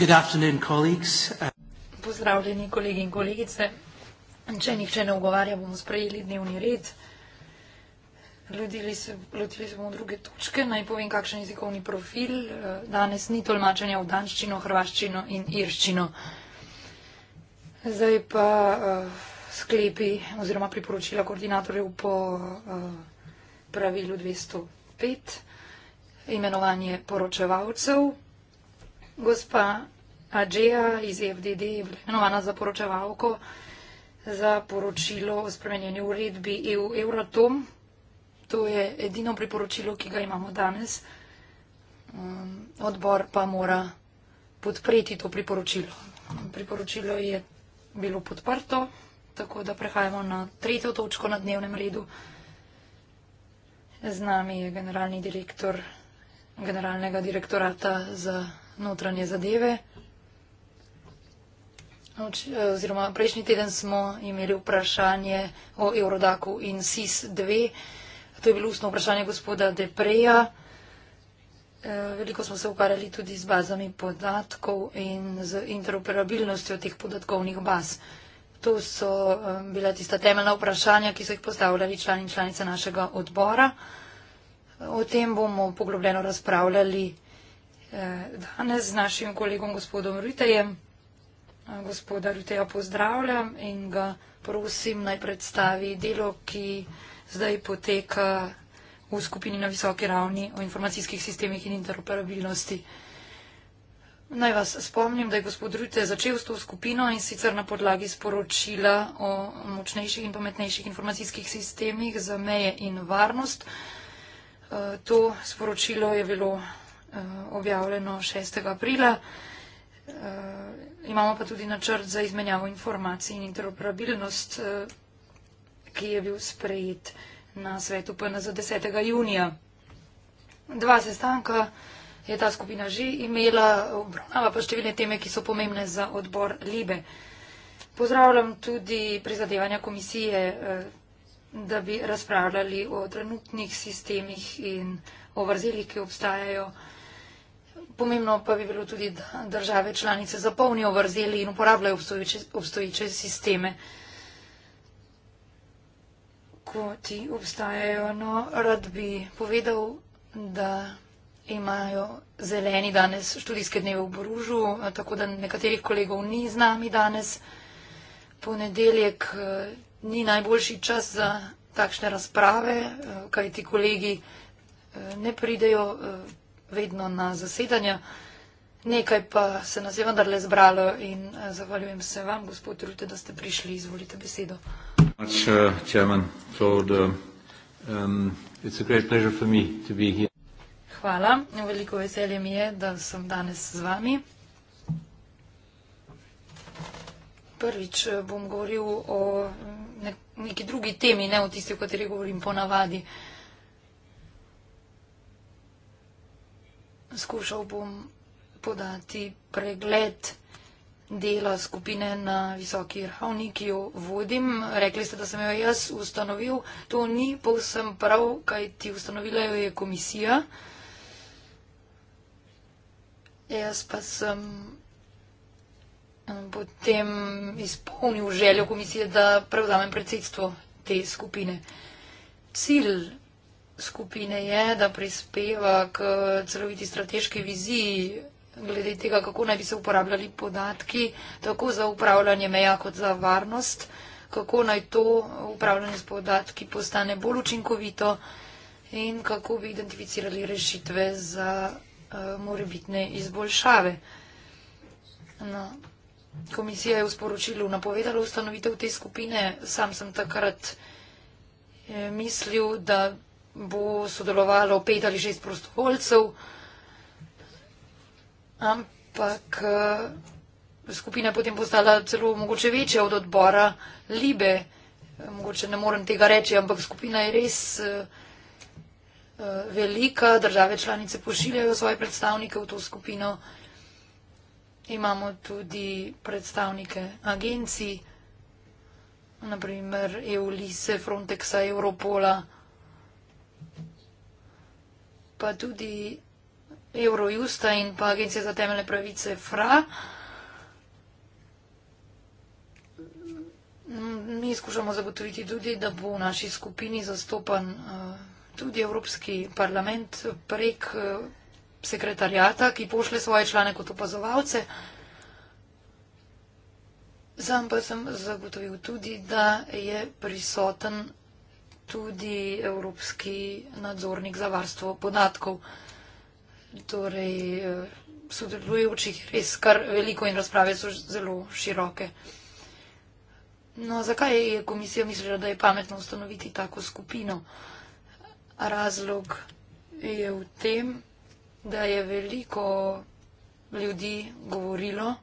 Good afternoon, colleagues. Pozdravljeni kolegi in kolegice. Če nihče ne ogovarja, bomo sprejeli dnevni red. Ljudili se, lotili se bomo druge točke. Naj povem, kakšen jezikovni profil. Danes ni tolmačenja v danščino, hrvaščino in irščino. Zdaj pa uh, sklepi oziroma priporočila koordinatorjev po uh, pravilu 205, imenovanje poročevalcev. Gospa Adžeja iz FDD je bila imenovana za poročevalko za poročilo o spremenjeni uredbi EU Euratom. To je edino priporočilo, ki ga imamo danes. Um, odbor pa mora podpreti to priporočilo. Priporočilo je bilo podprto, tako da prehajamo na tretjo točko na dnevnem redu. Z nami je generalni direktor generalnega direktorata za notranje zadeve. Eh, oziroma, prejšnji teden smo imeli vprašanje o Eurodaku in SIS-2. To je bilo ustno vprašanje gospoda Depreja. Eh, veliko smo se ukvarjali tudi z bazami podatkov in z interoperabilnostjo teh podatkovnih baz. To so eh, bila tista temeljna vprašanja, ki so jih postavljali člani in članice našega odbora. O tem bomo poglobljeno razpravljali danes z našim kolegom gospodom Rutejem. Gospoda Ruteja pozdravljam in ga prosim naj predstavi delo, ki zdaj poteka v skupini na visoki ravni o informacijskih sistemih in interoperabilnosti. Naj vas spomnim, da je gospod Rute začel s to skupino in sicer na podlagi sporočila o močnejših in pametnejših informacijskih sistemih za meje in varnost. To sporočilo je bilo Eh, objavljeno 6. aprila. Eh, imamo pa tudi načrt za izmenjavo informacij in interoperabilnost, eh, ki je bil sprejet na svetu PNZ 10. junija. Dva sestanka je ta skupina že imela, obravnava pa številne teme, ki so pomembne za odbor Libe. Pozdravljam tudi prizadevanja komisije, da bi razpravljali o trenutnih sistemih in o vrzelih, ki obstajajo. Pomembno pa bi bilo tudi, da države članice zapolnijo vrzeli in uporabljajo obstoječe, obstoječe sisteme, ko ti obstajajo. No, rad bi povedal, da imajo zeleni danes študijske dneve v Boružu, tako da nekaterih kolegov ni z nami danes. Ponedeljek eh, ni najboljši čas za takšne razprave, eh, kaj ti kolegi eh, ne pridejo vedno na zasedanja. Nekaj pa se nas je vendarle zbralo in eh, zahvaljujem se vam, gospod Rute, da ste prišli. Izvolite besedo. Uh, um, Hvala. Veliko veselje mi je, da sem danes z vami. Prvič eh, bom govoril o neki drugi temi, ne o tisti, o kateri govorim ponavadi. Uh, skušal bom podati pregled dela skupine na visoki ravni, ki jo vodim. Rekli ste, da sem jo jaz ustanovil. To ni povsem prav, kaj ti ustanovila jo je komisija. Jaz pa sem eh, potem izpolnil željo komisije, da prevzamem predsedstvo te skupine. Cilj skupine je, da prispeva k celoviti strateški viziji glede tega, kako naj bi se uporabljali podatki, tako za upravljanje meja kot za varnost, kako naj to upravljanje s podatki postane bolj učinkovito in kako bi identificirali rešitve za eh, morebitne izboljšave. No. Komisija je v sporočilu napovedala ustanovitev te skupine. Sam sem takrat eh, mislil, da bo sodelovalo pet ali šest prostovoljcev, ampak eh, skupina potem postala celo mogoče večja od odbora Libe. Eh, mogoče ne morem tega reči, ampak skupina je res eh, velika, države članice pošiljajo svoje predstavnike v to skupino. Imamo tudi predstavnike agencij, naprimer EULISE, Frontexa, Europola pa tudi Eurojusta in pa Agencija za temeljne pravice FRA. Mi skušamo zagotoviti tudi, da bo v naši skupini zastopan eh, tudi Evropski parlament prek eh, sekretarjata, ki pošle svoje člane kot opazovalce. Sam pa sem zagotovil tudi, da je prisoten tudi Evropski nadzornik za varstvo podatkov. Torej, eh, sodelujočih res kar veliko in razprave so zelo široke. No, zakaj je komisija mislila, da je pametno ustanoviti tako skupino? Razlog je v tem, da je veliko ljudi govorilo,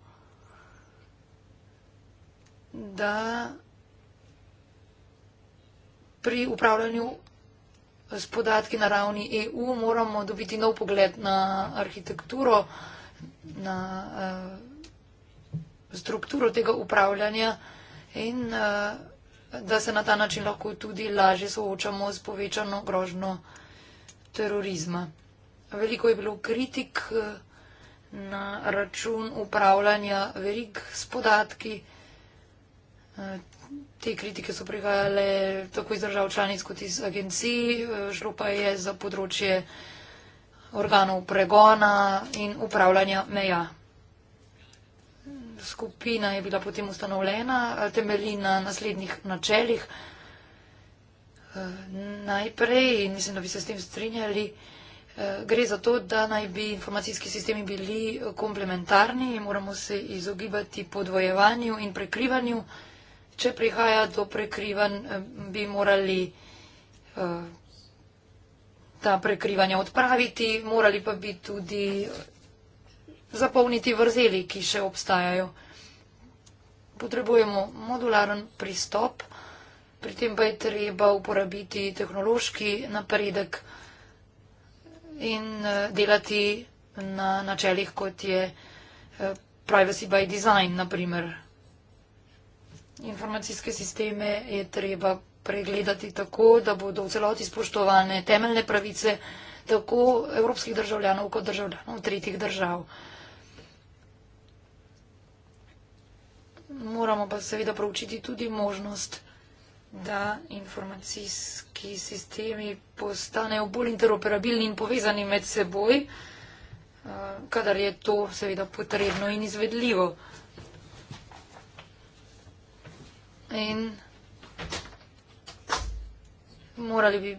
da pri upravljanju s podatki na ravni EU moramo dobiti nov pogled na arhitekturo, na uh, strukturo tega upravljanja in uh, da se na ta način lahko tudi lažje soočamo s povečano grožno terorizma. Veliko je bilo kritik eh, na račun upravljanja verig s podatki. Uh, Te kritike so prihajale tako iz držav članic kot iz agencij, šlo pa je za področje organov pregona in upravljanja meja. Skupina je bila potem ustanovljena, temelji na naslednjih načelih. Najprej, in mislim, da bi se s tem strinjali, gre za to, da naj bi informacijski sistemi bili komplementarni in moramo se izogibati podvojevanju in prekrivanju če prihaja do prekrivanj, eh, bi morali eh, ta prekrivanja odpraviti, morali pa bi tudi zapolniti vrzeli, ki še obstajajo. Potrebujemo modularen pristop, pri tem pa je treba uporabiti tehnološki napredek in eh, delati na načelih, kot je privacy by design, naprimer informacijske sisteme je treba pregledati tako, da bodo v celoti spoštovane temeljne pravice tako evropskih državljanov kot državljanov tretjih držav. Moramo pa seveda proučiti tudi možnost, da informacijski sistemi postanejo bolj interoperabilni in povezani med seboj, eh, kadar je to seveda potrebno in izvedljivo. In morali bi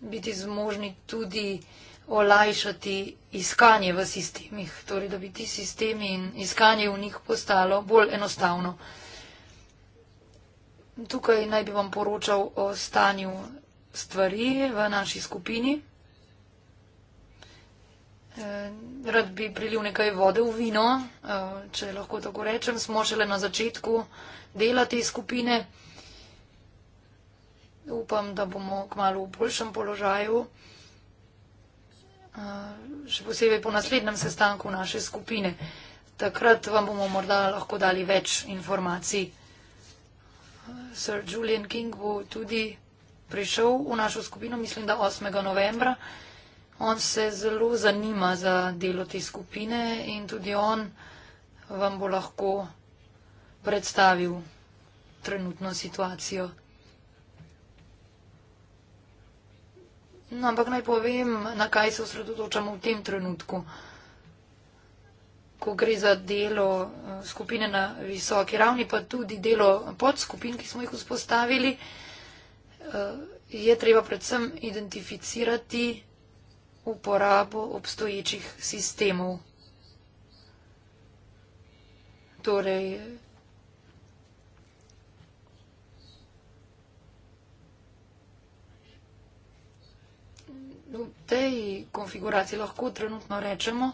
biti zmožni tudi olajšati iskanje v sistemih, torej da bi ti sistemi in iskanje v njih postalo bolj enostavno. Tukaj naj bi vam poročal o stanju stvari v naši skupini. Eh, rad bi prilil nekaj vode v vino, eh, če lahko tako rečem. Smo šele na začetku dela te skupine. Upam, da bomo kmalo v boljšem položaju. Eh, še posebej po naslednjem sestanku naše skupine. Takrat vam bomo morda lahko dali več informacij. Sir Julian King bo tudi prišel v našo skupino, mislim, da 8. novembra on se zelo zanima za delo te skupine in tudi on vam bo lahko predstavil trenutno situacijo. No, ampak naj povem, na kaj se osredotočamo v tem trenutku. Ko gre za delo eh, skupine na visoki ravni, pa tudi delo podskupin, ki smo jih vzpostavili, eh, je treba predvsem identificirati uporabo obstoječih sistemov. Torej, v tej konfiguraciji lahko trenutno rečemo,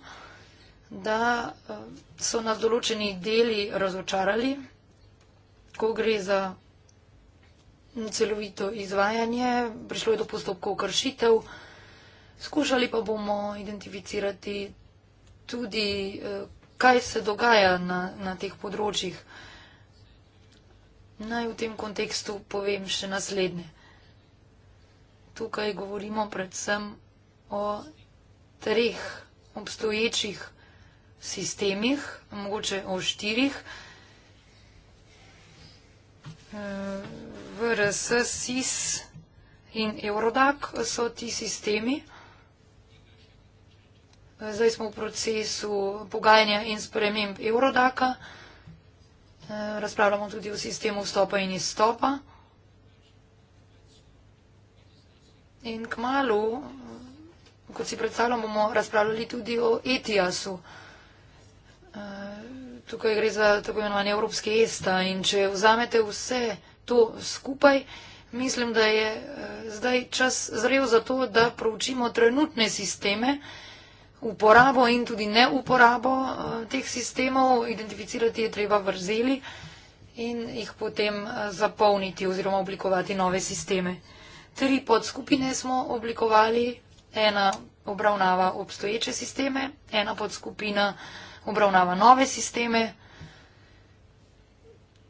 da eh, so nas določeni deli razočarali, ko gre za celovito izvajanje, prišlo je do postopkov kršitev, Skušali pa bomo identificirati tudi, eh, kaj se dogaja na, na teh področjih. Naj v tem kontekstu povem še naslednje. Tukaj govorimo predvsem o treh obstoječih sistemih, mogoče o štirih. Eh, VRSS in Eurodac so ti sistemi. Zdaj smo v procesu pogajanja in sprememb Eurodaka. Eh, razpravljamo tudi o sistemu vstopa in izstopa. In k malu, kot si predstavljamo, bomo razpravljali tudi o ETIAS-u. Eh, tukaj gre za tako imenovanje Evropske ESTA in če vzamete vse to skupaj, mislim, da je eh, zdaj čas zrel za to, da proučimo trenutne sisteme, uporabo in tudi neuporabo eh, teh sistemov, identificirati je treba vrzeli in jih potem eh, zapolniti oziroma oblikovati nove sisteme. Tri podskupine smo oblikovali, ena obravnava obstoječe sisteme, ena podskupina obravnava nove sisteme,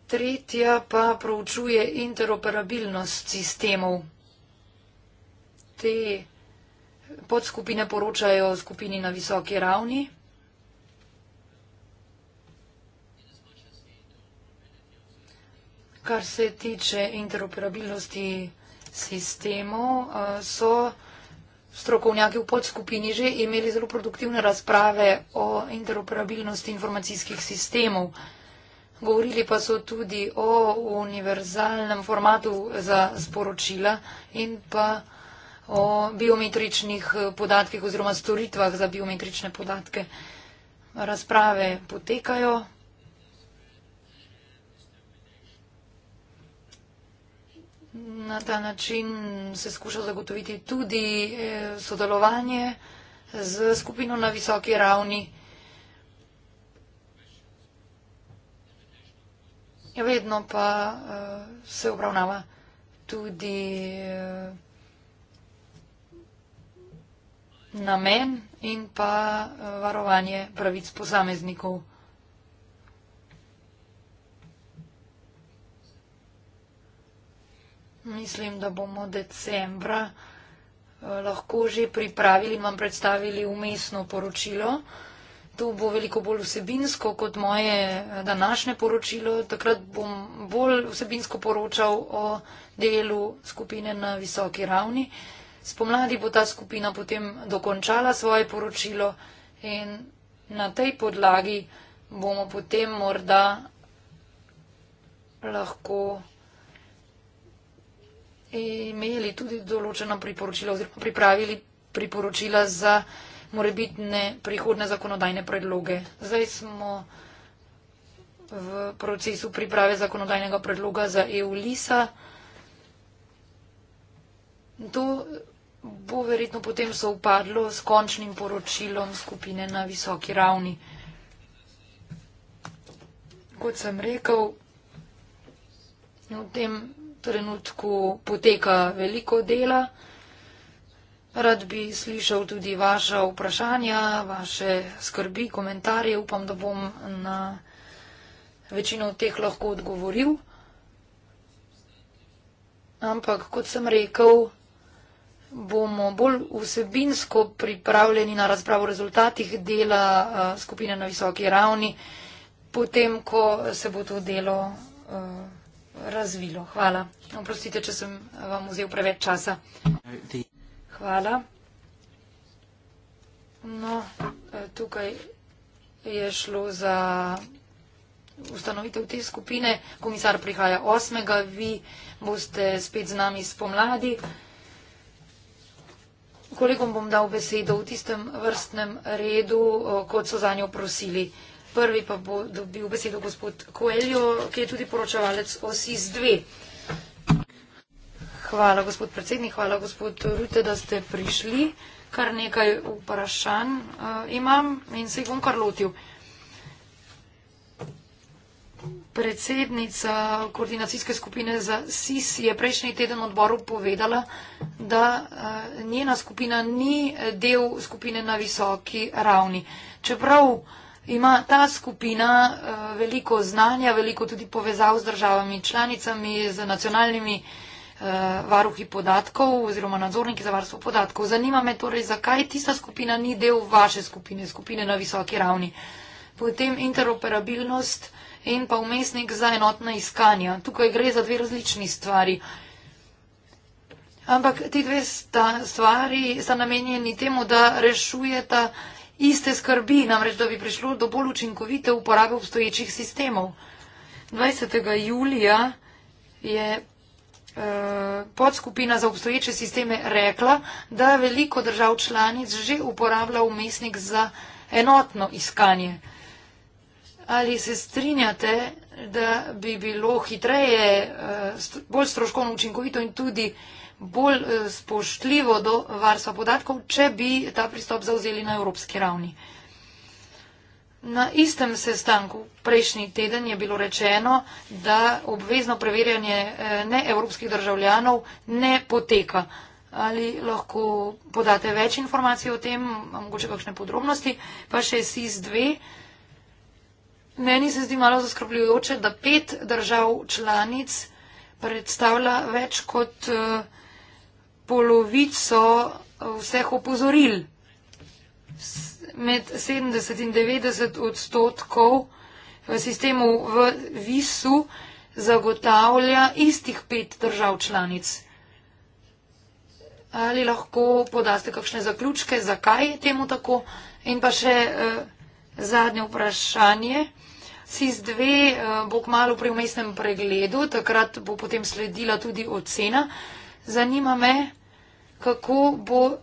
tretja pa proučuje interoperabilnost sistemov. Te podskupine poročajo skupini na visoki ravni. Kar se tiče interoperabilnosti sistemov, eh, so strokovnjaki v podskupini že imeli zelo produktivne razprave o interoperabilnosti informacijskih sistemov. Govorili pa so tudi o univerzalnem formatu za sporočila in pa o biometričnih eh, podatkih oziroma storitvah za biometrične podatke. Razprave potekajo. Na ta način se skuša zagotoviti tudi eh, sodelovanje z skupino na visoki ravni. Ja, vedno pa eh, se obravnava tudi namen in pa eh, varovanje pravic posameznikov. Mislim, da bomo decembra eh, lahko že pripravili in vam predstavili umestno poročilo. To bo veliko bolj vsebinsko kot moje eh, današnje poročilo. Takrat bom bolj vsebinsko poročal o delu skupine na visoki ravni spomladi bo ta skupina potem dokončala svoje poročilo in na tej podlagi bomo potem morda lahko imeli tudi določena priporočila oziroma pripravili priporočila za morebitne prihodne zakonodajne predloge. Zdaj smo v procesu priprave zakonodajnega predloga za EU-LISA. To bo verjetno potem soupadlo s končnim poročilom skupine na visoki ravni. Kot sem rekel, v tem trenutku poteka veliko dela. Rad bi slišal tudi vaše vprašanja, vaše skrbi, komentarje. Upam, da bom na večino teh lahko odgovoril. Ampak, kot sem rekel, bomo bolj vsebinsko pripravljeni na razpravo o rezultatih dela eh, skupine na visoki ravni, potem, ko se bo to delo eh, razvilo. Hvala. Oprostite, če sem vam vzel preveč časa. Hvala. No, eh, tukaj je šlo za ustanovitev te skupine. Komisar prihaja 8. Vi boste spet z nami spomladi. Kolegom bom dal besedo v tistem vrstnem redu, kot so za njo prosili. Prvi pa bo dobil besedo gospod Koeljo, ki je tudi poročevalec OSIS-2. Hvala, gospod predsednik, hvala, gospod Rute, da ste prišli. Kar nekaj vprašanj uh, imam in se jih bom kar lotil. Uh, Predsednica koordinacijske skupine za SIS je prejšnji teden odboru povedala, da eh, njena skupina ni del skupine na visoki ravni. Čeprav ima ta skupina eh, veliko znanja, veliko tudi povezav z državami članicami, z nacionalnimi eh, varuhi podatkov oziroma nadzorniki za varstvo podatkov. Zanima me torej, zakaj tista skupina ni del vaše skupine, skupine na visoki ravni. Potem interoperabilnost in pa umestnik za enotna iskanja. Tukaj gre za dve različni stvari. Ampak ti dve sta stvari sta namenjeni temu, da rešujeta iste skrbi, namreč da bi prišlo do bolj učinkovite uporabe obstoječih sistemov. 20. julija je eh, podskupina za obstoječe sisteme rekla, da veliko držav članic že uporablja umestnik za enotno iskanje. Ali se strinjate, da bi bilo hitreje, eh, bolj stroškovno učinkovito in tudi bolj eh, spoštljivo do varstva podatkov, če bi ta pristop zauzeli na evropski ravni? Na istem sestanku prejšnji teden je bilo rečeno, da obvezno preverjanje eh, ne evropskih državljanov ne poteka. Ali lahko podate več informacij o tem, mogoče kakšne podrobnosti, pa še SIS 2. Meni se zdi malo zaskrbljujoče, da pet držav članic predstavlja več kot eh, polovico eh, vseh opozoril. Med 70 in 90 odstotkov v eh, sistemu v visu zagotavlja istih pet držav članic. Ali lahko podaste kakšne zaključke, zakaj je temu tako? In pa še eh, zadnje vprašanje. SIS-2 eh, bo kmalo pri umestnem pregledu, takrat bo potem sledila tudi ocena. Zanima me, kako bo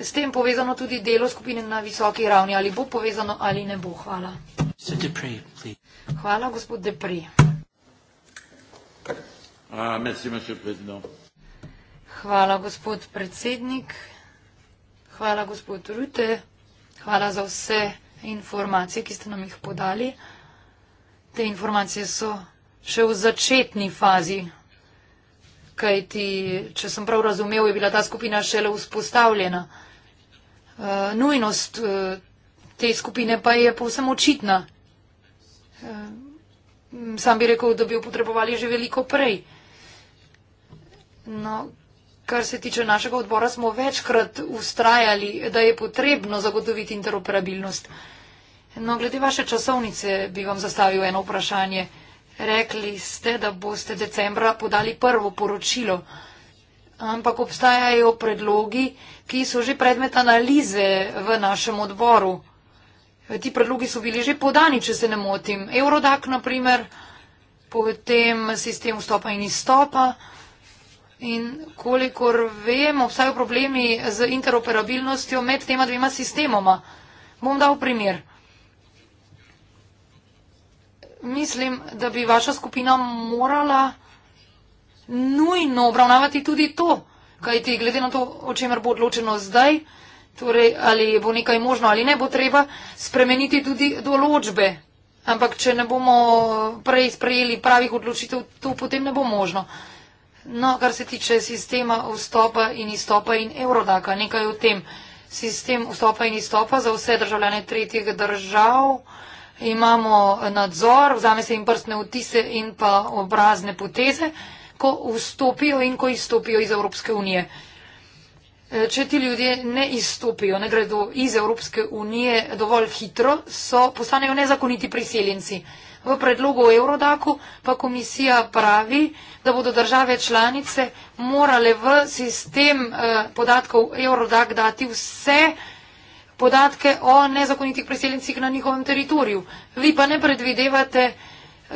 s tem povezano tudi delo skupine na visoki ravni, ali bo povezano ali ne bo. Hvala. Hvala, gospod Depri. Ah, Hvala, gospod predsednik. Hvala, gospod Rute. Hvala za vse informacije, ki ste nam jih podali. Te informacije so še v začetni fazi, kajti, če sem prav razumel, je bila ta skupina šele vzpostavljena. Eh, nujnost eh, te skupine pa je povsem očitna. Eh, sam bi rekel, da bi jo potrebovali že veliko prej. No, kar se tiče našega odbora, smo večkrat ustrajali, da je potrebno zagotoviti interoperabilnost. Uh, No, glede vaše časovnice bi vam zastavil eno vprašanje. Rekli ste, da boste decembra podali prvo poročilo, ampak obstajajo predlogi, ki so že predmet analize v našem odboru. Ti predlogi so bili že podani, če se ne motim. Eurodak, na primer, potem sistem vstopa in izstopa. In kolikor vem, obstajajo problemi z interoperabilnostjo med tema dvema sistemoma. Bom dal primer mislim, da bi vaša skupina morala nujno obravnavati tudi to, kajti glede na to, o čemer bo odločeno zdaj, torej ali bo nekaj možno ali ne, bo treba spremeniti tudi določbe. Ampak če ne bomo prej sprejeli pravih odločitev, to potem ne bo možno. No, kar se tiče sistema vstopa in izstopa in eurodaka, nekaj o tem. Sistem vstopa in izstopa za vse državljane tretjih držav imamo nadzor, vzame se jim prstne vtise in pa obrazne poteze, ko vstopijo in ko izstopijo iz Evropske unije. E, če ti ljudje ne izstopijo, ne gredo iz Evropske unije dovolj hitro, so, postanejo nezakoniti priseljenci. V predlogu o Eurodaku pa komisija pravi, da bodo države članice morale v sistem eh, podatkov Eurodak dati vse, podatke o nezakonitih preseljencih na njihovem teritoriju. Vi pa ne predvidevate eh,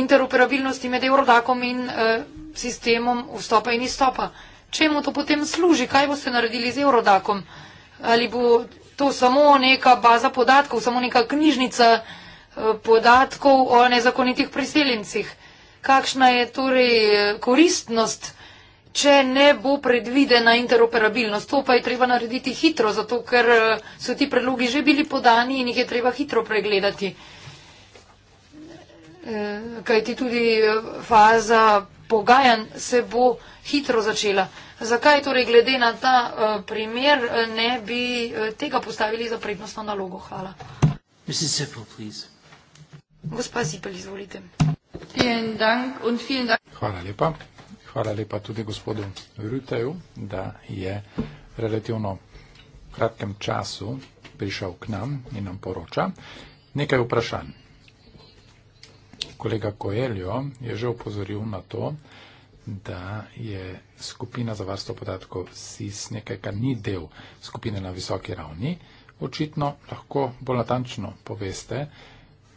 interoperabilnosti med Eurodakom in eh, sistemom vstopa in izstopa. Čemu to potem služi? Kaj boste naredili z Eurodakom? Ali bo to samo neka baza podatkov, samo neka knjižnica eh, podatkov o nezakonitih preseljencih? Kakšna je torej koristnost? če ne bo predvidena interoperabilnost. To pa je treba narediti hitro, zato ker eh, so ti predlogi že bili podani in jih je treba hitro pregledati. Eh, Kaj ti tudi eh, faza pogajanj se bo hitro začela. Zakaj torej glede na ta primer ne bi tega postavili za prednostno nalogo? Hvala. Gospa Zipel, izvolite. Hvala lepa. Hvala lepa tudi gospodu Ruteju, da je relativno v kratkem času prišel k nam in nam poroča. Nekaj vprašanj. Kolega Koeljo je že upozoril na to, da je skupina za varstvo podatkov SIS nekaj, kar ni del skupine na visoki ravni. Očitno lahko bolj natančno poveste,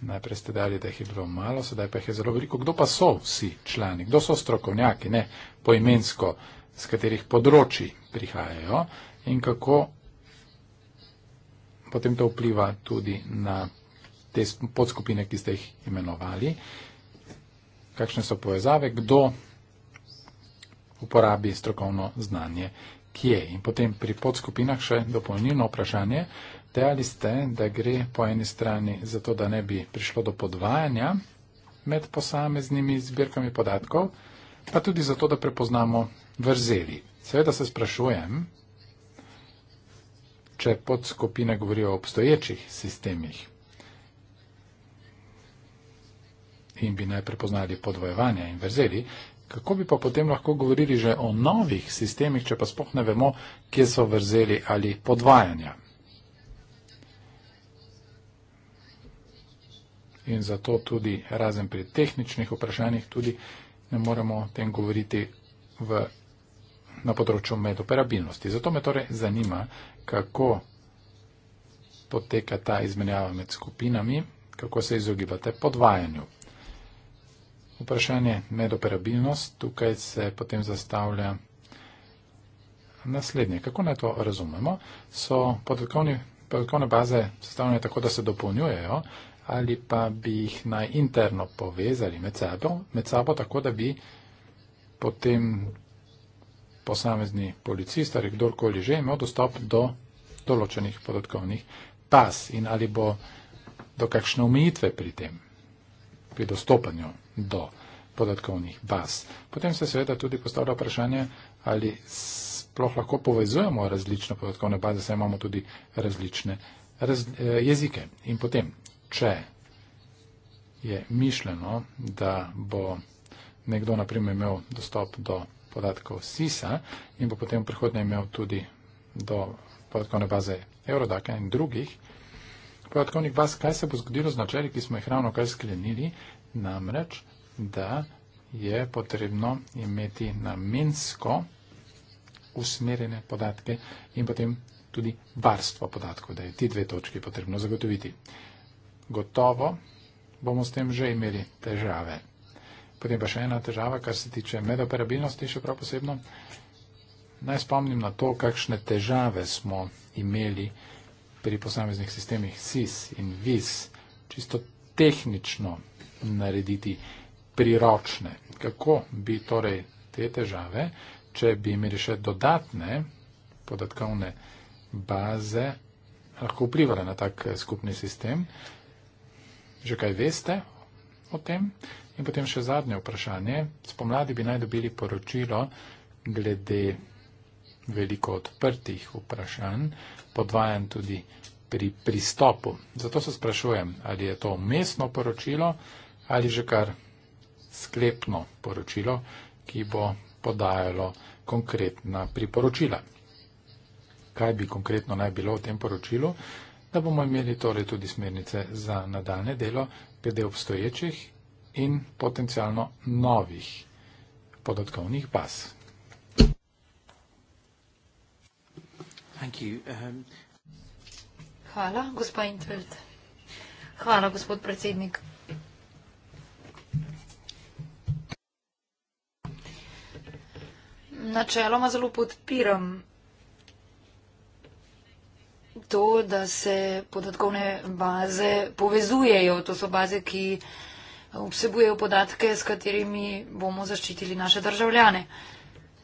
najprej ste dali, da jih je bilo malo, sedaj pa jih je zelo veliko. Kdo pa so vsi člani, kdo so strokovnjaki, ne poimensko, z katerih področji prihajajo in kako potem to vpliva tudi na te podskupine, ki ste jih imenovali, kakšne so povezave, kdo uporabi strokovno znanje, kje. In potem pri podskupinah še dopolnilno vprašanje. Dejali ste, da gre po eni strani za to, da ne bi prišlo do podvajanja med posameznimi zbirkami podatkov, pa tudi zato, da prepoznamo vrzeli. Seveda se sprašujem, če podskupine govorijo o obstoječih sistemih in bi naj prepoznali podvojevanja in vrzeli, kako bi pa potem lahko govorili že o novih sistemih, če pa spohne vemo, kje so vrzeli ali podvajanja. in zato tudi razen pri tehničnih vprašanjih tudi ne moremo o tem govoriti v, na področju medoperabilnosti. Zato me torej zanima, kako poteka ta izmenjava med skupinami, kako se izogibate podvajanju. Vprašanje medoperabilnost tukaj se potem zastavlja naslednje. Kako naj to razumemo? So podvekovne baze sestavljene tako, da se dopolnjujejo, ali pa bi jih naj interno povezali med sabo, med sabo tako da bi potem posamezni policist ali kdorkoli že imel dostop do določenih podatkovnih pas in ali bo do kakšne omejitve pri tem, pri dostopanju do podatkovnih baz. Potem se seveda tudi postavlja vprašanje, ali sploh lahko povezujemo različne podatkovne baze, saj imamo tudi različne raz, eh, jezike. In potem če je mišljeno, da bo nekdo naprimer imel dostop do podatkov SIS-a in bo potem v prihodnje imel tudi do podatkovne baze Eurodaka in drugih podatkovnih baz, kaj se bo zgodilo z načeli, ki smo jih ravno kaj sklenili, namreč, da je potrebno imeti namensko usmerjene podatke in potem tudi varstvo podatkov, da je ti dve točki potrebno zagotoviti gotovo bomo s tem že imeli težave. Potem pa še ena težava, kar se tiče medoperabilnosti, še prav posebno. Naj spomnim na to, kakšne težave smo imeli pri posameznih sistemih SIS in VIS, čisto tehnično narediti priročne. Kako bi torej te težave, če bi imeli še dodatne podatkovne baze, lahko vplivali na tak eh, skupni sistem? že kaj veste o tem. In potem še zadnje vprašanje. Spomladi bi naj dobili poročilo glede veliko odprtih vprašanj, podvajan tudi pri pristopu. Zato se sprašujem, ali je to mestno poročilo ali že kar sklepno poročilo, ki bo podajalo konkretna priporočila. Kaj bi konkretno naj bilo v tem poročilu? da bomo imeli torej tudi smernice za nadaljne delo glede obstoječih in potencialno novih podatkovnih baz. Um, Hvala, gospa Intveld. Hvala, gospod predsednik. Načeloma zelo podpiram to, da se podatkovne baze povezujejo. To so baze, ki obsebujejo podatke, s katerimi bomo zaščitili naše državljane.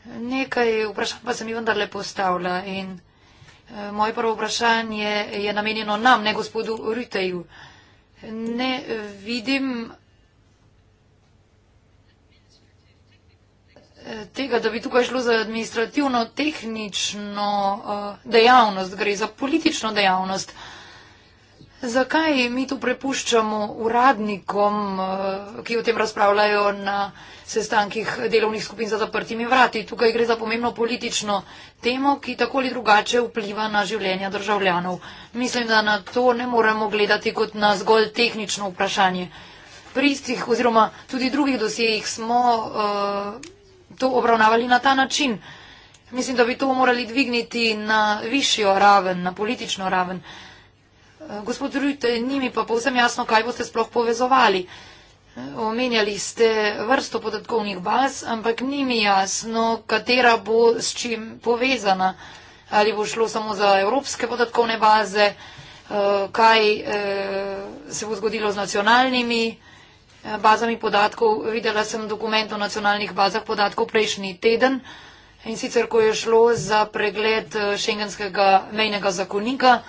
Nekaj vprašanj pa sem jih vendarle postavila in eh, moje prvo vprašanje je namenjeno nam, ne gospodu Riteju. Ne vidim Eh, tega, da bi tukaj šlo za administrativno-tehnično eh, dejavnost, gre za politično dejavnost. Zakaj mi to prepuščamo uradnikom, eh, ki o tem razpravljajo na sestankih delovnih skupin za zaprtimi vrati? Tukaj gre za pomembno politično temo, ki tako ali drugače vpliva na življenja državljanov. Mislim, da na to ne moremo gledati kot na zgolj tehnično vprašanje. Pri istih oziroma tudi drugih dosejih smo. Uh, to obravnavali na ta način. Mislim, da bi to morali dvigniti na višjo raven, na politično raven. Eh, gospod Rujte, ni mi pa povsem jasno, kaj boste sploh povezovali. Eh, omenjali ste vrsto podatkovnih baz, ampak ni mi jasno, katera bo s čim povezana. Ali bo šlo samo za evropske podatkovne baze, eh, kaj se bo zgodilo z nacionalnimi. Eh, bazami podatkov. Videla sem dokument o nacionalnih bazah podatkov prejšnji teden in sicer, ko je šlo za pregled eh, šengenskega mejnega zakonika.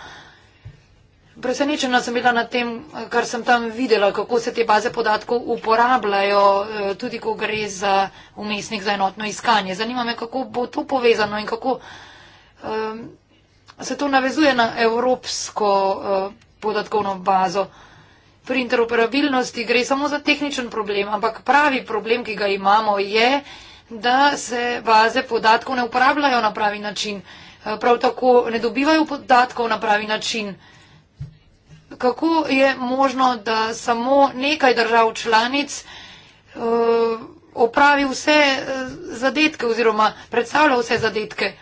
Presenečena sem bila nad tem, eh, kar sem tam videla, kako se te baze podatkov uporabljajo, tudi ko gre za umestnik za enotno iskanje. Zanima me, kako bo to povezano in kako um, se to navezuje na evropsko uh, podatkovno bazo. Uh, pri interoperabilnosti gre samo za tehničen problem, ampak pravi problem, ki ga imamo, je, da se baze podatkov ne uporabljajo na pravi način. Eh, prav tako ne dobivajo podatkov na pravi način. Kako je možno, da samo nekaj držav članic eh, opravi vse eh, zadetke oziroma predstavlja vse zadetke?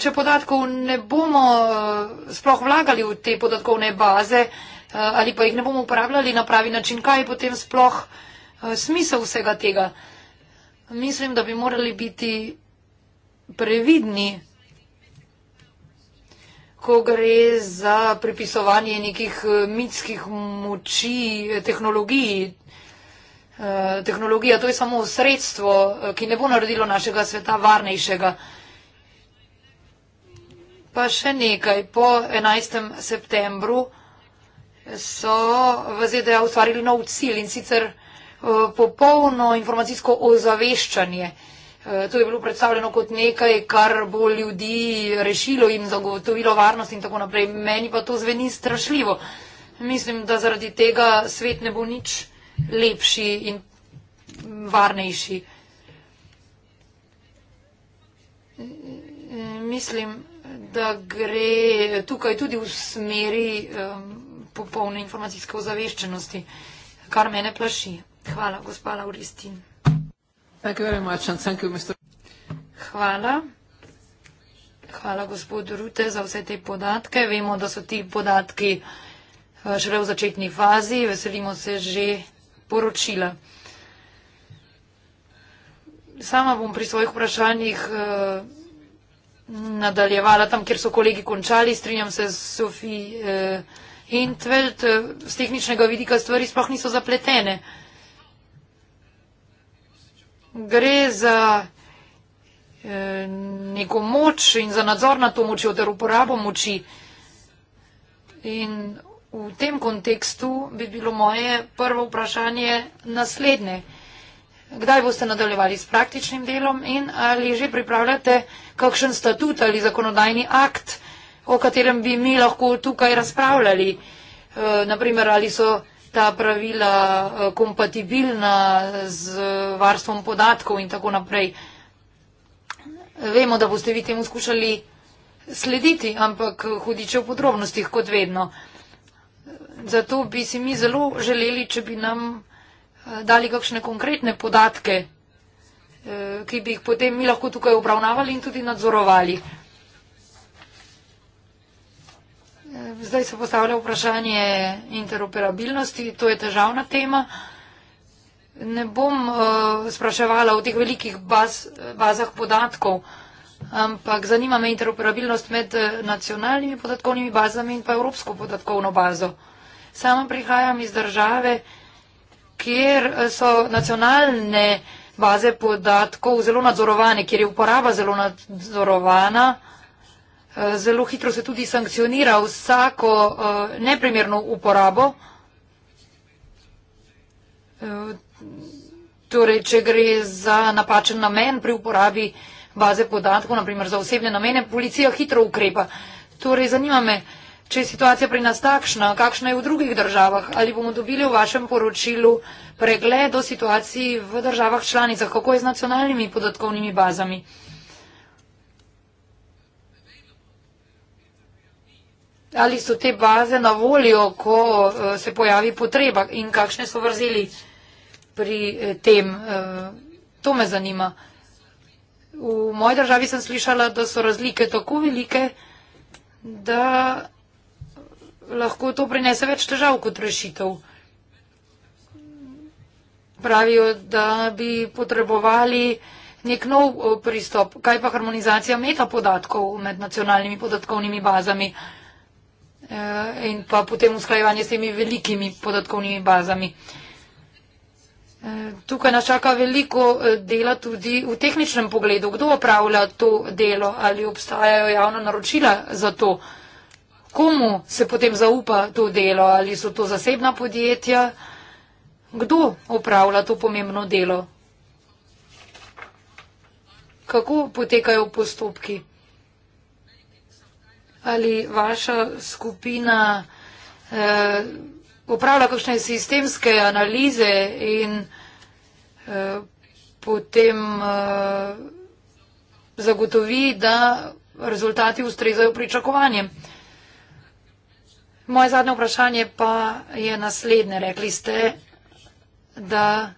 če podatkov ne bomo eh, sploh vlagali v te podatkovne baze eh, ali pa jih ne bomo uporabljali na pravi način, kaj je potem sploh eh, smisel vsega tega? Mislim, da bi morali biti previdni, ko gre za pripisovanje nekih mitskih moči tehnologiji. Tehnologija to je samo sredstvo, ki ne bo naredilo našega sveta varnejšega. Pa še nekaj. Po 11. septembru so v ZDA ustvarili nov cilj in sicer eh, popolno informacijsko ozaveščanje. Eh, to je bilo predstavljeno kot nekaj, kar bo ljudi rešilo in zagotovilo varnost in tako naprej. Meni pa to zveni strašljivo. Mislim, da zaradi tega svet ne bo nič lepši in varnejši. Mislim, da gre tukaj tudi v smeri um, popolne informacijske ozaveščenosti, kar mene plaši. Hvala, gospa Lauristin. Hvala. Hvala, gospod Rute, za vse te podatke. Vemo, da so ti podatki uh, šele v začetni fazi. Veselimo se že poročila. Sama bom pri svojih vprašanjih. Uh, nadaljevala tam, kjer so kolegi končali. Strinjam se s Sofi eh, Hintveld, z tehničnega vidika stvari sploh niso zapletene. Gre za eh, neko moč in za nadzor na to močjo ter uporabo moči. In v tem kontekstu bi bilo moje prvo vprašanje naslednje. Kdaj boste nadaljevali s praktičnim delom in ali že pripravljate kakšen statut ali zakonodajni akt, o katerem bi mi lahko tukaj razpravljali. Eh, Naprimer, ali so ta pravila eh, kompatibilna z eh, varstvom podatkov in tako naprej. Vemo, da boste vi temu skušali slediti, ampak hudiče v podrobnostih, kot vedno. Zato bi si mi zelo želeli, če bi nam dali kakšne konkretne podatke Eh, ki bi jih potem mi lahko tukaj obravnavali in tudi nadzorovali. Eh, zdaj se postavlja vprašanje interoperabilnosti, to je težavna tema. Ne bom uh, spraševala o teh velikih baz, bazah podatkov, ampak zanima me interoperabilnost med nacionalnimi podatkovnimi bazami in pa evropsko podatkovno bazo. Sama prihajam iz države, kjer so nacionalne uh, baze podatkov zelo nadzorovane, kjer je uporaba zelo nadzorovana, eh, zelo hitro se tudi sankcionira vsako eh, neprimerno uporabo. Eh, torej, če gre za napačen namen pri uporabi baze podatkov, naprimer za osebne namene, policija hitro ukrepa. Torej, zanima me, če je situacija pri nas takšna, kakšna je v drugih državah, ali bomo dobili v vašem poročilu pregled o situaciji v državah članicah, kako je z nacionalnimi podatkovnimi bazami. Ali so te baze na voljo, ko eh, se pojavi potreba in kakšne so vrzeli pri eh, tem? Eh, to me zanima. V moji državi sem slišala, da so razlike tako velike, da lahko to prinese več težav kot rešitev. Pravijo, da bi potrebovali nek nov eh, pristop. Kaj pa harmonizacija metapodatkov med nacionalnimi podatkovnimi bazami eh, in pa potem usklajevanje s temi velikimi podatkovnimi bazami. Eh, tukaj nas čaka veliko dela tudi v tehničnem pogledu. Kdo opravlja to delo? Ali obstajajo javna naročila za to? komu se potem zaupa to delo, ali so to zasebna podjetja, kdo upravlja to pomembno delo. Kako potekajo postopki? Ali vaša skupina eh, upravlja kakšne sistemske analize in eh, potem eh, zagotovi, da rezultati ustrezajo pričakovanjem? Eh, Moje zadnje vprašanje pa je naslednje. Rekli ste, da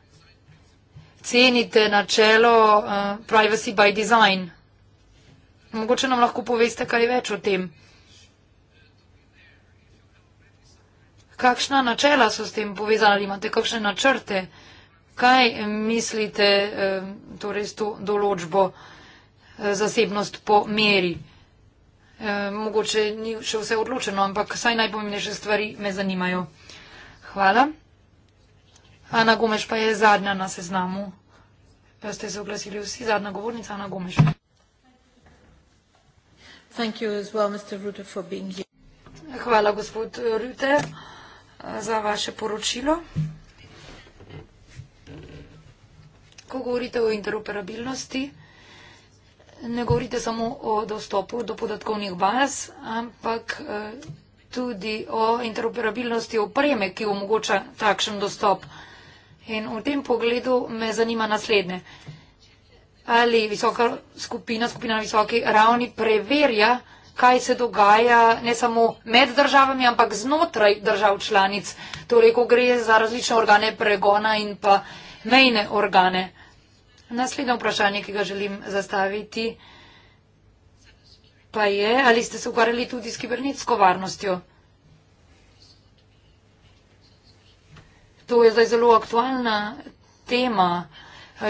cenite načelo uh, privacy by design. Mogoče nam lahko poveste kaj več o tem. Kakšna načela so s tem povezana, ali imate kakšne načrte? Kaj mislite, eh, torej s to določbo eh, zasebnost po meri? Eh, mogoče ni še vse odločeno, ampak vsaj najpomembnejše stvari me zanimajo. Hvala. Ana Gomeš pa je zadnja na seznamu. Pa ste se oglasili vsi, zadnja govornica Ana Gomeš. Well, Rute, Hvala, gospod Rute, za vaše poročilo. Ko govorite o interoperabilnosti, ne govorite samo o dostopu do podatkovnih baz, ampak eh, tudi o interoperabilnosti opreme, ki omogoča takšen dostop. In v tem pogledu me zanima naslednje. Ali visoka skupina, skupina na visoki ravni preverja, kaj se dogaja ne samo med državami, ampak znotraj držav članic, torej ko gre za različne organe pregona in pa mejne organe. Naslednje vprašanje, ki ga želim zastaviti, pa je, ali ste se ukvarjali tudi s kibernetsko varnostjo? To je zdaj zelo aktualna tema,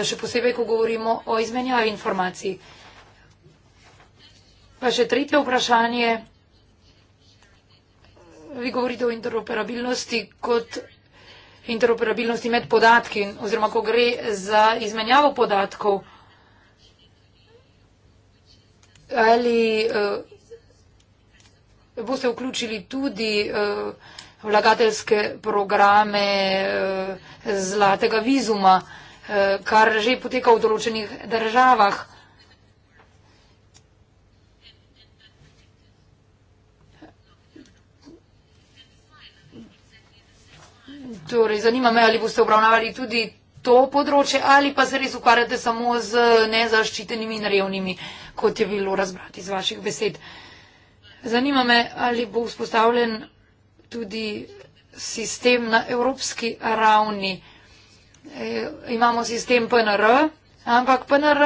še posebej, ko govorimo o izmenjavi informacij. Pa še tretje vprašanje. Vi govorite o interoperabilnosti kot interoperabilnosti med podatki oziroma ko gre za izmenjavo podatkov ali uh, boste vključili tudi uh, vlagateljske programe uh, zlatega vizuma, uh, kar že poteka v določenih državah. Torej, zanima me, ali boste obravnavali tudi to področje ali pa se res ukvarjate samo z nezaščitenimi in revnimi, kot je bilo razbrati iz vaših besed. Zanima me, ali bo vzpostavljen tudi sistem na evropski ravni. E, imamo sistem PNR, ampak PNR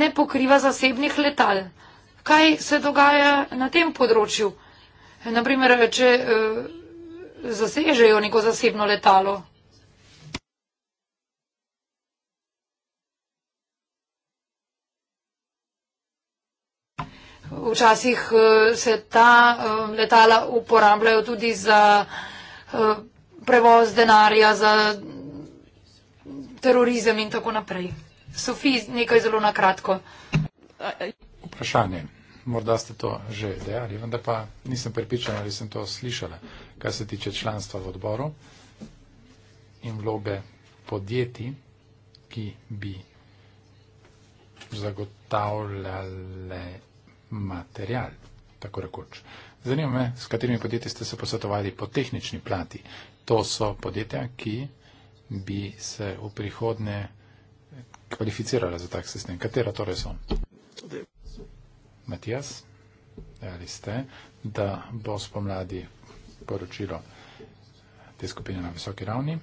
ne pokriva zasebnih letal. Kaj se dogaja na tem področju? Naprimer, če. E, zasežejo neko zasebno letalo. Včasih eh, se ta eh, letala uporabljajo tudi za eh, prevoz denarja, za terorizem in tako naprej. Sofi, nekaj zelo na kratko. Vprašanje. Morda ste to že dejali, vendar pa nisem pripričana, ali sem to slišala kar se tiče članstva v odboru in vloge podjetij, ki bi zagotavljale material, tako rekoč. Zanima me, s katerimi podjetji ste se posvetovali po tehnični plati. To so podjetja, ki bi se v prihodnje kvalificirala za tak sistem. Katera torej so? Matijas, ali ste, da bo spomladi poročilo te skupine na visoki ravni.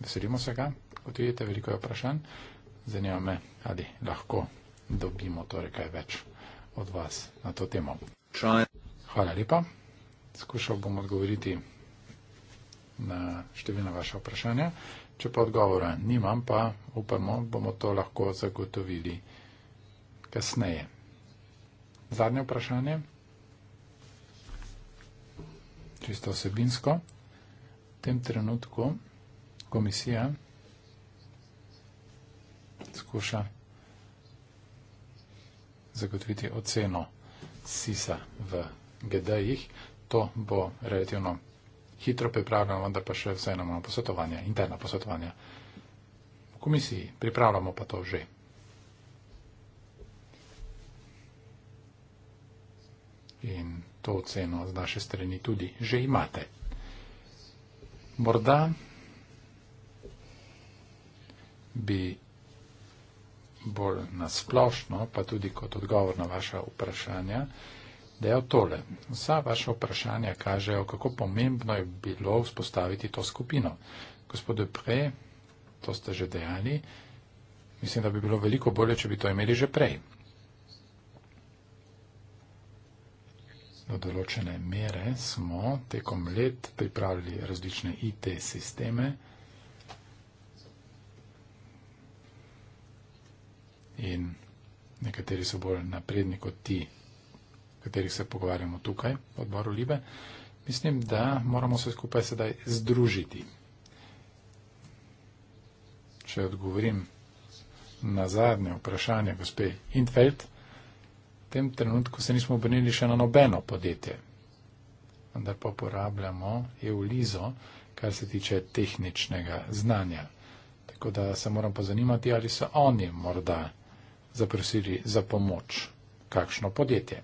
Veselimo se ga, kot vidite, veliko je vprašanj. Zanima me, ali lahko dobimo torej kaj več od vas na to temo. Hvala lepa. Skušal bom odgovoriti na številna vaša vprašanja. Če pa odgovora nimam, pa upamo, bomo to lahko zagotovili kasneje. Zadnje vprašanje čisto osebinsko. V tem trenutku komisija skuša zagotoviti oceno SIS-a v GD-jih. To bo relativno hitro pripravljeno, vendar pa še vseeno imamo posvetovanja, interna posvetovanja v komisiji. Pripravljamo pa to že. In to oceno z naše strani tudi že imate. Morda bi bolj nasplošno, pa tudi kot odgovor na vaše vprašanja, dejal tole. Vsa vaše vprašanja kažejo, kako pomembno je bilo vzpostaviti to skupino. Gospode Pre, to ste že dejali, mislim, da bi bilo veliko bolje, če bi to imeli že prej. do določene mere smo tekom let pripravili različne IT sisteme in nekateri so bolj napredni kot ti, o katerih se pogovarjamo tukaj v odboru Libe. Mislim, da moramo se skupaj sedaj združiti. Če odgovorim na zadnje vprašanje gospe Intfeld, tem trenutku se nismo obrnili še na nobeno podjetje. Vendar pa uporabljamo EULIZO, kar se tiče tehničnega znanja. Tako da se moram pozanimati, ali so oni morda zaprosili za pomoč kakšno podjetje.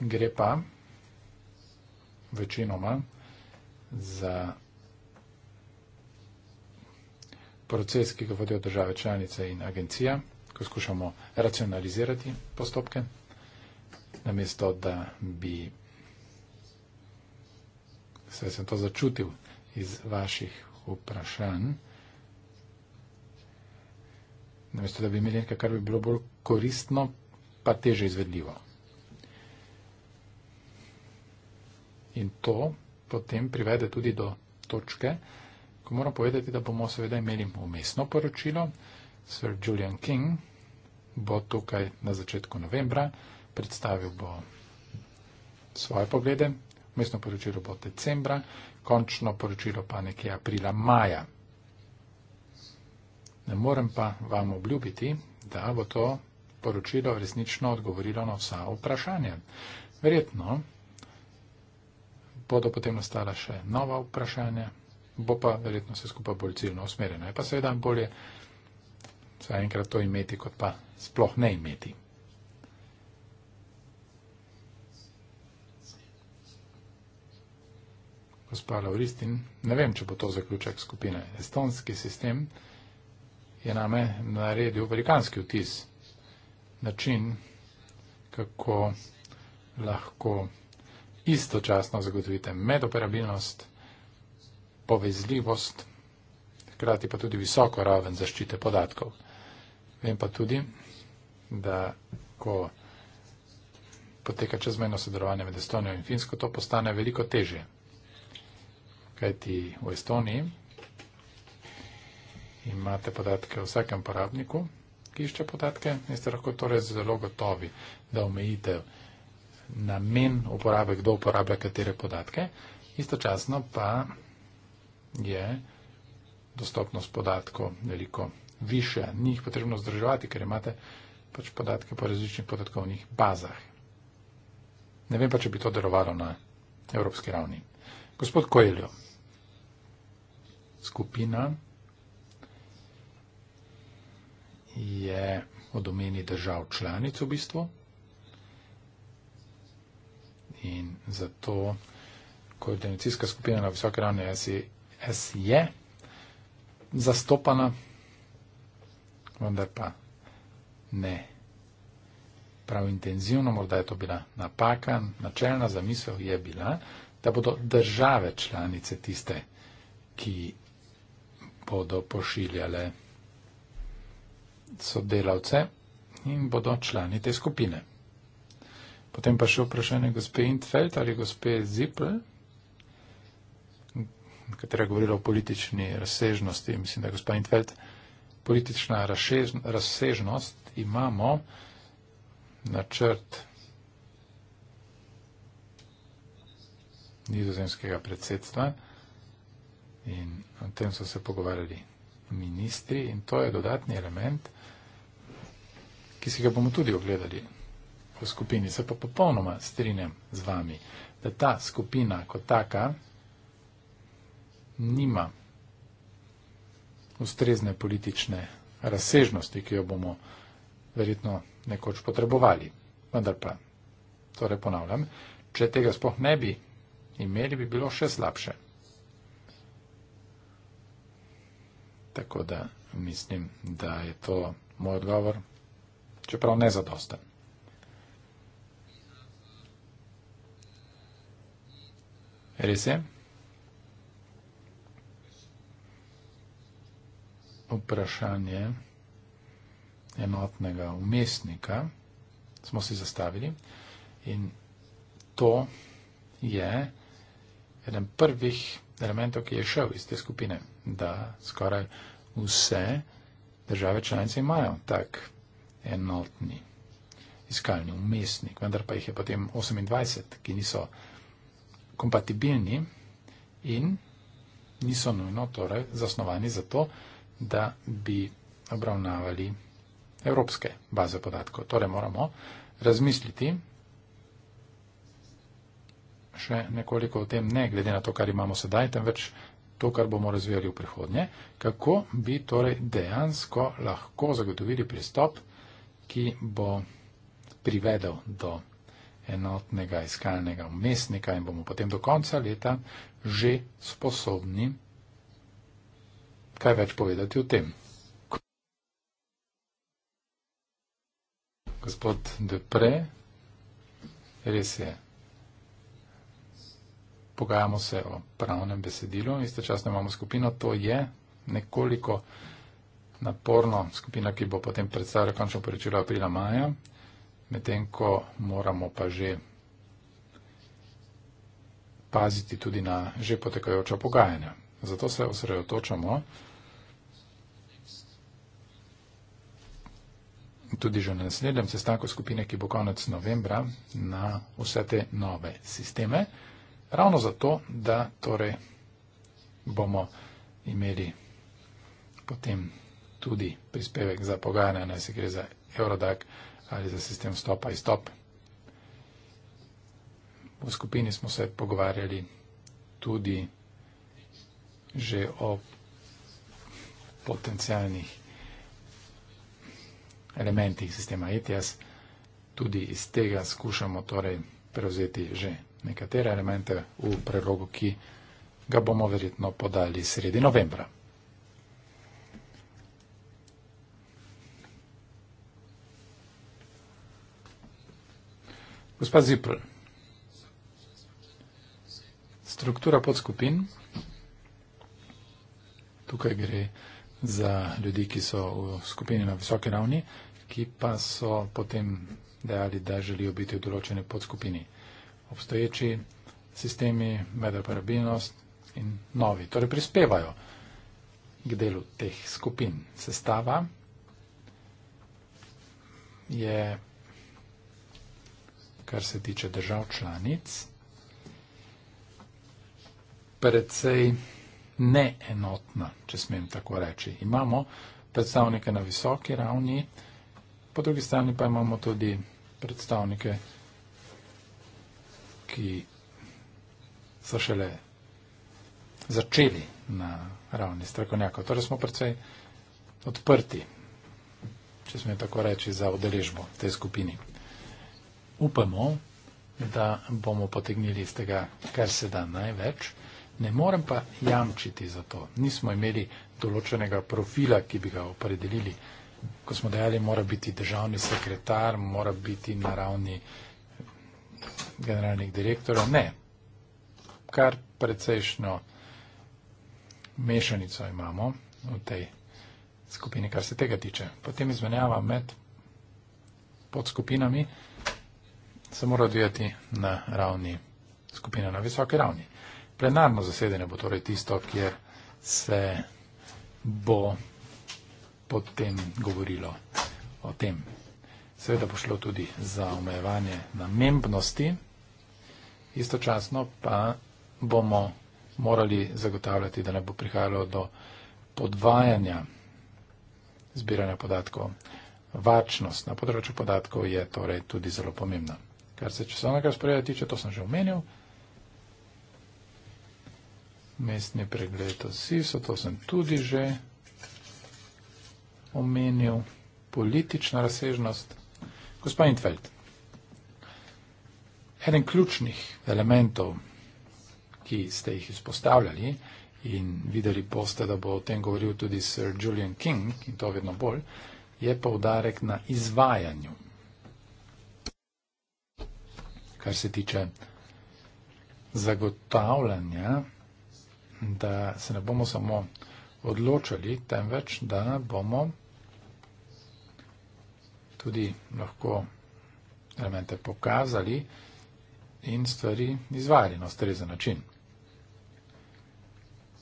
Gre pa večinoma za proces, ki ga vodijo države članice in agencija ko skušamo racionalizirati postopke, namesto da bi se sem to začutil iz vaših vprašanj, namesto da bi imeli nekaj, kar bi bilo bolj koristno, pa teže izvedljivo. In to potem privede tudi do točke, ko moram povedati, da bomo seveda imeli umestno poročilo, Sir Julian King, bo tukaj na začetku novembra, predstavil bo svoje poglede, mestno poročilo bo decembra, končno poročilo pa nekje aprila, maja. Ne morem pa vam obljubiti, da bo to poročilo resnično odgovorilo na vsa vprašanja. Verjetno bodo potem nastala še nova vprašanja, bo pa verjetno vse skupaj bolj ciljno usmerjeno. Je pa seveda bolje za enkrat to imeti, kot pa sploh ne imeti. Gospa Lauristin, ne vem, če bo to zaključek skupine. Estonski sistem je name naredil velikanski vtis, način, kako lahko istočasno zagotovite medoperabilnost, povezljivost, hkrati pa tudi visoko raven zaščite podatkov. Vem pa tudi, da ko poteka čezmejno sodelovanje med Estonijo in Finsko, to postane veliko težje. Kaj ti v Estoniji imate podatke o vsakem porabniku, ki išče podatke in ste lahko torej zelo gotovi, da omejite namen uporabe, kdo uporablja katere podatke. Istočasno pa je dostopnost podatkov veliko više, ni jih potrebno zdržovati, ker imate pač podatke po različnih podatkovnih bazah. Ne vem pa, če bi to delovalo na evropski ravni. Gospod Koeljo, skupina je v domeni držav članic v bistvu in zato koordinacijska skupina na visoke ravni S je zastopana vendar pa ne. Prav intenzivno, morda je to bila napaka, načelna zamisel je bila, da bodo države članice tiste, ki bodo pošiljale sodelavce in bodo člani te skupine. Potem pa še vprašanje gospe Intfeld ali gospe Zippel, katera je govorila o politični razsežnosti. Mislim, da je gospa Intfeld politična razsež, razsežnost, imamo načrt nizozemskega predsedstva in o tem so se pogovarjali ministri in to je dodatni element, ki si ga bomo tudi ogledali v skupini. Se pa popolnoma strinjam z vami, da ta skupina kot taka nima ustrezne politične razsežnosti, ki jo bomo verjetno nekoč potrebovali. Vendar pa, torej ponavljam, če tega sploh ne bi imeli, bi bilo še slabše. Tako da mislim, da je to moj odgovor, čeprav ne zadosten. Res je. vprašanje enotnega umestnika smo si zastavili in to je eden prvih elementov, ki je šel iz te skupine, da skoraj vse države članice imajo tak enotni iskalni umestnik, vendar pa jih je potem 28, ki niso kompatibilni in niso nujno torej zasnovani za to, da da bi obravnavali evropske baze podatkov. Torej moramo razmisliti še nekoliko o tem, ne glede na to, kar imamo sedaj, temveč to, kar bomo razvijali v prihodnje, kako bi torej dejansko lahko zagotovili pristop, ki bo privedel do enotnega iskalnega umestnika in bomo potem do konca leta že sposobni kaj več povedati o tem. Gospod Depre, res je. Pogajamo se o pravnem besedilu, istočasno imamo skupino, to je nekoliko naporno skupina, ki bo potem predstavila končno poročilo aprila-maja, medtem ko moramo pa že paziti tudi na že potekajoča pogajanja. Zato se osredotočamo. tudi že na naslednjem sestanku skupine, ki bo konec novembra, na vse te nove sisteme. Ravno zato, da torej bomo imeli potem tudi prispevek za pogajanja, naj se gre za Eurodac ali za sistem stopa in stop. V skupini smo se pogovarjali tudi že o potencijalnih elementih sistema ETS, tudi iz tega skušamo torej prevzeti že nekatere elemente v prerogu, ki ga bomo verjetno podali sredi novembra. Gospa Zipr, struktura podskupin, tukaj gre za za ljudi, ki so v skupini na visoki ravni, ki pa so potem dejali, da želijo biti v določene podskupini. Obstoječi sistemi, medoperabilnost in novi. Torej prispevajo k delu teh skupin. Sestava je, kar se tiče držav članic, predvsej neenotna, če smem tako reči. Imamo predstavnike na visoki ravni, po drugi strani pa imamo tudi predstavnike, ki so šele začeli na ravni strokovnjakov. Torej smo predvsej odprti, če smem tako reči, za odeležbo te skupini. Upamo, da bomo potegnili iz tega, kar se da največ ne morem pa jamčiti za to. Nismo imeli določenega profila, ki bi ga opredelili. Ko smo dejali, mora biti državni sekretar, mora biti na ravni generalnih direktorjev. Ne. Kar precejšno mešanico imamo v tej skupini, kar se tega tiče. Potem izmenjava med podskupinami se mora odvijati na ravni skupine na visoki ravni plenarno zasedanje bo torej tisto, kjer se bo potem govorilo o tem. Seveda bo šlo tudi za omejevanje namembnosti, istočasno pa bomo morali zagotavljati, da ne bo prihajalo do podvajanja zbiranja podatkov. Vačnost na področju podatkov je torej tudi zelo pomembna. Kar se časovnega sporeda tiče, to sem že omenil, mestni pregled Osiso, to sem tudi že omenil, politična razsežnost. Gospod Intveld, eden ključnih elementov, ki ste jih izpostavljali in videli boste, da bo o tem govoril tudi Sir Julian King in to vedno bolj, je poudarek na izvajanju. Kar se tiče zagotavljanja da se ne bomo samo odločali, temveč da bomo tudi lahko elemente pokazali in stvari izvajali na ustrezen način.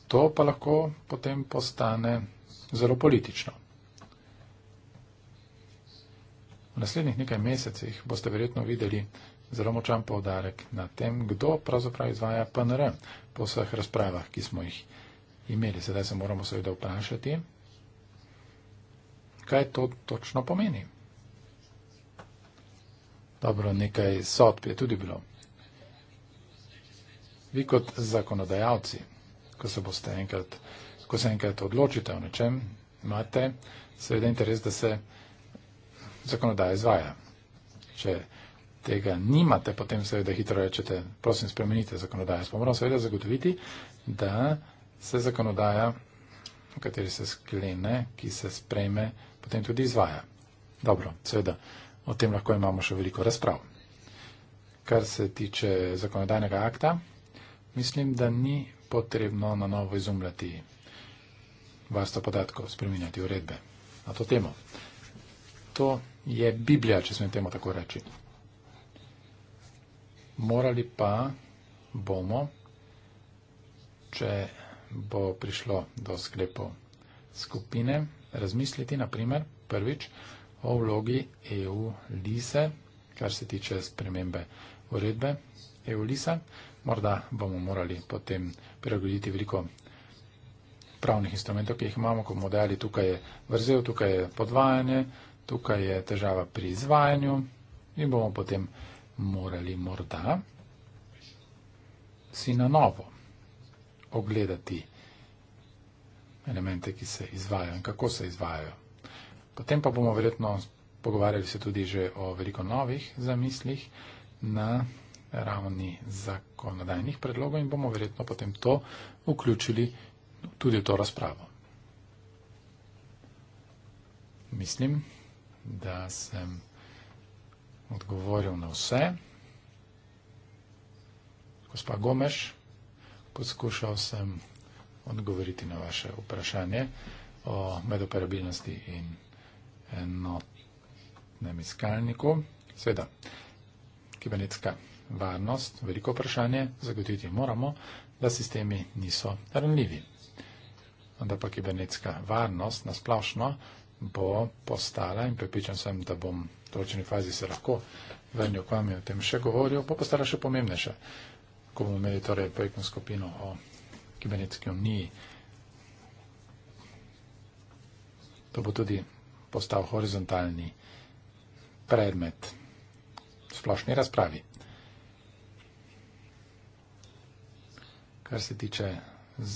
To pa lahko potem postane zelo politično. V naslednjih nekaj mesecih boste verjetno videli zelo močan povdarek na tem, kdo pravzaprav izvaja PNR po vseh razpravah, ki smo jih imeli. Sedaj se moramo seveda vprašati, kaj to točno pomeni. Dobro, nekaj sodb je tudi bilo. Vi kot zakonodajalci, ko se, enkrat, ko se enkrat odločite o nečem, imate seveda interes, da se zakonodaja izvaja. Če tega nimate, potem seveda hitro rečete, prosim, spremenite zakonodajo. Smo morali seveda zagotoviti, da se zakonodaja, v kateri se sklene, ki se sprejme, potem tudi izvaja. Dobro, seveda, o tem lahko imamo še veliko razprav. Kar se tiče zakonodajnega akta, mislim, da ni potrebno na novo izumljati varstva podatkov, spreminjati uredbe na to temo. To je Biblija, če smem temu tako reči. Morali pa bomo, če bo prišlo do sklepov skupine, razmisliti naprimer prvič o vlogi EU Lise, kar se tiče spremembe uredbe EU Lisa. Morda bomo morali potem prilagoditi veliko pravnih instrumentov, ki jih imamo, ko bomo dejali, tukaj je vrzel, tukaj je podvajanje, tukaj je težava pri izvajanju in bomo potem morali morda si na novo ogledati elemente, ki se izvajajo in kako se izvajajo. Potem pa bomo verjetno pogovarjali se tudi že o veliko novih zamislih na ravni zakonodajnih predlogov in bomo verjetno potem to vključili tudi v to razpravo. Mislim, da sem odgovoril na vse. Gospa Gomeš, poskušal sem odgovoriti na vaše vprašanje o medoperabilnosti in enotnem iskalniku. Sveda, kibernetska varnost, veliko vprašanje, zagotoviti moramo, da sistemi niso ranljivi. Vendar pa kibernetska varnost nasplošno bo postala in prepričan sem, da bom določeni fazi se lahko vrnil k vam in o tem še govoril, pa postala še pomembnejša, ko bomo imeli torej projektno skupino o kibernetski uniji. To bo tudi postal horizontalni predmet splošne razpravi. Kar se tiče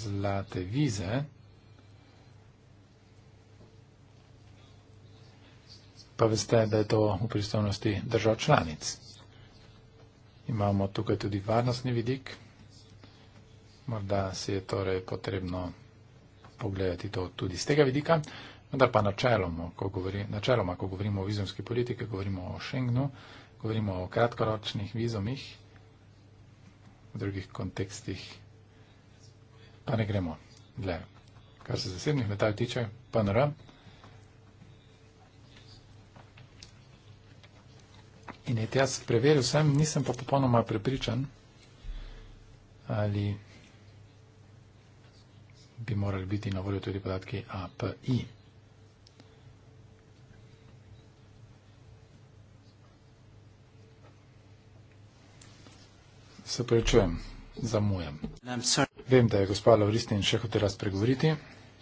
zlate vize, pa veste, da je to v pristojnosti držav članic. Imamo tukaj tudi varnostni vidik. Morda si je torej potrebno pogledati to tudi z tega vidika. Vendar pa načeloma, ko, govori, načeloma, ko govorimo o vizumski politiki, govorimo o Schengnu, govorimo o kratkoročnih vizumih, v drugih kontekstih pa ne gremo. Le, kar se zasebnih metal tiče, PNR, In je jaz preveril, sem, nisem pa popolnoma prepričan, ali bi morali biti na voljo tudi podatki API. Se prečujem, zamujam. Vem, da je gospa Lauristin še hotela spregovoriti,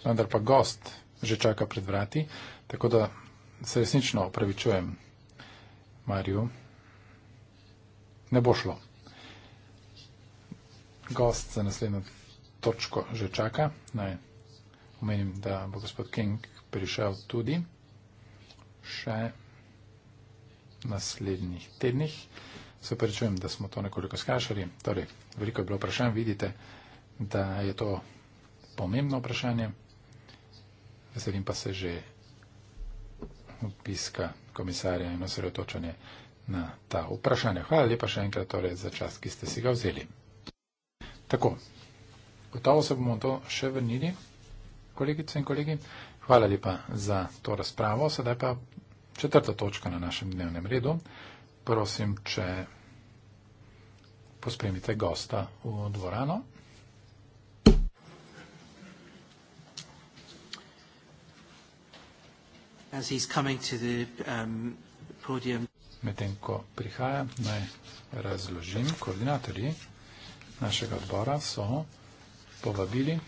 vendar pa gost že čaka pred vrati, tako da se resnično opravičujem. Marijo, ne bo šlo. Gost za naslednjo točko že čaka. Naj omenim, da bo gospod King prišel tudi še naslednjih tednih. Se pričujem, da smo to nekoliko skrašali. Torej, veliko je bilo vprašanj, vidite, da je to pomembno vprašanje. Veselim pa se že obiska komisarja in osredotočanje na ta vprašanja. Hvala lepa še enkrat torej za čas, ki ste si ga vzeli. Tako, gotovo se bomo to še vrnili, kolegice in kolegi. Hvala lepa za to razpravo. Sedaj pa četrta točka na našem dnevnem redu. Prosim, če pospremite gosta v dvorano. as he's coming to the um, podium. Medtem ko prihaja, naj razložim. Koordinatorji našega odbora so povabili,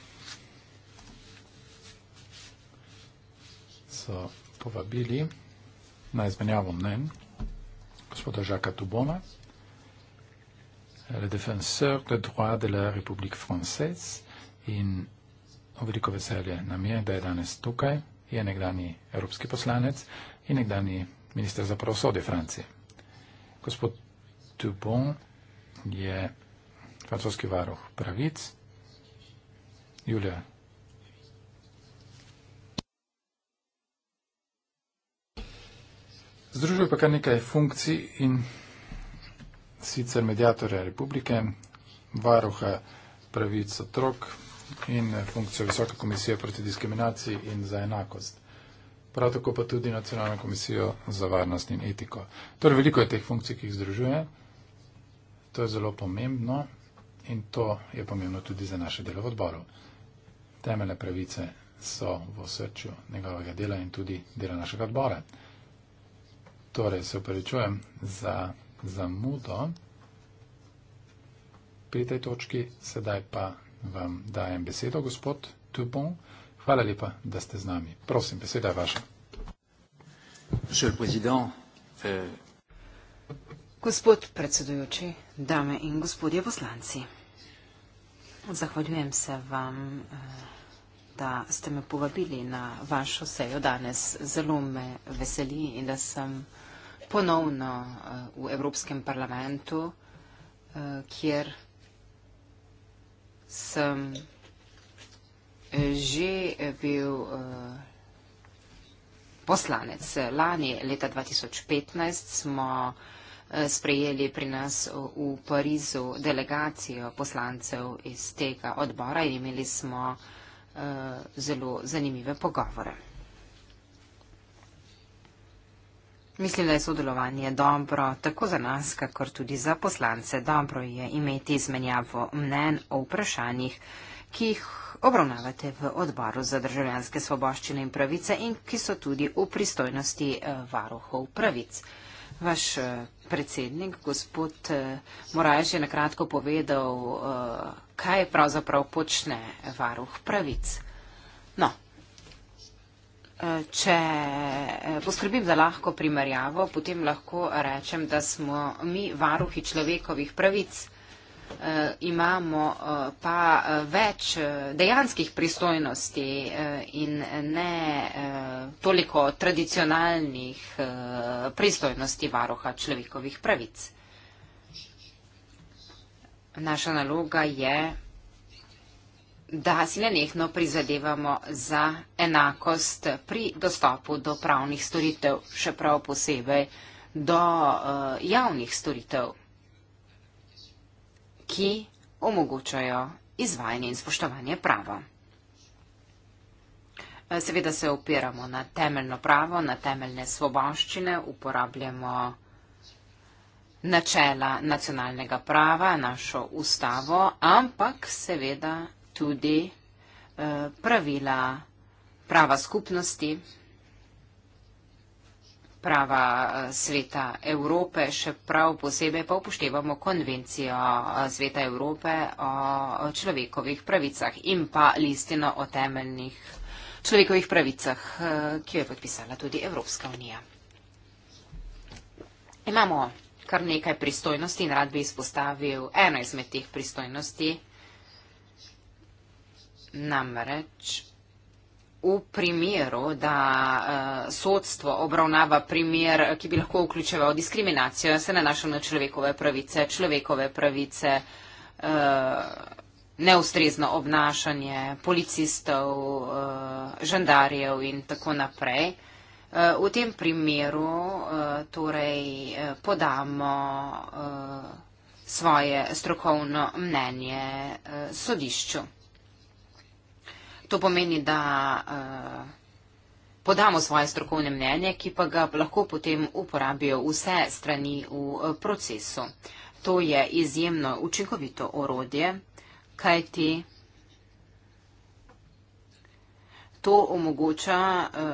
so povabili na izmenjavo mnen gospoda Žaka Tubona, le defenseur de droit de la République française in veliko veselje nam je, da je danes tukaj je nekdani evropski poslanec in nekdani minister za pravosodje Francije. Gospod Dubon je francoski varuh pravic. Julija. Združuje pa kar nekaj funkcij in sicer medijatorja republike, varuha pravic otrok, in eh, funkcijo Visoke komisije proti diskriminaciji in za enakost. Prav tako pa tudi Nacionalno komisijo za varnost in etiko. Torej, veliko je teh funkcij, ki jih združuje. To je zelo pomembno in to je pomembno tudi za naše delo v odboru. Temeljne pravice so v srču njegovega dela in tudi dela našega odbora. Torej, se upravičujem za zamudo pri tej točki, sedaj pa vam dajem besedo, gospod Tupon. Hvala lepa, da ste z nami. Prosim, beseda je vaša. Euh, gospod predsedujoči, dame in gospodje poslanci, zahvaljujem se vam, eh, da ste me povabili na vašo sejo danes. Zelo me veseli in da sem ponovno eh, v Evropskem parlamentu, eh, kjer sem eh, že eh, bil eh, poslanec. Lani leta 2015 smo sprejeli pri nas v Parizu delegacijo poslancev iz tega odbora in imeli smo zelo zanimive pogovore. Mislim, da je sodelovanje dobro, tako za nas, kakor tudi za poslance. Dobro je imeti izmenjavo mnen o vprašanjih, ki jih obravnavate v odboru za državljanske svoboščine in pravice in ki so tudi v pristojnosti eh, varuhov pravic. Vaš eh, predsednik, gospod eh, Moraž, je nakratko povedal, kaj pravzaprav počne varuh pravic. No, Če eh, poskrbim za lahko primerjavo, potem lahko rečem, da smo mi varuhi človekovih pravic, eh, imamo eh, pa več dejanskih pristojnosti in ne toliko tradicionalnih pristojnosti varuha človekovih pravic. Naša naloga je da si nenehno prizadevamo za enakost pri dostopu do pravnih storitev, še prav posebej do uh, javnih storitev, ki omogočajo izvajanje in spoštovanje prava. Eh, seveda se opiramo na temeljno pravo, na temeljne svoboščine, uporabljamo načela nacionalnega prava, našo ustavo, ampak seveda tudi eh, pravila, prava skupnosti, prava eh, sveta Evrope, še prav posebej pa upoštevamo konvencijo eh, sveta Evrope o človekovih pravicah in pa listino o temeljnih človekovih pravicah, ki jo je podpisala tudi Evropska unija. Imamo kar nekaj pristojnosti in rad bi izpostavil eno izmed teh pristojnosti Namreč v primeru, da eh, sodstvo obravnava primer, ki bi lahko vključeval diskriminacijo, se nanaša na človekove pravice, človekove pravice, eh, neustrezno obnašanje policistov, eh, žandarjev in tako naprej. V tem primeru torej podamo svoje strokovno mnenje sodišču. To pomeni, da eh, podamo svoje strokovne mnenje, ki pa ga lahko potem uporabijo vse strani v eh, procesu. To je izjemno učinkovito orodje, kaj ti to omogoča eh,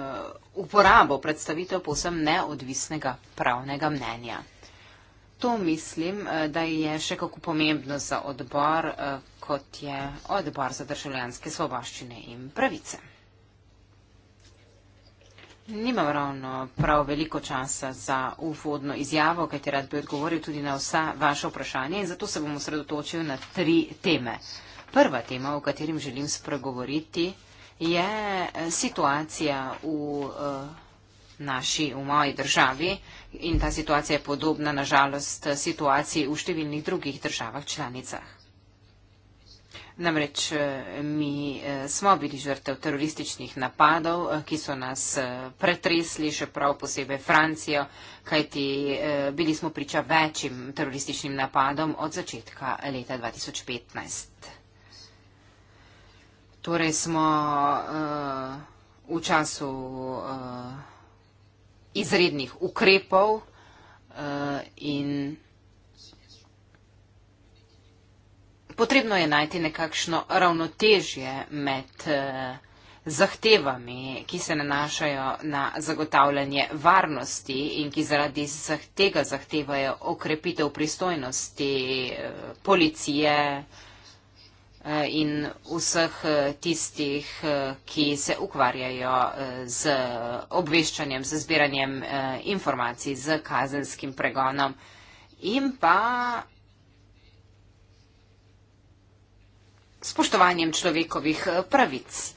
uporabo predstavitev povsem neodvisnega pravnega mnenja. To mislim, da je še kako pomembno za odbor, kot je odbor za državljanske svoboščine in pravice. Nimam ravno prav veliko časa za uvodno izjavo, kajti rad bi odgovoril tudi na vsa vaše vprašanje in zato se bom osredotočil na tri teme. Prva tema, o katerim želim spregovoriti, je eh, situacija v eh, naši, v moji državi in ta situacija je podobna na žalost situaciji v številnih drugih državah članicah. Namreč eh, mi eh, smo bili žrtev terorističnih napadov, eh, ki so nas pretresli, še prav posebej Francijo, kajti bili smo priča večjim terorističnim napadom od začetka leta 2015. Torej smo uh, v času uh, izrednih ukrepov uh, in. potrebno je najti nekakšno ravnotežje med eh, zahtevami, ki se nanašajo na zagotavljanje varnosti in ki zaradi tega zahtevajo okrepitev pristojnosti eh, policije eh, in vseh tistih, ki se ukvarjajo z obveščanjem, z zbiranjem informacij, z kazenskim pregonom in pa spoštovanjem človekovih eh, pravic.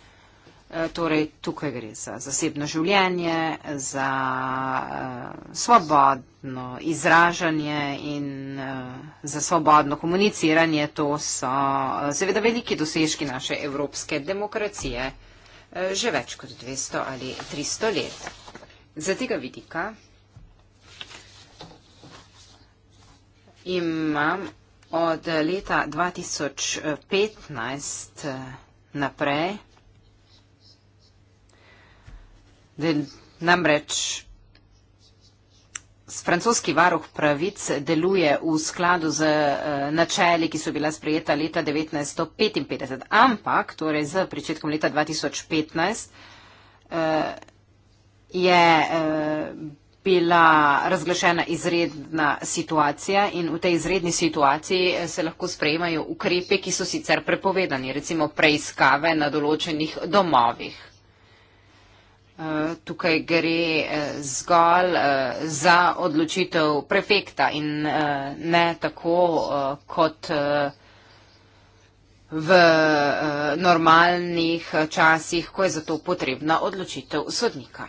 Eh, torej, tukaj gre za zasebno življenje, za eh, svobodno izražanje in za svobodno komuniciranje. To so seveda veliki dosežki naše evropske demokracije že več kot 200 ali 300 let. Za tega vidika imam od leta 2015 eh, naprej, da namreč francoski varuh pravic deluje v skladu z eh, načeli, ki so bila sprejeta leta 1955, ampak torej z pričetkom leta 2015 eh, je bila razglašena izredna situacija in v tej izredni situaciji eh, se lahko sprejemajo ukrepe, ki so sicer prepovedani, recimo preiskave na določenih domovih. Eh, tukaj gre eh, zgolj za odločitev prefekta in ne tako kot v normalnih časih, ko je za to potrebna odločitev sodnika.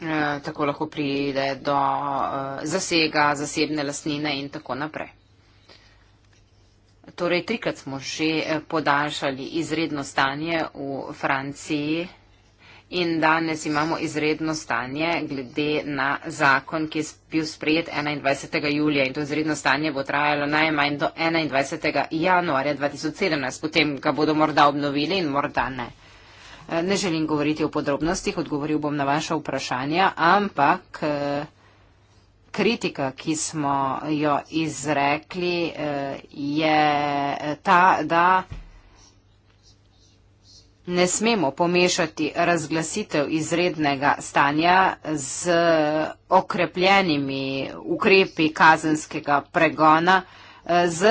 Eh, tako lahko pride do uh, zasega, zasebne lasnine in tako naprej. Torej, trikrat smo že eh, podaljšali izredno stanje v Franciji in danes imamo izredno stanje glede na zakon, ki je bil sprejet 21. julija in to izredno stanje bo trajalo najmanj do 21. januarja 2017. Potem ga bodo morda obnovili in morda ne. Ne želim govoriti o podrobnostih, odgovoril bom na vaše vprašanje, ampak eh, kritika, ki smo jo izrekli, eh, je ta, da ne smemo pomešati razglasitev izrednega stanja z okrepljenimi ukrepi kazenskega pregona eh, z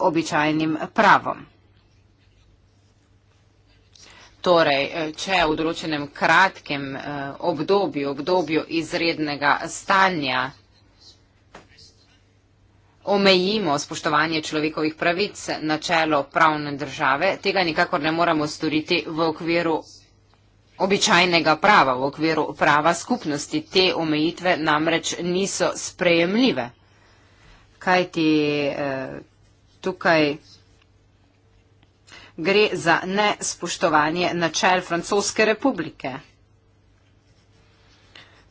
običajnim pravom. Torej, eh, če v določenem kratkem eh, obdobju, obdobju izrednega stanja, omejimo spoštovanje človekovih pravic na čelo pravne države, tega nikakor ne moramo storiti v okviru običajnega prava, v okviru prava skupnosti. Te omejitve namreč niso sprejemljive. Kaj ti eh, tukaj gre za nespoštovanje načel Francoske republike.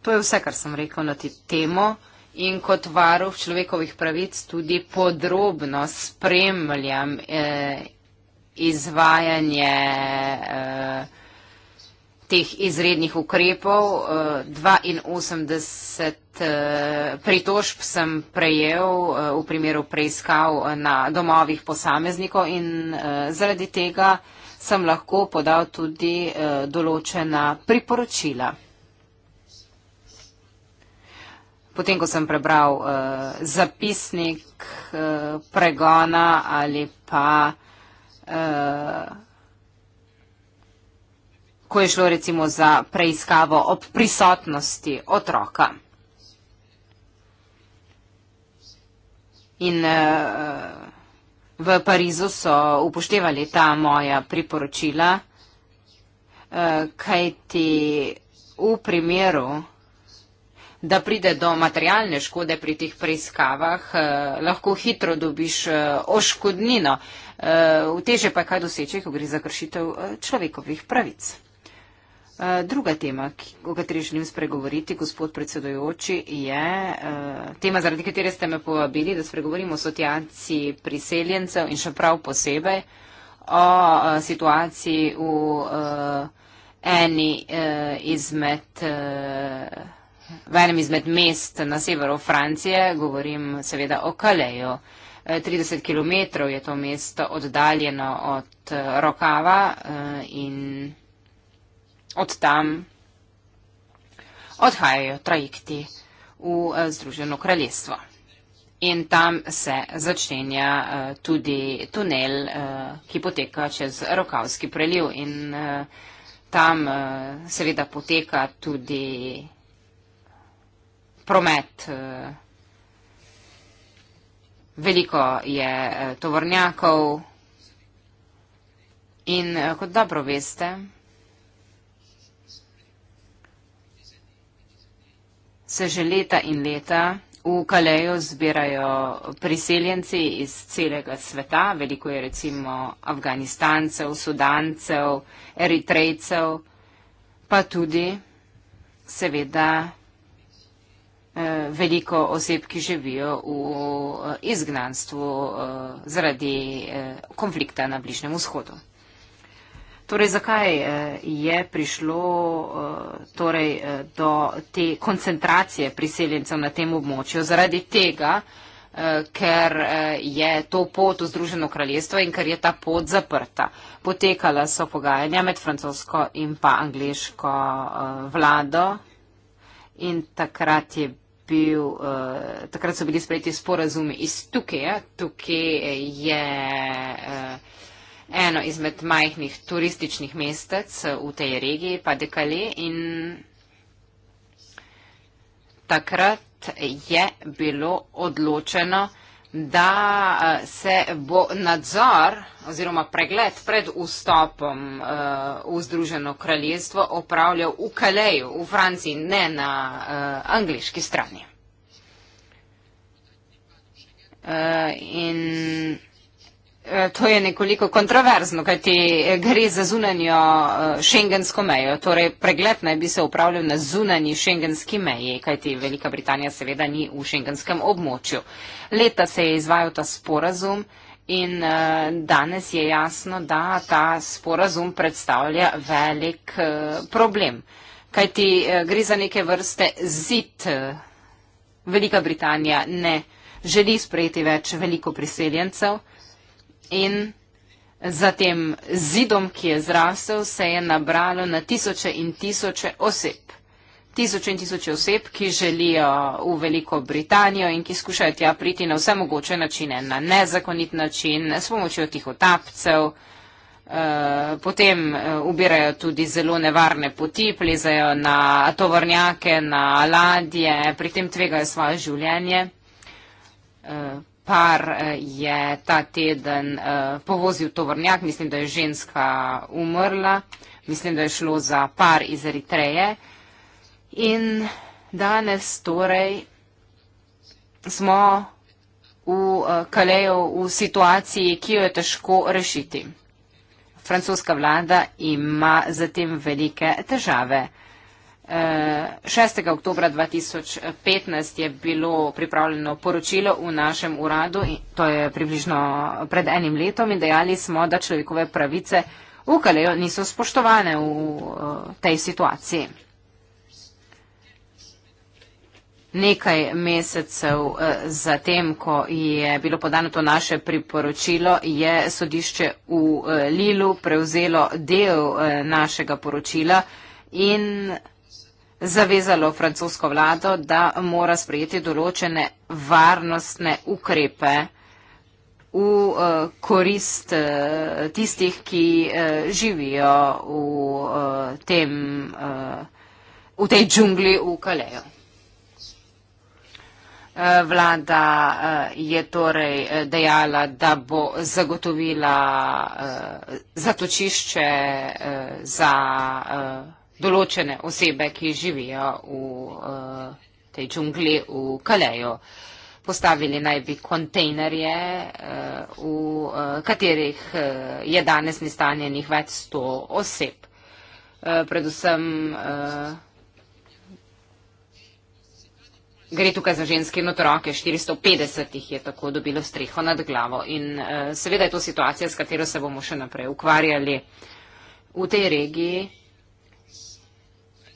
To je vse, kar sem rekel na temo in kot varuh človekovih pravic tudi podrobno spremljam eh, izvajanje eh, teh izrednih ukrepov. 82 eh, pritožb sem prejel eh, v primeru preiskav eh, na domovih posameznikov in zaradi tega sem lahko podal tudi določena priporočila. Potem, ko sem prebral uh, zapisnik uh, pregona ali pa uh, ko je šlo recimo za preiskavo ob prisotnosti otroka. In eh, v Parizu so upoštevali ta moja priporočila, eh, kaj ti v primeru, da pride do materialne škode pri tih preiskavah, eh, lahko hitro dobiš oškodnino. Uteže pa je kaj doseče, ko gre za kršitev človekovih pravic. Eh, druga tema, o kateri želim spregovoriti, gospod predsedujoči, je eh, tema, zaradi katere ste me povabili, da spregovorimo o asociaciji priseljencev in še prav posebej o eh, situaciji v eni izmed, v enem izmed mest na severu Francije, govorim seveda o Kalejo. 30 km je to mesto oddaljeno od Rokava in od tam odhajajo trajekti v eh, Združeno kraljestvo. In tam se začenja uh, tudi tunel, uh, ki poteka čez Rokavski preliv. In uh, tam uh, seveda poteka tudi promet. Uh, veliko je uh, tovornjakov. In uh, kot dobro veste, se že leta in leta v Kaleju zbirajo priseljenci iz celega sveta, veliko je recimo Afganistancev, Sudancev, Eritrejcev, pa tudi seveda eh, veliko oseb, ki živijo v eh, izgnanstvu eh, zaradi konflikta na Bližnem vzhodu. Torej, zakaj eh, je prišlo eh, torej, eh, do te koncentracije priseljencev na tem območju? Zaradi tega, ker je to pot v Združeno kraljestvo in ker je ta pot zaprta. Potekala so pogajanja med francosko in pa angliško vlado in takrat je. Bil, eh, takrat so bili sprejeti sporazumi iz tukaj, tukaj je. Eh, eno izmed majhnih turističnih mestec v tej regiji, Padekale, in takrat je bilo odločeno, da se bo nadzor oziroma pregled pred vstopom v Združeno kraljestvo opravljal v Kaleju, v Franciji, ne na angliški strani. In E, to je nekoliko kontroverzno, kajti e, gre za zunanjo e, šengensko mejo. Torej, pregled naj bi se upravljal na zunanji šengenski meji, kajti Velika Britanija seveda ni v šengenskem območju. Leta se je izvajal ta sporazum in danes je jasno, da ta sporazum predstavlja velik problem. Kajti gre za neke vrste zid. Velika Britanija ne želi sprejeti več veliko priseljencev in za tem zidom, ki je zrasel, se je nabralo na tisoče in tisoče oseb. Tisoče in tisoče oseb, ki želijo v Veliko Britanijo in ki skušajo tja priti na vse mogoče načine, na nezakonit način, s pomočjo tihotapcev. Eh, potem eh, ubirajo tudi zelo nevarne poti, plezajo na tovornjake, na ladje, pri tem tvegajo svoje življenje. Eh, par eh, je ta teden uh, povozil tovornjak, mislim, da je ženska umrla, mislim, da je šlo za par iz Eritreje. In danes torej smo v uh, Kaleju v situaciji, ki jo je težko rešiti. Francoska vlada ima zatem velike težave. 6. Eh, oktobra 2015 je bilo pripravljeno poročilo v našem uradu, to je približno pred enim letom in dejali smo, da človekove pravice v Kalejo niso spoštovane v eh, tej situaciji. Nekaj mesecev eh, zatem, ko je bilo podano to naše priporočilo, je sodišče v Lilu prevzelo del našega poročila in zavezalo francosko vlado, da mora sprejeti določene varnostne ukrepe v eh, korist eh, tistih, ki eh, živijo v, tem, v tej džungli v Kalejo. Vlada je torej dejala, da bo zagotovila zatočišče za določene osebe, ki živijo v uh, tej džungli v Kaleju. Postavili naj bi kontejnerje, uh, v uh, katerih uh, je danes nastanjenih več sto oseb. Uh, predvsem uh, gre tukaj za ženske in otroke, 450 jih je tako dobilo streho nad glavo. In uh, seveda je to situacija, s katero se bomo še naprej ukvarjali v tej regiji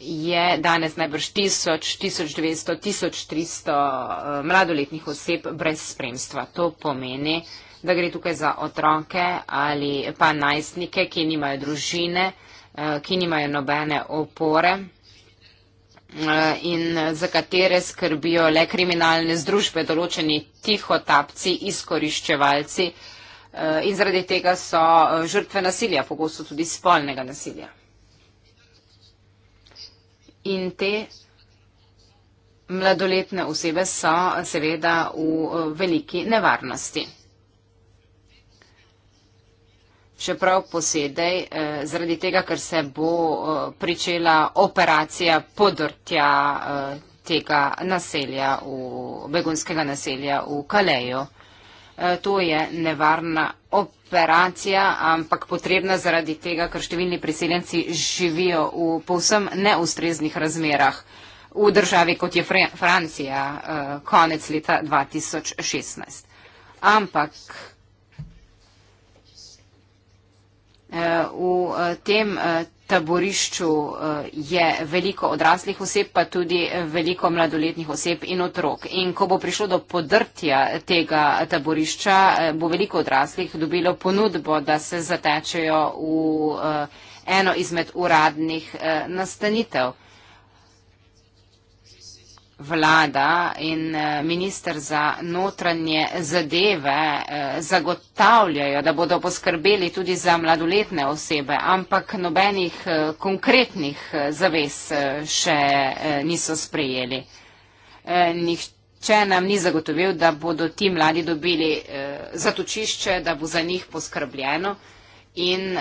je danes najbrž 1000, 1200, 1300 uh, mladoletnih oseb brez spremstva. To pomeni, da gre tukaj za otroke ali pa najstnike, ki nimajo družine, uh, ki nimajo nobene opore eh, in za katere skrbijo le kriminalne združbe, določeni tihotapci, izkoriščevalci eh, in zaradi tega so žrtve nasilja, pogosto tudi spolnega nasilja. In te mladoletne osebe so seveda v eh, veliki nevarnosti. Čeprav posedej, eh, zaradi tega, ker se bo eh, pričela operacija podrtja tega naselja, v, begunskega naselja v Kaleju. Eh, to je nevarna operacija, ampak potrebna zaradi tega, ker številni priseljenci živijo v povsem neustreznih razmerah v državi, kot je Francija, eh, konec leta 2016. Ampak eh, v tem taborišču eh, je veliko odraslih oseb, pa tudi veliko mladoletnih oseb in otrok. In ko bo prišlo do podrtja tega taborišča, eh, bo veliko odraslih dobilo ponudbo, da se zatečejo v eh, eno izmed uradnih nastanitev vlada in eh, minister za notranje zadeve eh, zagotavljajo, da bodo poskrbeli tudi za mladoletne osebe, ampak nobenih eh, konkretnih zavez še niso sprejeli. Nihče nam ni zagotovil, da bodo ti mladi dobili zatočišče, da bo za njih poskrbljeno in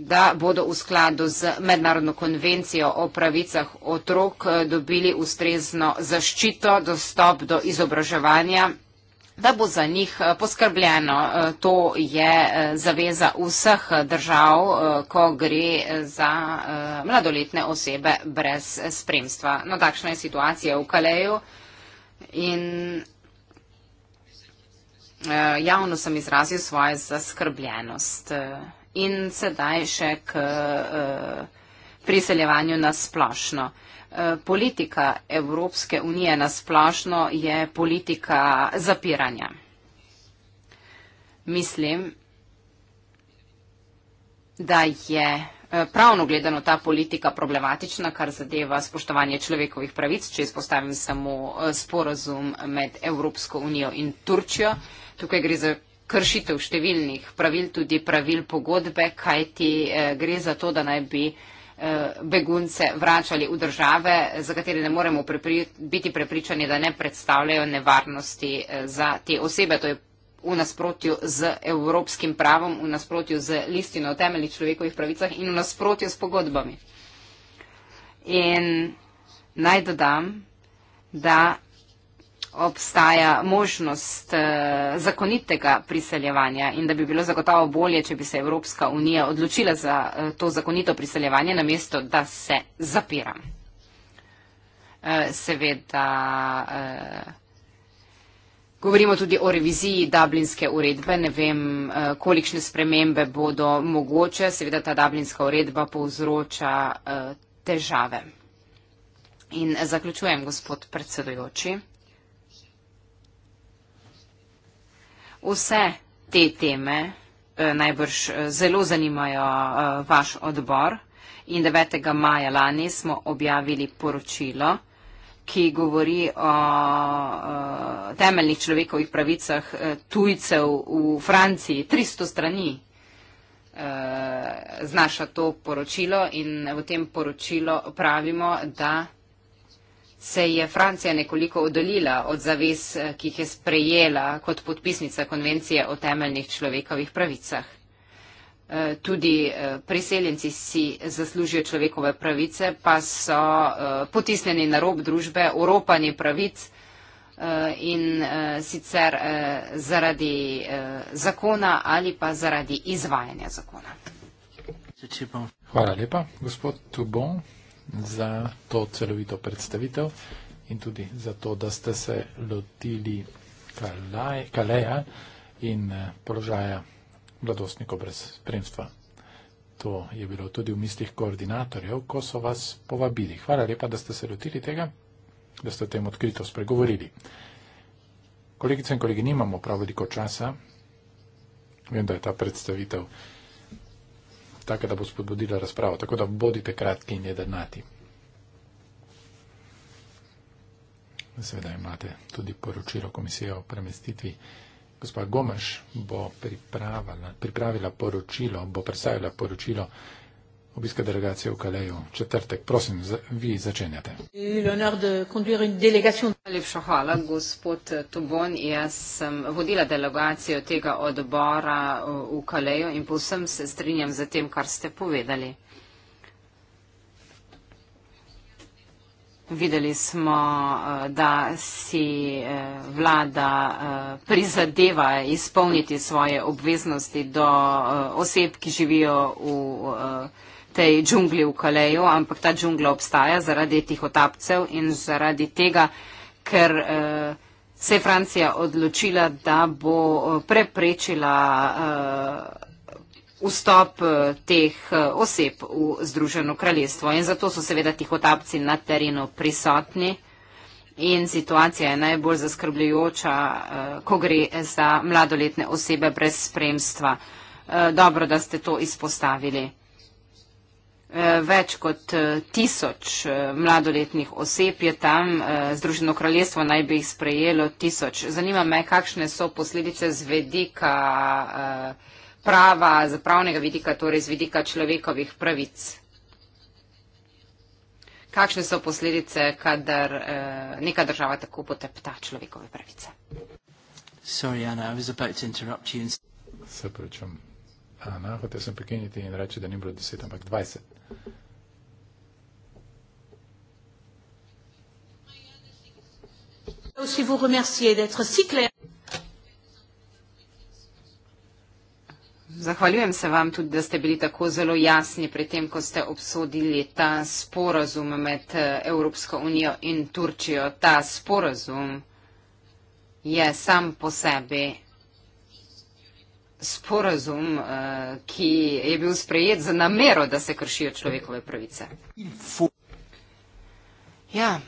da bodo v skladu z mednarodno konvencijo o pravicah otrok eh, dobili ustrezno zaščito, dostop do izobraževanja, da bo za njih eh, poskrbljeno. Eh, to je zaveza vseh držav, ko gre za mladoletne osebe brez spremstva. No, takšna je situacija v Kaleju in javno sem izrazil svojo zaskrbljenost in sedaj še k eh, priseljevanju na splošno. Eh, politika Evropske unije na splošno je politika zapiranja. Mislim, da je eh, pravno gledano ta politika problematična, kar zadeva spoštovanje človekovih pravic, če izpostavim samo sporazum med Evropsko unijo in Turčijo. Tukaj gre za kršitev številnih pravil, tudi pravil pogodbe, kaj ti eh, gre za to, da naj bi eh, begunce vračali v države, za katere ne moremo prepri, biti prepričani, da ne predstavljajo nevarnosti eh, za te osebe. To je v nasprotju z evropskim pravom, v nasprotju z listino o temeljih človekovih pravicah in v nasprotju s pogodbami. In naj dodam, da obstaja možnost uh, zakonitega priseljevanja in da bi bilo zagotovo bolje, če bi se Evropska unija odločila za uh, to zakonito priseljevanje, namesto da se zapira. Uh, seveda. Uh, Govorimo tudi o reviziji Dublinske uredbe. Ne vem, kolikšne spremembe bodo mogoče. Seveda ta Dublinska uredba povzroča težave. In zaključujem, gospod predsedojoči. Vse te teme eh, najbrž eh, zelo zanimajo eh, vaš odbor in 9. maja lani smo objavili poročilo, ki govori o temeljnih človekovih pravicah tujcev v Franciji. 300 strani znaša to poročilo in v tem poročilo pravimo, da se je Francija nekoliko oddaljila od zavez, eh, ki jih je sprejela kot podpisnica konvencije o temeljnih človekovih pravicah. Eh, tudi eh, priseljenci si zaslužijo človekove pravice, pa so potisnjeni na rob družbe, oropani pravic in sicer zaradi zakona ali pa zaradi izvajanja zakona. Hvala lepa, gospod Tubon za to celovito predstavitev in tudi za to, da ste se lotili kalaj, kaleja in eh, položaja mladostnikov brez spremstva. To je bilo tudi v mislih koordinatorjev, ko so vas povabili. Hvala lepa, da ste se lotili tega, da ste o tem odkrito spregovorili. Kolegice in kolegi, nimamo prav veliko časa. Vem, da je ta predstavitev taka, da bo spodbudila razpravo. Tako da bodite kratki in jedrnati. Seveda imate tudi poročilo komisije o premestitvi. Gospa Gomaš bo pripravila, pripravila poročilo, bo predstavila poročilo obiska delegacije v Kaleju. Četrtek, prosim, vi začenjate. Lepša hvala, gospod Tobon. Jaz sem vodila delegacijo tega odbora eh, v Kaleju in povsem se strinjam za tem, kar ste povedali. Videli smo, eh, da si eh, vlada prizadeva izpolniti svoje obveznosti do oseb, ki živijo v Kaleju tej džungli v Kaleju, ampak ta džungla obstaja zaradi tih otapcev in zaradi tega, ker uh, se je Francija odločila, da bo eh, preprečila uh, vstop teh oseb v Združeno kraljestvo. In zato so seveda tih otapci na terenu prisotni. In situacija je najbolj zaskrbljujoča, ko gre za mladoletne osebe brez spremstva. Dobro, da ste to izpostavili. Eh, več kot eh, tisoč eh, mladoletnih oseb je tam, Združeno kraljestvo naj bi jih sprejelo tisoč. Zanima me, kakšne so posledice z vedika prava, z pravnega vidika, torej z vidika človekovih pravic. Kakšne so posledice, kadar eh, neka država tako potepta človekove pravice? Sorry, Anna, I was about to interrupt you. Se pravičam, Ana, hotel sem prekiniti in reči, da ni bilo deset, ampak dvajset aussi vous remercier d'être si clair. Zahvaljujem se vam tudi, da ste bili tako zelo jasni pri tem, ko ste obsodili ta sporazum med eh, Evropsko unijo in Turčijo. Ta sporazum je sam po sebi sporazum, eh, ki je bil sprejet za namero, da se kršijo človekove pravice. Ja,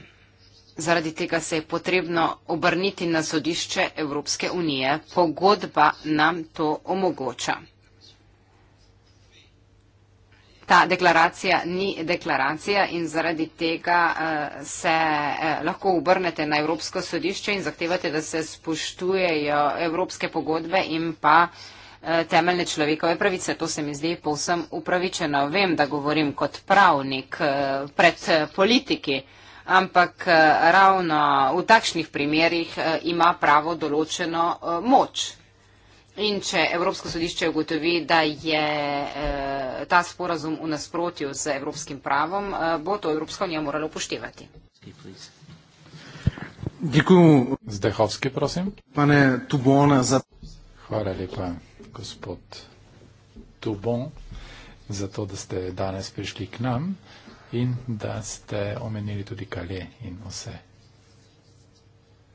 zaradi tega se je potrebno obrniti na sodišče Evropske unije. Pogodba nam to omogoča. Ta deklaracija ni deklaracija in zaradi tega uh, se uh, lahko obrnete na Evropsko sodišče in zahtevate, da se spoštujejo Evropske pogodbe in pa uh, Eh, temeljne človekove pravice. To se mi zdi povsem upravičeno. Vem, da govorim kot pravnik eh, pred eh, politiki, ampak ravno v takšnih primerjih ima pravo določeno moč. In če Evropsko sodišče ugotovi, da je ta sporazum v nasprotju z evropskim pravom, bo to Evropska unija morala upoštevati. Děkuji. Zdechovský, prosím. Pane Tubon, za... Hvala lepa gospod Dubon, za to, da ste danes prišli k nam in da ste omenili tudi kalje in vse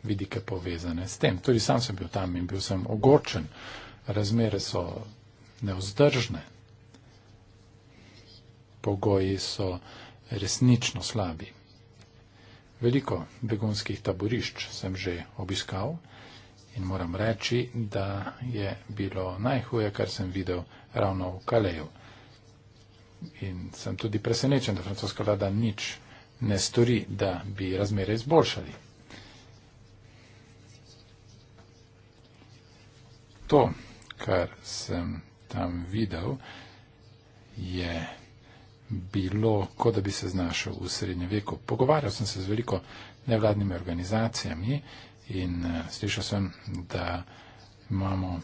vidike povezane s tem. Tudi sam sem bil tam in bil sem ogorčen. Razmere so neozdržne. Pogoji so resnično slabi. Veliko begunskih taborišč sem že obiskal. In moram reči, da je bilo najhuje, kar sem videl ravno v Kaleju. In sem tudi presenečen, da francoska vlada nič ne stori, da bi razmere izboljšali. To, kar sem tam videl, je bilo, kot da bi se znašel v srednjem veku. Pogovarjal sem se z veliko nevladnimi organizacijami In uh, slišal sem, da imamo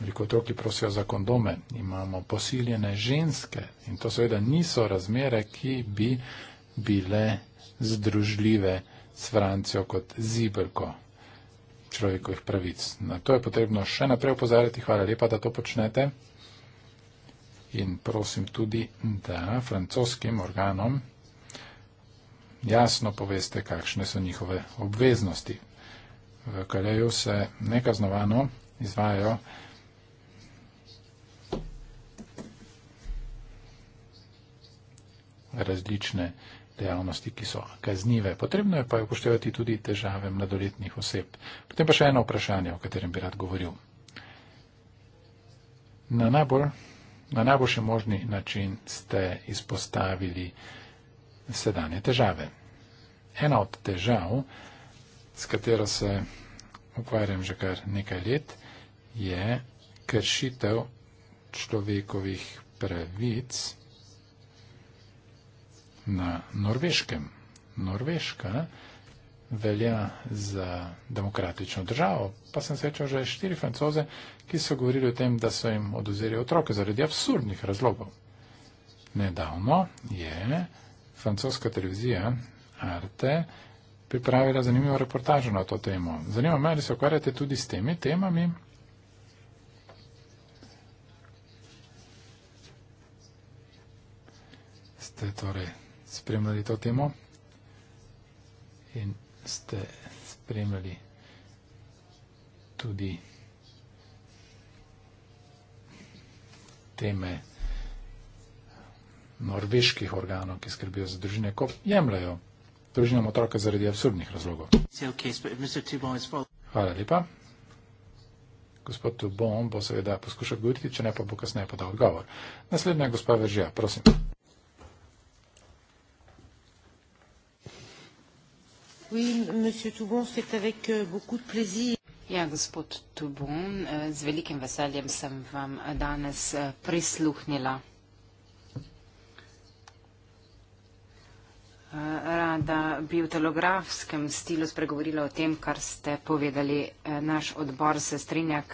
veliko otrok, ki prosijo za kondome, imamo posiljene ženske in to seveda niso razmere, ki bi bile združljive s Francijo kot zibelko človekovih pravic. Na to je potrebno še naprej upozarjati. Hvala lepa, da to počnete. In prosim tudi, da francoskim organom jasno poveste, kakšne so njihove obveznosti. V Kaleju se nekaznovano izvajajo različne dejavnosti, ki so kaznive. Potrebno je pa je upoštevati tudi težave mladoletnih oseb. Potem pa še eno vprašanje, o katerem bi rad govoril. Na, najbolj, na najboljši možni način ste izpostavili sedanje težave. Ena od težav, s katero se ukvarjam že kar nekaj let, je kršitev človekovih pravic na norveškem. Norveška velja za demokratično državo, pa sem srečal že štiri francoze, ki so govorili o tem, da so jim oduzeli otroke zaradi absurdnih razlogov. Nedavno je francoska televizija Arte pripravila zanimivo reportažo na to temo. Zanima me, ali se ukvarjate tudi s temi temami. Ste torej spremljali to temo in ste spremljali tudi teme norveških organov, ki skrbijo za družine, ko jemljajo družinam otroke zaradi absurdnih razlogov. Hvala lepa. Gospod Tubon bo seveda poskušal govoriti, če ne pa bo kasneje podal odgovor. Naslednja je gospa Veržija, prosim. Euh, ja, gospod Tubon, eh, z velikim veseljem sem vam danes eh, prisluhnila. rada bi v telegrafskem stilu spregovorila o tem, kar ste povedali. Eh, naš odbor se strinja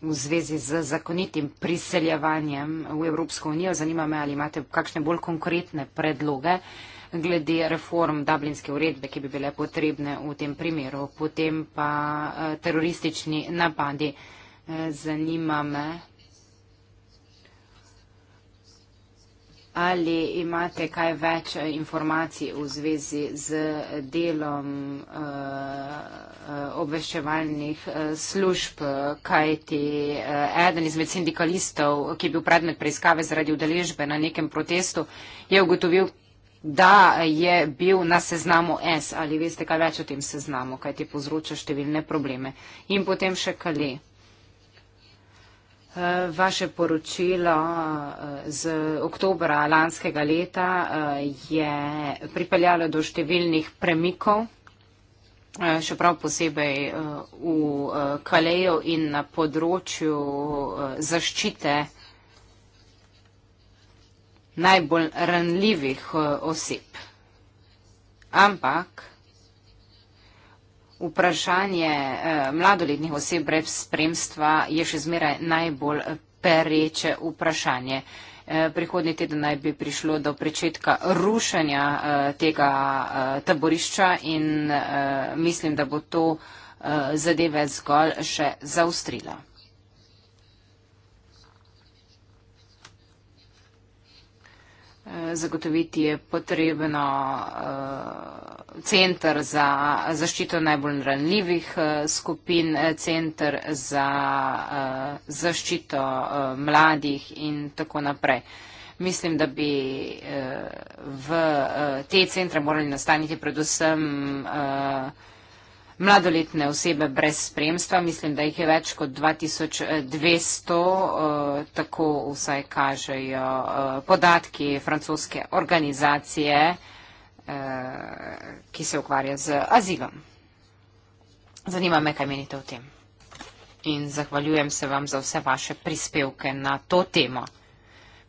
v zvezi z zakonitim priseljevanjem v Evropsko unijo. Zanima me, ali imate kakšne bolj konkretne predloge glede reform dublinske uredbe, ki bi bile potrebne v tem primeru. Potem pa eh, teroristični napadi. Eh, zanima me, Ali imate kaj več eh, informacij v zvezi z delom uh, obveščevalnih služb, kajti uh, eden izmed sindikalistov, ki je bil predmet preiskave zaradi udeležbe na nekem protestu, je ugotovil, da je bil na seznamu S. Ali veste kaj več o tem seznamu, kajti povzroča številne probleme. In potem še Kali. Vaše poročilo eh, z oktobra lanskega leta eh, je pripeljalo do številnih premikov, eh, še prav posebej v Kalejo in na področju zaščite najbolj ranljivih oseb. Ampak vprašanje eh, mladoletnih oseb brez spremstva je še zmeraj najbolj pereče vprašanje. Eh, prihodnji teden naj bi prišlo do prečetka rušenja eh, tega taborišča in mislim, da bo to zadeve zgolj še zaustrila. zagotoviti je potrebno eh, centr za zaščito najbolj ranljivih eh, skupin, eh, centr za zaščito mladih in tako naprej. Mislim, da bi v te centre morali nastaniti predvsem mladoletne osebe brez spremstva, mislim, da jih je več kot 2200, eh, tako vsaj kažejo eh, podatki francoske organizacije, eh, ki se ukvarja z azilom. Zanima me, kaj menite o tem. In zahvaljujem se vam za vse vaše prispevke na to temo.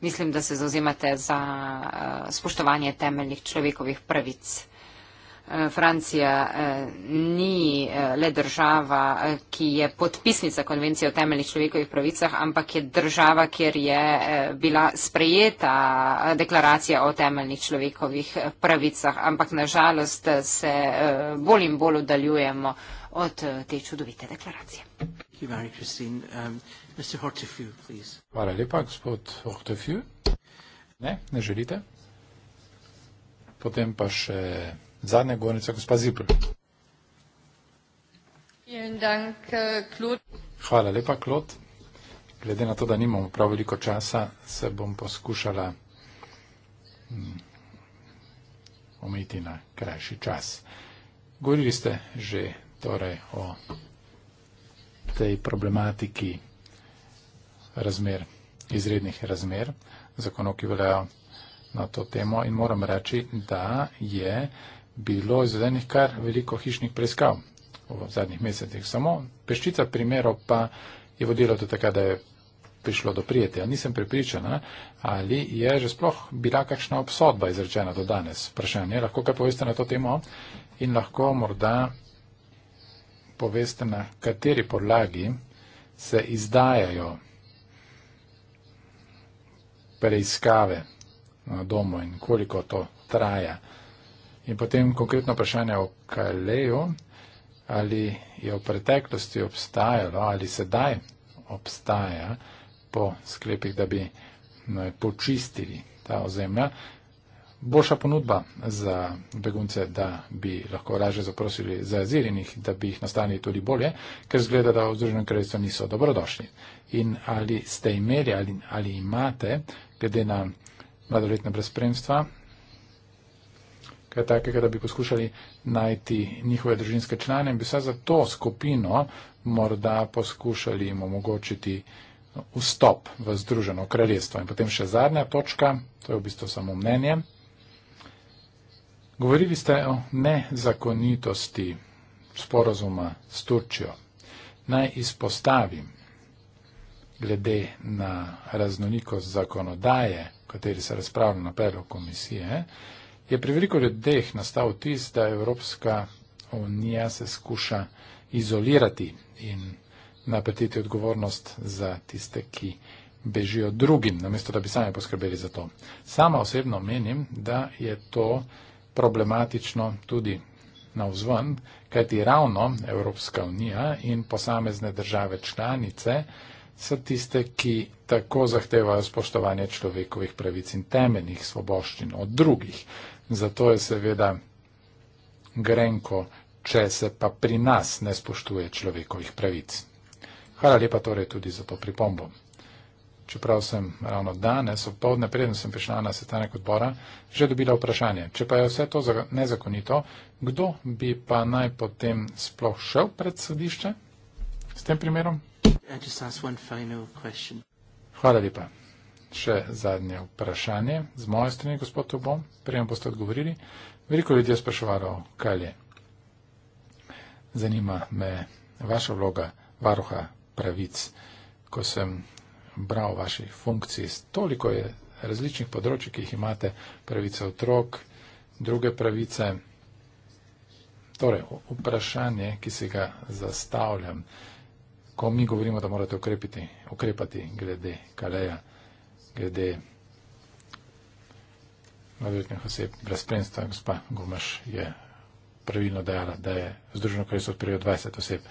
Mislim, da se zauzimate za spoštovanje temeljnih človekovih pravic. Francija eh, ni eh, le država, eh, ki je podpisnica konvencije o temeljnih človekovih pravicah, ampak je država, kjer je bila sprejeta deklaracija o temeljnih človekovih pravicah. Ampak nažalost se bolj in bolj oddaljujemo od te čudovite deklaracije. Um, Hvala lepa, gospod Hortefju. Ne, ne želite. Potem pa še Zadnja govornica, gospa Zipr. Eh, Hvala lepa, Klot. Glede na to, da nimamo prav veliko časa, se bom poskušala hmm, omejiti na krajši čas. Govorili ste že torej o tej problematiki razmer, izrednih razmer, zakonov, ki veljajo na to temo in moram reči, da je bilo izvedenih kar veliko hišnih preiskav v zadnjih mesecih. Samo peščica primerov pa je vodila do tega, da je prišlo do prijetja. Nisem prepričana, ali je že sploh bila kakšna obsodba izrečena do danes. Vprašanje, lahko kaj poveste na to temo in lahko morda poveste, na kateri podlagi se izdajajo preiskave na domu in koliko to traja. In potem konkretno vprašanje o Kaleju, ali je v preteklosti obstajalo, ali sedaj obstaja po sklepih, da bi no, počistili ta ozemlja, boljša ponudba za begunce, da bi lahko lažje zaprosili za azil in jih, da bi jih nastali tudi bolje, ker zgleda, da v Združenem kraljestvu niso dobrodošli. In ali ste imeli ali, ali imate, glede na mladoletne brezpremstva, kaj takega, da bi poskušali najti njihove družinske člane in bi se za to skupino morda poskušali jim omogočiti no, vstop v Združeno kraljestvo. In potem še zadnja točka, to je v bistvu samo mnenje. Govorili ste o nezakonitosti sporozuma s Turčijo. Naj izpostavim glede na raznolikost zakonodaje, v kateri se razpravlja na predlog komisije, eh, je pri veliko ljudeh nastal vtis, da Evropska unija se skuša izolirati in napetiti odgovornost za tiste, ki bežijo drugim, namesto da bi sami poskrbeli za to. Sama osebno menim, da je to problematično tudi navzven, kajti ravno Evropska unija in posamezne države članice so tiste, ki tako zahtevajo spoštovanje človekovih pravic in temeljnih svoboščin od drugih. Zato je seveda grenko, če se pa pri nas ne spoštuje človekovih pravic. Hvala lepa torej tudi za to pripombo. Čeprav sem ravno danes, ob povdne, preden sem prišla na sestanek odbora, že dobila vprašanje, če pa je vse to nezakonito, kdo bi pa naj potem sploh šel pred sodišče s tem primerom? Hvala lepa še zadnje vprašanje z moje strani, gospod Tobom, prej boste odgovorili. Veliko ljudi je spraševalo, kaj je. Zanima me vaša vloga varuha pravic, ko sem bral vaši funkciji. Toliko je različnih področji, ki jih imate, pravice otrok, druge pravice. Torej, vprašanje, ki se ga zastavljam, ko mi govorimo, da morate ukrepiti, ukrepati glede Kaleja glede mladoletnih oseb brez spremstva. Gospa Gumaš je pravilno dejala, da je Združeno kraljestvo odprlo 20 oseb.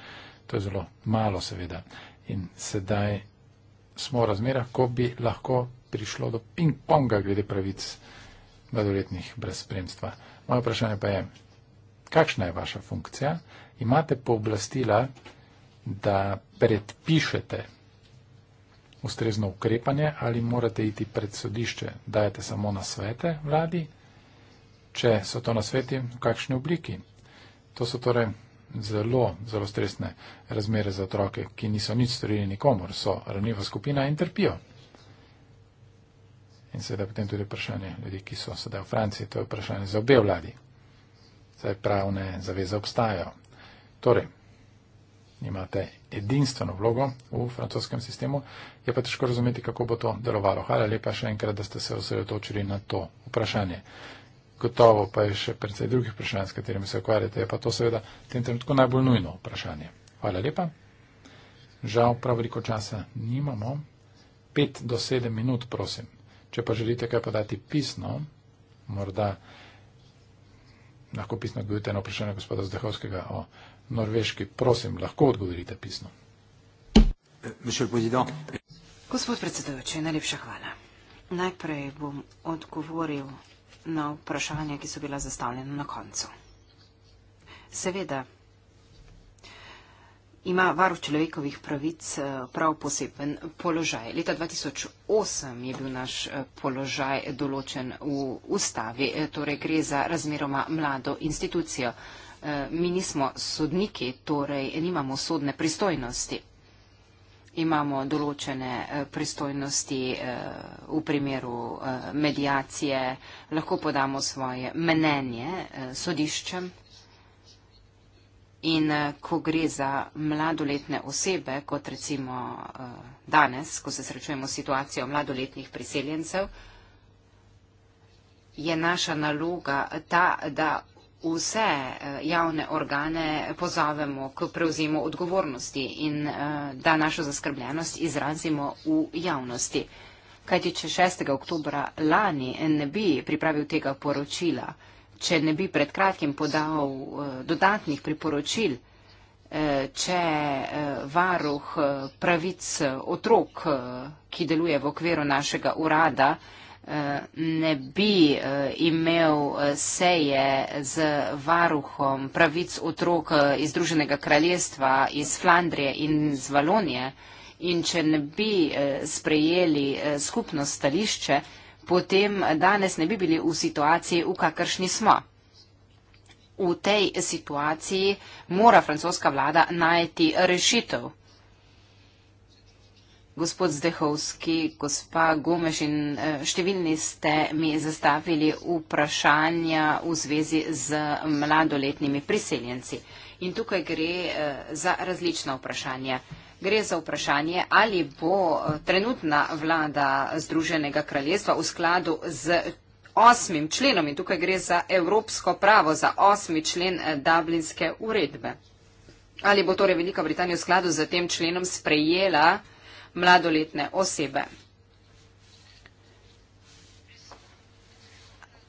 To je zelo malo, seveda. In sedaj smo v razmerah, ko bi lahko prišlo do ping-ponga glede pravic mladoletnih brez spremstva. Moje vprašanje pa je, kakšna je vaša funkcija? Imate pooblastila, da predpišete ustrezno ukrepanje ali morate iti pred sodišče, dajete samo na svete vladi, če so to na sveti, v kakšni obliki. To so torej zelo, zelo stresne razmere za otroke, ki niso nič storili nikomor, so ranljiva skupina in trpijo. In seveda potem tudi vprašanje ljudi, ki so sedaj v Franciji, to je vprašanje za obe vladi. Zdaj pravne zaveze obstajajo. Torej, imate edinstveno vlogo v francoskem sistemu, je pa težko razumeti, kako bo to delovalo. Hvala lepa še enkrat, da ste se osredotočili na to vprašanje. Gotovo pa je še precej drugih vprašanj, s katerimi se ukvarjate, je pa to seveda v tem trenutku najbolj nujno vprašanje. Hvala lepa. Žal prav veliko časa nimamo. 5 do 7 minut, prosim. Če pa želite kaj podati pisno, morda lahko pisno odgovorite na vprašanje gospoda Zdehovskega o Norveški. Prosim, lahko odgovorite pisno. Gospod predsedujoči, najlepša hvala. Najprej bom odgovoril na vprašanja, ki so bila zastavljena na koncu. Seveda ima varuh človekovih pravic eh, prav poseben položaj. Leta 2008 je bil naš eh, položaj določen v ustavi, eh, torej gre za razmeroma mlado institucijo. Eh, mi nismo sodniki, torej nimamo sodne pristojnosti. Imamo določene eh, pristojnosti eh, v primeru medijacije, lahko podamo svoje menenje sodiščem. In ko gre za mladoletne osebe, kot recimo danes, ko se srečujemo s situacijo mladoletnih priseljencev, je naša naloga ta, da vse eh, javne organe pozovemo k prevzemu odgovornosti in eh, da našo zaskrbljenost izrazimo v javnosti. Kajti, če 6. oktobra lani ne bi pripravil tega poročila, če ne bi pred kratkim podal eh, dodatnih priporočil, če varuh pravic otrok, ki deluje v okviru našega urada, ne bi eh, imel eh, seje z varuhom pravic otrok eh, iz Združenega kraljestva, iz Flandrije in z Valonije in če ne bi sprejeli skupno stališče, potem danes ne bi bili v situaciji, v kakršni smo. V tej situaciji mora francoska vlada najti rešitev gospod Zdehovski, gospa Gomež in eh, številni ste mi zastavili vprašanja v zvezi z mladoletnimi priseljenci. In tukaj gre eh, za različna vprašanja. Gre za vprašanje, ali bo eh, trenutna vlada Združenega kraljestva v skladu z osmim členom, in tukaj gre za evropsko pravo, za osmi člen Dublinske uredbe. Ali bo torej Velika Britanija v skladu z tem členom sprejela mladoletne osebe.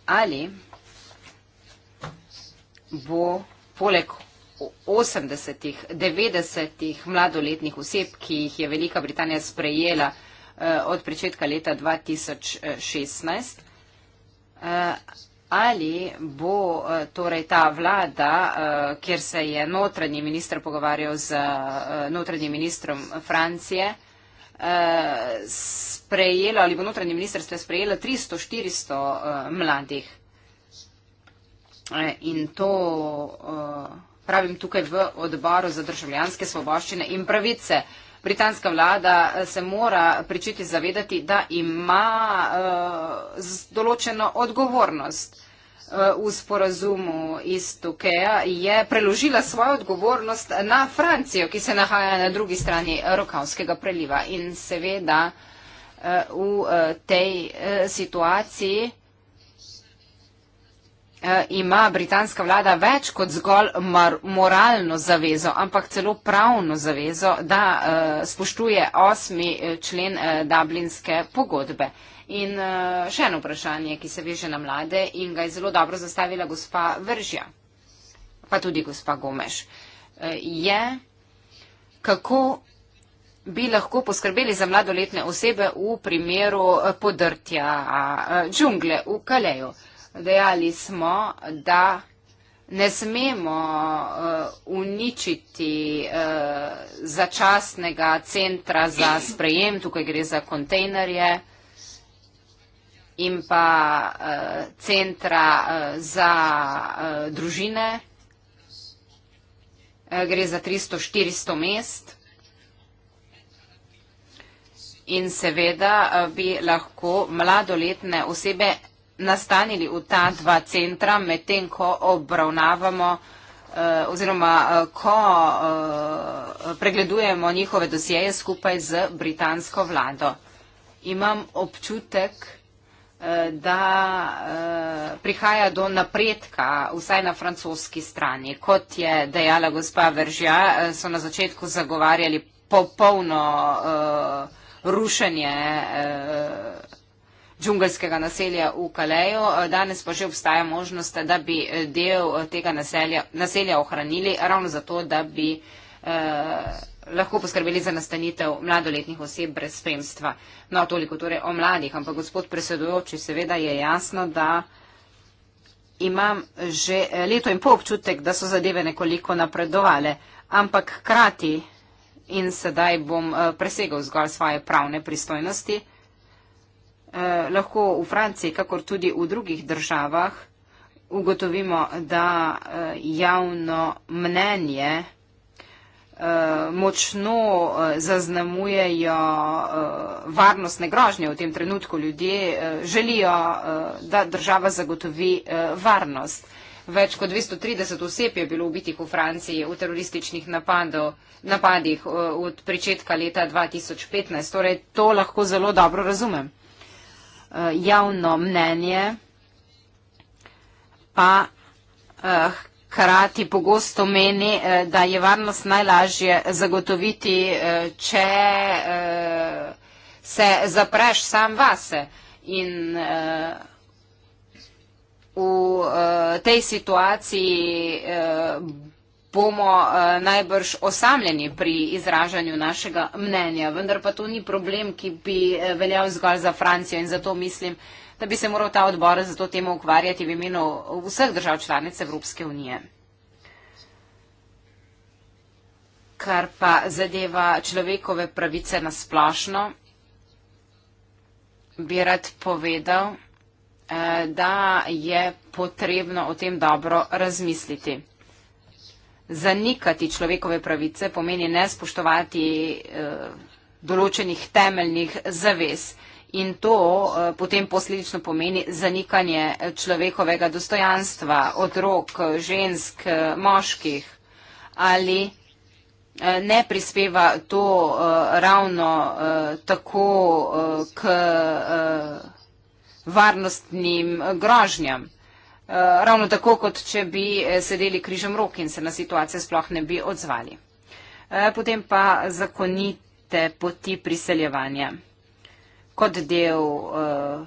Ali bo poleg 80-ih, 90-ih mladoletnih oseb, ki jih je Velika Britanija sprejela eh, od pričetka leta 2016, eh, eh, ali bo eh, torej ta vlada, eh, kjer se je notranji minister pogovarjal z eh, notranjim ministrom Francije, eh, sprejelo ali vnotranje ministrstvo je sprejelo 300-400 eh, mladih. Eh, in to eh, pravim tukaj v odboru za državljanske svoboščine in pravice. Britanska vlada se mora pričeti zavedati, da ima določeno odgovornost v sporazumu iz Tukeja je preložila svojo odgovornost na Francijo, ki se nahaja na drugi strani Rokavskega preliva. In seveda eh, v eh, tej eh, situaciji ima britanska vlada več kot zgolj moralno zavezo, ampak celo pravno zavezo, da spoštuje osmi člen Dublinske pogodbe. In uh, še eno vprašanje, ki se veže na mlade in ga je zelo dobro zastavila gospa Vržja, pa tudi gospa Gomeš, uh, eh, je, kako bi lahko poskrbeli za mladoletne osebe v primeru eh, podrtja uh, džungle v Kaleju. Dejali smo, da ne smemo uh, uničiti uh, začasnega centra za sprejem, tukaj gre za kontejnerje in pa uh, centra uh, za uh, družine. Uh, gre za 300-400 mest. In seveda uh, bi lahko mladoletne osebe nastanili v ta dva centra, medtem ko obravnavamo uh, oziroma uh, ko uh, pregledujemo njihove dosjeje skupaj z britansko vlado. Imam občutek, da eh, prihaja do napredka, vsaj na francoski strani. Kot je dejala gospa Veržja, eh, so na začetku zagovarjali popolno eh, rušenje džungelskega naselja v Kaleju. Danes pa že obstaja možnost, da bi del tega naselja, naselja ohranili ravno zato, da bi lahko poskrbeli za nastanitev mladoletnih oseb brez spremstva. No, toliko torej o mladih, ampak gospod predsedujoči, seveda je jasno, da imam že leto in pol občutek, da so zadeve nekoliko napredovale, ampak krati in sedaj bom eh, presegal zgolj svoje pravne pristojnosti, eh, lahko v Franciji, kakor tudi v drugih državah, ugotovimo, da eh, javno mnenje, Eh, močno eh, zaznamujejo eh, varnostne grožnje v tem trenutku. Ljudje želijo, da država zagotovi varnost. Več kot 230 oseb je bilo ubitih v Franciji v terorističnih napadov, napadih od pričetka leta 2015. Torej, to lahko zelo dobro razumem. Javno mnenje pa hkrati pogosto meni, eh, da je varnost najlažje zagotoviti, eh, če eh, se zapreš sam vase. In v tej situaciji bomo najbrž osamljeni pri izražanju našega mnenja. Vendar pa to ni problem, ki bi veljal zgolj za Francijo in zato mislim, da bi se moral ta odbor za to temo ukvarjati v imenu vseh držav članic Evropske unije. Kar pa zadeva človekove pravice na splošno, bi rad povedal, eh, da je potrebno o tem dobro razmisliti. Zanikati človekove pravice pomeni ne spoštovati eh, določenih temeljnih zavez in to eh, potem posledično pomeni zanikanje eh, človekovega dostojanstva otrok, eh, žensk, moških ali ne prispeva to ravno tako k varnostnim grožnjam. Ravno tako, kot če bi sedeli križem rok in se na situacijo sploh ne bi odzvali. Potem pa zakonite poti priseljevanja kot del eh,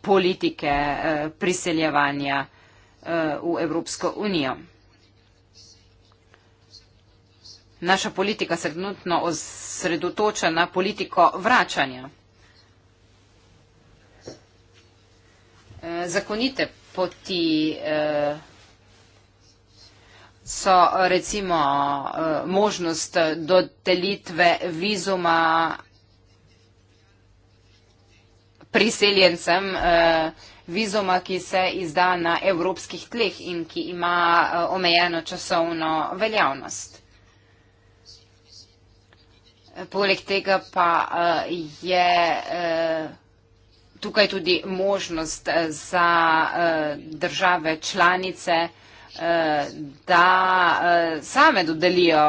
politike eh, priseljevanja eh, v Evropsko unijo. Naša politika se trenutno osredotoča na politiko vračanja. Zakonite poti so recimo možnost dodelitve vizuma priseljencem eh, vizoma, ki se izda na evropskih tleh in ki ima eh, omejeno časovno veljavnost. Poleg tega pa eh, je tukaj tudi možnost za države članice, da same dodelijo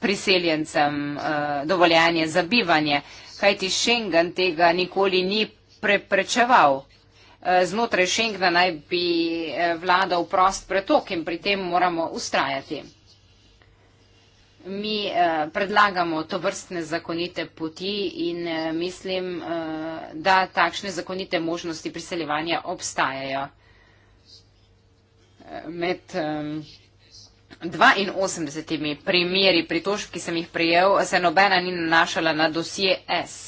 priseljencem dovoljanje za bivanje, kajti Schengen tega nikoli ni preprečeval. E, znotraj Schengna naj bi e, vladal prost pretok in pri tem moramo ustrajati. Mi e, predlagamo to vrstne zakonite poti in mislim, da takšne zakonite možnosti priseljevanja obstajajo. Med 82 primeri pritožb, ki sem jih prijel, se nobena ni nanašala na dosje S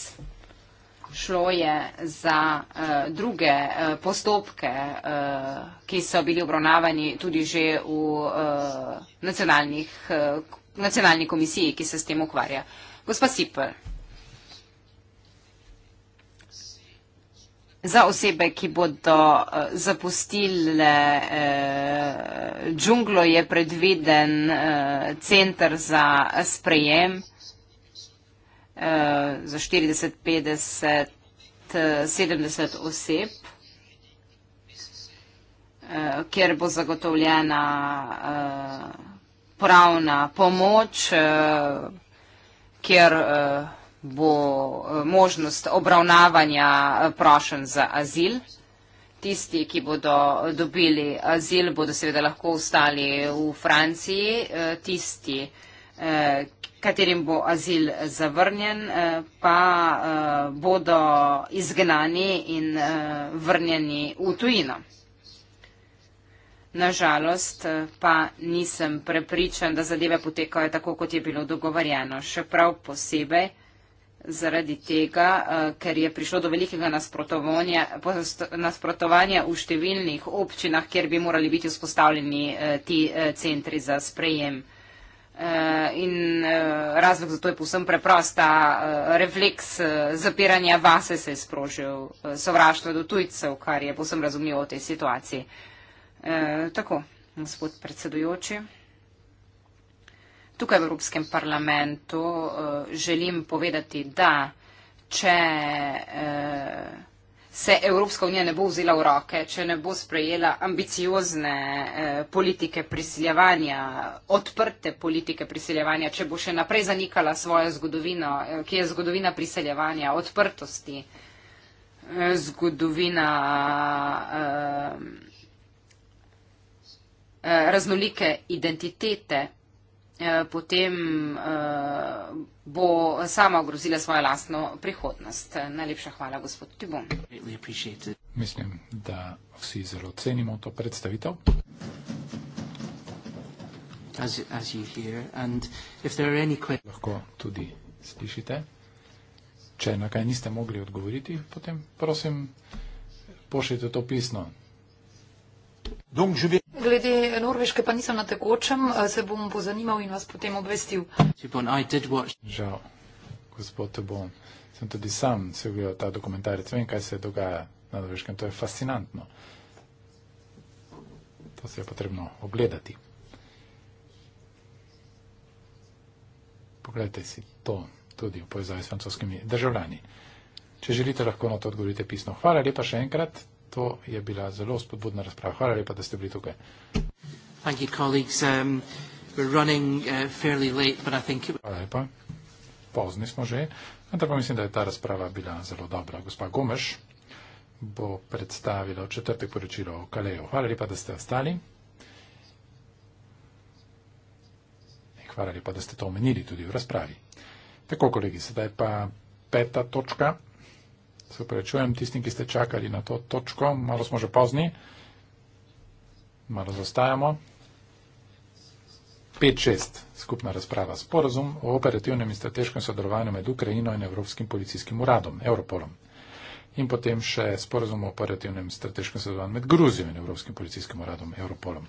šlo je za uh, druge uh, postopke, uh, ki so bili obravnavani tudi že v uh, nacionalnih, uh, nacionalni komisiji, ki se s tem ukvarja. Gospa Sipel, za osebe, ki bodo uh, zapustile uh, džunglo, je predviden uh, centr za sprejem za 40, 50, 70 oseb, eh, kjer bo zagotovljena eh, pravna pomoč, eh, kjer bo možnost obravnavanja prošen za azil. Tisti, ki bodo dobili azil, bodo seveda lahko ostali v Franciji. Tisti, ki bodo dobili azil, Eh, katerim bo azil zavrnjen, eh, pa eh, bodo izgnani in vrnjeni v tujino. Nažalost pa nisem prepričan, da zadeve potekajo tako, kot je bilo dogovarjeno. Še prav posebej zaradi tega, ker je prišlo do velikega nasprotovanja v številnih občinah, kjer bi morali biti vzpostavljeni ti centri za sprejem. Eh, in eh, razlog za to je povsem preprosta. Eh, refleks zapiranja vase se je sprožil, sovraštvo do tujcev, kar je povsem razumljivo v tej situaciji. Tako, gospod predsedujoči. Tukaj v Evropskem parlamentu želim povedati, da če se Evropska unija ne bo vzela v roke, če ne bo sprejela ambiciozne eh, politike prisiljevanja, odprte politike prisiljevanja, če bo še naprej zanikala svojo zgodovino, eh, ki je zgodovina prisiljevanja, odprtosti, eh, zgodovina eh, eh, raznolike identitete. Eh, potem eh, bo sama ogrozila svojo lastno prihodnost. Najlepša hvala, gospod Tibon. Mislim, da vsi zelo cenimo to predstavitev. As, as you hear. And if there are any lahko tudi slišite. Če na kaj niste mogli odgovoriti, potem prosim, pošljite to pisno. Donc, je vais... Glede Norveške pa nisem na tekočem, eh, se bom pozanimal in vas potem obvestil. Žal, gospod Tobon, sem tudi sam se ogledal ta dokumentarec, vem, kaj se dogaja na Norveškem, to je fascinantno. To se je potrebno ogledati. Poglejte si to tudi v povezavi s francoskimi državljani. Če želite, lahko na to odgovorite pisno. Hvala lepa še enkrat, To je bila zelo spodbudna razprava. Hvala lepa, da ste bili tukaj. Thank you, colleagues. Um, we're running uh, fairly late, but I think it... Hvala lepa. Pozni smo že. Ampak pa mislim, da je ta razprava bila zelo dobra. Gospa Gomeš bo predstavila četrtek poročilo o Kaleju. Hvala lepa, da ste ostali. Hvala lepa, da ste to omenili tudi v razpravi. Tako, kolegi, sedaj pa peta točka. Se prečujem tistim, ki ste čakali na to točko, malo smo že pozni, malo zastajamo. 5-6 skupna razprava. Sporazum o operativnem in strateškem sodelovanju med Ukrajino in Evropskim policijskim uradom, Europolom. In potem še sporazum o operativnem in strateškem sodelovanju med Gruzijo in Evropskim policijskim uradom, Europolom.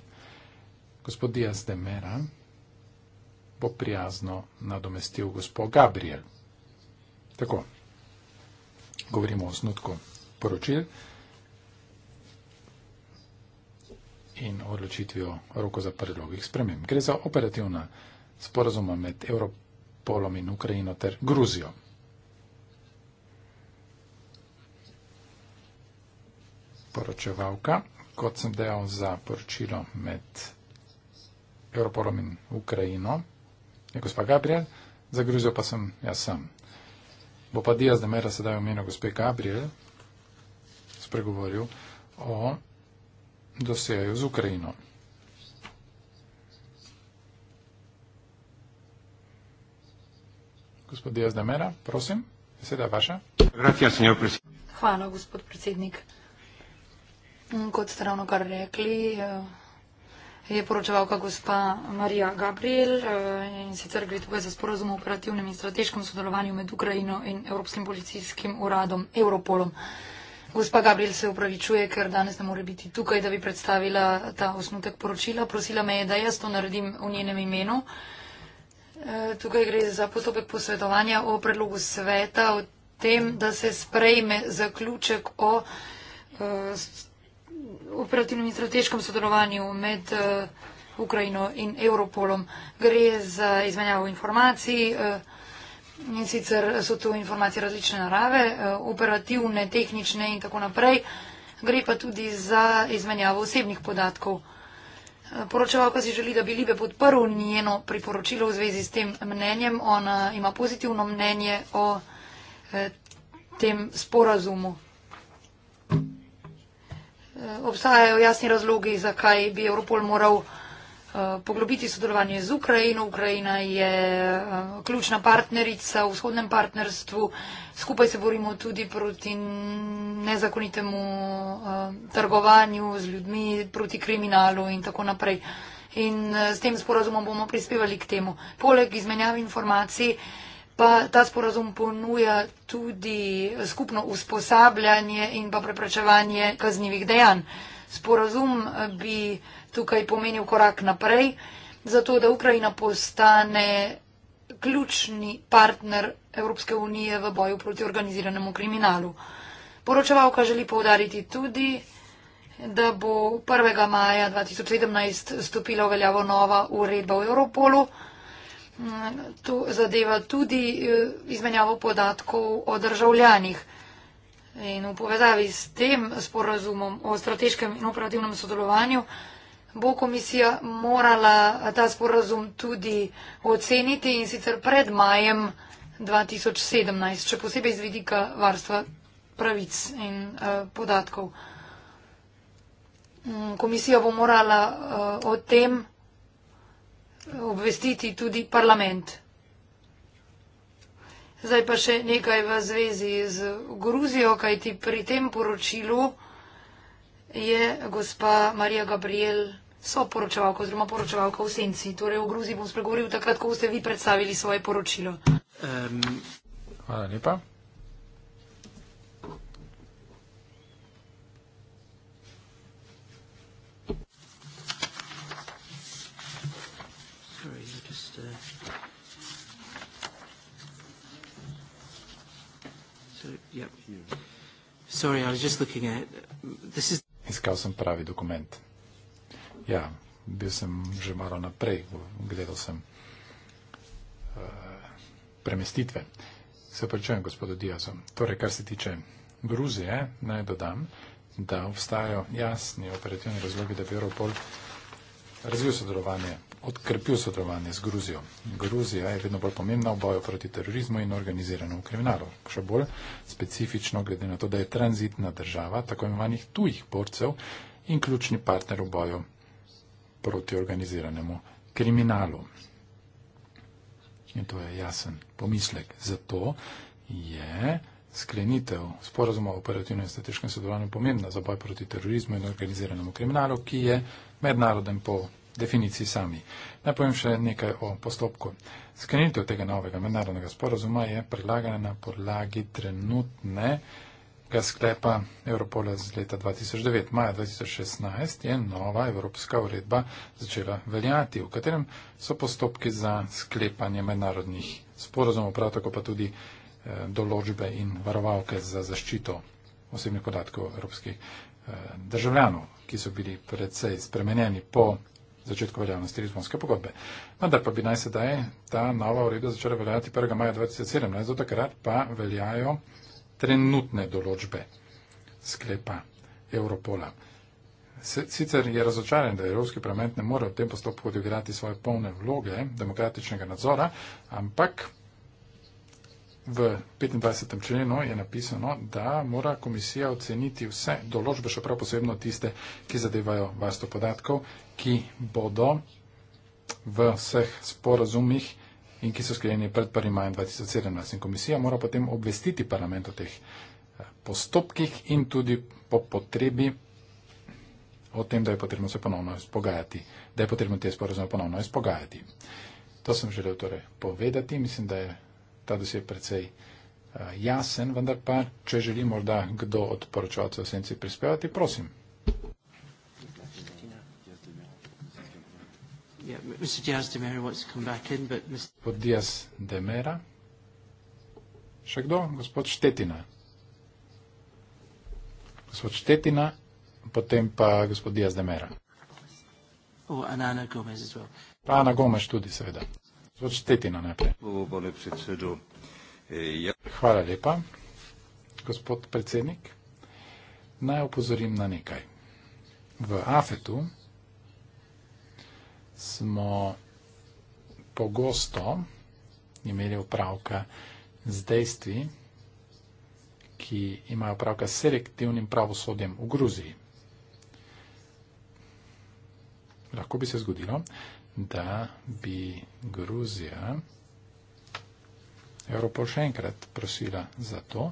Gospod Diaz de Mera bo prijazno nadomestil gospod Gabriel. Tako govorimo o snotku poročil in odločitvijo roko za predlogih sprememb. Gre za operativna sporazuma med Evropolom in Ukrajino ter Gruzijo. Poročevalka, kot sem dejal za poročilo med Evropolom in Ukrajino, je gospa Gabriel, za Gruzijo pa sem jaz sam, Bo pa Diaz de Mera sedaj omenil gospe Gabriel, spregovoril o dosejaju z Ukrajino. Gospod Diaz de Mera, prosim, beseda je vaša. Hvala, gospod predsednik. Kot ste ravno kar rekli, eh, je poročevalka gospa Marija Gabriel eh, in sicer gre tukaj za sporozum o operativnem in strateškem sodelovanju med Ukrajino in Evropskim policijskim uradom Europolom. Gospa Gabriel se upravičuje, ker danes ne more biti tukaj, da bi predstavila ta osnutek poročila. Prosila me je, da jaz to naredim v njenem imenu. Eh, tukaj gre za postopek posvetovanja o predlogu sveta, o tem, da se sprejme zaključek o eh, operativnem in strateškem sodelovanju med uh, Ukrajino in Europolom. Gre za izmenjavo informacij uh, in sicer so to informacije različne narave, uh, operativne, tehnične in tako naprej. Gre pa tudi za izmenjavo osebnih podatkov. Poročevalka si želi, da bi Libe podprl njeno priporočilo v zvezi s tem mnenjem. Ona ima pozitivno mnenje o eh, tem sporazumu. Eh, obstajajo jasni razlogi, zakaj bi Evropol moral eh, poglobiti sodelovanje z Ukrajino. Ukrajina je eh, ključna partnerica v vzhodnem partnerstvu. Skupaj se borimo tudi proti nezakonitemu trgovanju z ljudmi, proti kriminalu in tako naprej. In s tem sporazumom bomo prispevali k temu. Poleg izmenjavi informacij pa ta sporazum ponuja tudi skupno usposabljanje in pa preprečevanje kaznjivih dejanj. Sporazum eh, bi tukaj pomenil korak naprej, zato da Ukrajina postane ključni partner Evropske unije v boju proti organiziranemu kriminalu. Poročevalka želi povdariti tudi, da bo 1. maja 2017 stopila v veljavo nova uredba v Europolu, to zadeva tudi eh, izmenjavo podatkov o državljanih. In v povezavi s tem sporazumom o strateškem in operativnem sodelovanju bo komisija morala ta sporazum tudi oceniti in sicer pred majem 2017, še posebej z vidika varstva pravic in eh, podatkov. Mm, komisija bo morala eh, o tem obvestiti tudi parlament. Zdaj pa še nekaj v zvezi z Gruzijo, kajti pri tem poročilu je gospa Marija Gabriel soporočevalka oziroma poročevalka v senci. Torej o Gruziji bom spregovoril takrat, ko ste vi predstavili svoje poročilo. Um, hvala lepa. Sorry, I was just looking at this is Iskal sem pravi dokument. Ja, bil sem že malo naprej, gledal sem uh, premestitve. Se opravičujem, gospodu Diazom. Torej, kar se tiče Gruzije, naj dodam, da obstajajo jasni operativni razlogi, da bi Europol razvil sodelovanje, odkrpil sodelovanje z Gruzijo. Gruzija je vedno bolj pomembna v boju proti terorizmu in organiziranemu kriminalu. Še bolj specifično glede na to, da je tranzitna država tako imenovanih tujih borcev in ključni partner v boju proti organiziranemu kriminalu. In to je jasen pomislek. Zato je sklenitev sporazuma o operativnem in strateškem sodelovanju pomembna za boj proti terorizmu in organiziranemu kriminalu, ki je mednaroden po definiciji sami. Naj povem še nekaj o postopku. Sklenitev tega novega mednarodnega sporazuma je predlagana na podlagi trenutne sklepa Europola z leta 2009. Maja 2016 je nova evropska uredba začela veljati, v katerem so postopki za sklepanje mednarodnih sporazumov, prav tako pa tudi Eh, določbe in varovalke za zaščito osebnih podatkov evropskih eh, državljanov, ki so bili predvsej spremenjeni po začetku veljavnosti Lizbonske pogodbe. Vendar pa bi naj sedaj ta nova uredba začela veljati 1. maja 2017, do takrat pa veljajo trenutne določbe sklepa Europola. Sicer je razočaran, da Evropski parlament ne more v tem postopku odigrati svoje polne vloge demokratičnega nadzora, ampak v 25. členu je napisano, da mora komisija oceniti vse določbe, še prav posebno tiste, ki zadevajo varstvo podatkov, ki bodo v vseh sporazumih in ki so sklenjeni pred 1. majem 2017. In komisija mora potem obvestiti parlament o teh eh, postopkih in tudi po potrebi o tem, da je potrebno se ponovno izpogajati, da je potrebno te sporazume ponovno izpogajati. To sem želel torej povedati, mislim, da je ta dosje precej eh, jasen, vendar pa, če želi morda kdo od poročevalcev senci prispevati, prosim. Gospod Dias de Mera. Še kdo? Gospod Štetina. Gospod Štetina, potem pa gospod Dias de Mera. Oh, Ana Gomez tudi, seveda. Gospod Štetina, najprej. E, ja- Hvala lepa. Gospod predsednik, naj opozorim na nekaj. V AFET-u smo pogosto imeli upravka z dejstvi, ki imajo upravka s selektivnim pravosodjem v Gruziji. Lahko bi se zgodilo, da bi Gruzija Evropo še enkrat prosila za to,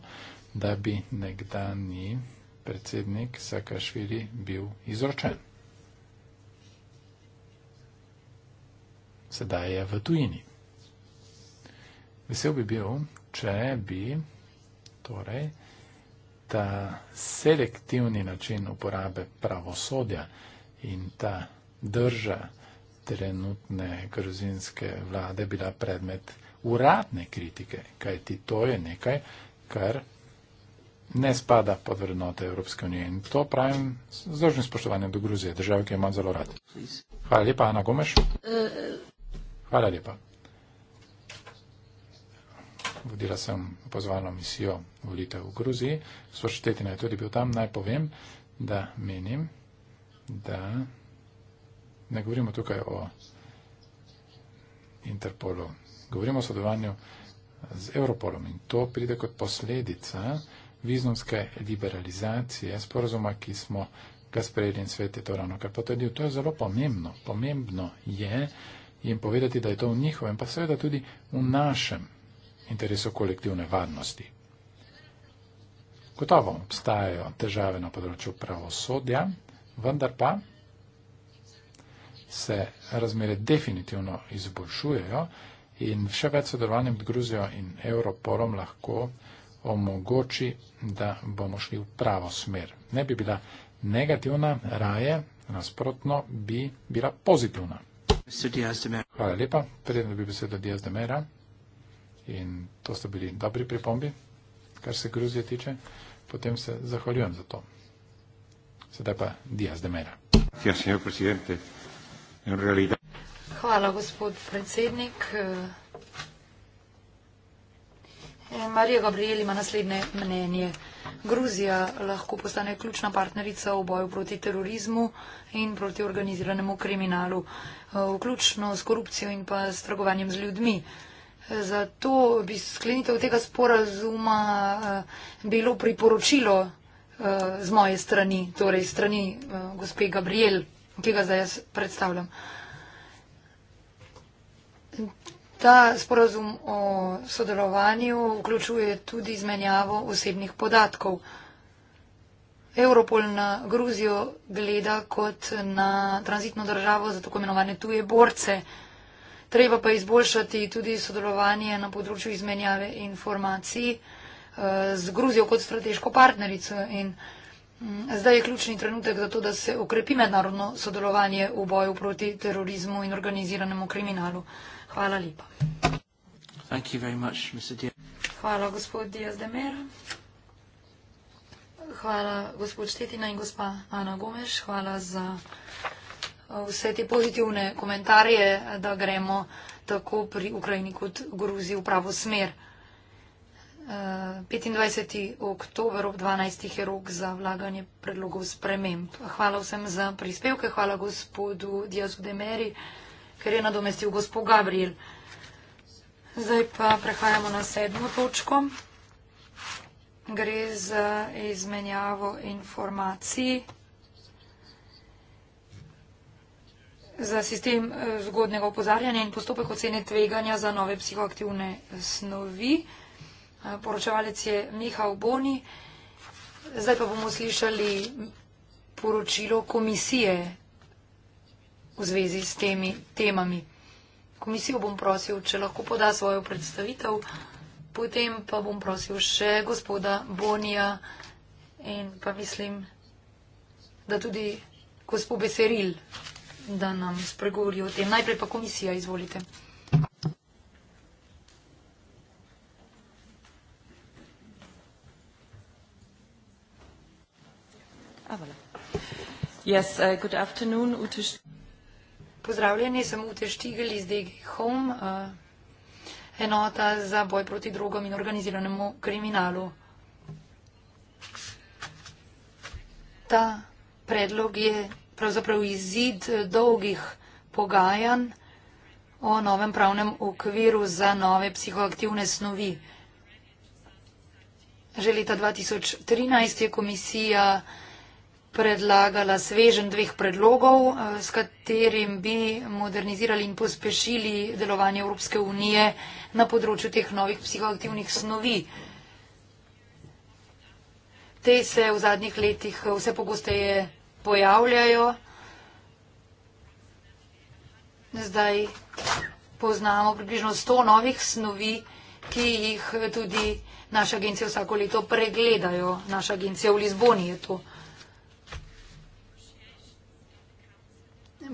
da bi nekdani predsednik Sakašviri bil izročen. Sedaj je v tujini. Vesel bi bil, če bi torej, ta selektivni način uporabe pravosodja in ta drža trenutne gruzinske vlade bila predmet uradne kritike, kajti to je nekaj, kar ne spada pod vrednote Evropske unije. In to pravim z dožnim spoštovanjem do Gruzije, države, ki jo imam zelo rad. Hvala lepa, Ana Gomeš. Hvala lepa. Vodila sem pozvalno misijo volitev v Gruziji. Svoštetina je tudi bil tam. Naj povem, da menim, da ne govorimo tukaj o Interpolu, govorimo o sodelovanju z Evropolom in to pride kot posledica vizumske liberalizacije sporozuma, ki smo ga sprejeli in svet je to ravno kar potrdil. To je zelo pomembno. Pomembno je jim povedati, da je to v njihovem, pa seveda tudi v našem interesu kolektivne varnosti. Gotovo obstajajo težave na področju pravosodja, vendar pa se razmere definitivno izboljšujejo in še več sodelovanjem med Gruzijo in Europolom lahko omogoči, da bomo šli v pravo smer. Ne bi bila negativna, raje nasprotno bi bila pozitivna. Hvala lepa, predno bi beseda Diaz de Mera in to so bili dobri pripombi, kar se Gruzije tiče, potem se zahvaljujem za to. Sedaj pa Diaz de Mera. Gracias, señor presidente in realitet. Hvala, gospod predsednik. Eh, Marija Gabriel ima naslednje mnenje. Gruzija lahko postane ključna partnerica v boju proti terorizmu in proti organiziranemu kriminalu, eh, vključno s korupcijo in pa s trgovanjem z ljudmi. Eh, zato bi sklenitev tega sporazuma bilo priporočilo z moje strani, torej strani gospe Gabriel ki ga zdaj jaz predstavljam. Ta sporazum o sodelovanju vključuje tudi izmenjavo osebnih podatkov. Europol na Gruzijo gleda kot na tranzitno državo za tako imenovane tuje borce. Treba pa izboljšati tudi sodelovanje na področju izmenjave informacij eh, z Gruzijo kot strateško partnerico in Zdaj je ključni trenutek za to, da se ukrepi mednarodno sodelovanje v boju proti terorizmu in organiziranemu kriminalu. Hvala lepa. Much, Hvala, gospod Diaz de Mera. Hvala, gospod Štetina in gospa Ana Gomeš. Hvala za uh, vse te pozitivne komentarje, da gremo tako pri Ukrajini kot Gruziji v pravo smer. 25. oktober ob 12. je rok za vlaganje predlogov sprememb. Hvala vsem za prispevke, hvala gospodu Diazu de Meri, ker je nadomestil gospod Gabriel. Zdaj pa prehajamo na sedmo točko. Gre za izmenjavo informacij za sistem eh, zgodnega opozarjanja in postopek ocene tveganja za nove psihoaktivne snovi poročevalec je Mihao Boni. Zdaj pa bomo slišali poročilo komisije v zvezi s temi temami. Komisijo bom prosil, če lahko poda svojo predstavitev, potem pa bom prosil še gospoda Bonija in pa mislim, da tudi gospod Beseril, da nam spregovori o tem. Najprej pa komisija, izvolite. Yes, uh, good afternoon, Ute Pozdravljeni, sem Ute Štigel iz DG Home, uh, enota za boj proti drogom in organiziranemu kriminalu. Ta predlog je pravzaprav izid dolgih pogajanj o novem pravnem okviru za nove psihoaktivne snovi. Že leta 2013 je komisija predlagala svežen dveh predlogov, eh, s katerim bi modernizirali in pospešili delovanje Evropske unije na področju teh novih psihoaktivnih snovi. Te se v zadnjih letih eh, vse pogosteje pojavljajo. Zdaj poznamo približno 100 novih snovi, ki jih tudi naša agencija vsako leto pregledajo. Naša agencija v Lizboni je to.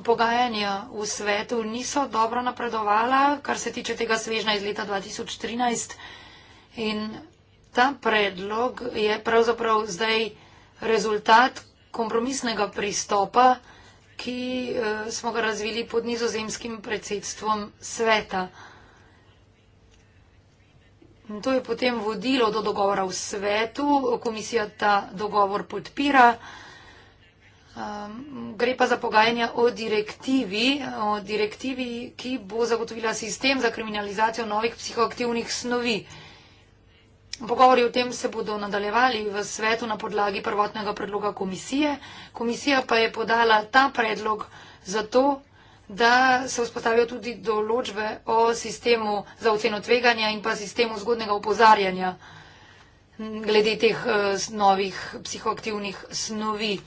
pogajanja v svetu niso dobro napredovala, kar se tiče tega svežna iz leta 2013. In ta predlog je pravzaprav zdaj rezultat kompromisnega pristopa, ki eh, smo ga razvili pod nizozemskim predsedstvom sveta. In to je potem vodilo do dogovora v svetu, komisija ta dogovor podpira. Um, gre pa za pogajanja o direktivi, o direktivi, ki bo zagotovila sistem za kriminalizacijo novih psihoaktivnih snovi. Pogovori o tem se bodo nadaljevali v svetu na podlagi prvotnega predloga komisije. Komisija pa je podala ta predlog zato, da se vzpostavijo tudi določbe o sistemu za oceno tveganja in pa sistemu zgodnega opozarjanja glede teh uh, novih psihoaktivnih snovi.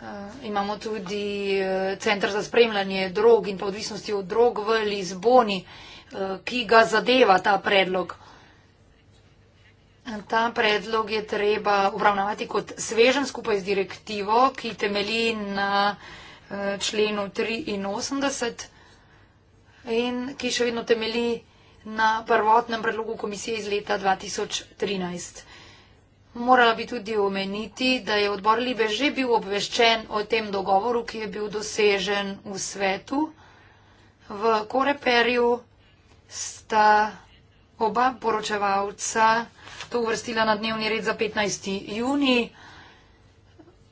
Eh, imamo tudi eh, centr za spremljanje drog in pa odvisnosti od drog v Lizboni, eh, ki ga zadeva ta predlog. Ta predlog je treba obravnavati kot svežen skupaj z direktivo, ki temeli na členu 83 in ki še vedno temeli na prvotnem predlogu komisije iz leta 2013. Morala bi tudi omeniti, da je odbor Libe že bil obveščen o tem dogovoru, ki je bil dosežen v svetu. V Koreperju sta oba poročevalca to uvrstila na dnevni red za 15. juni.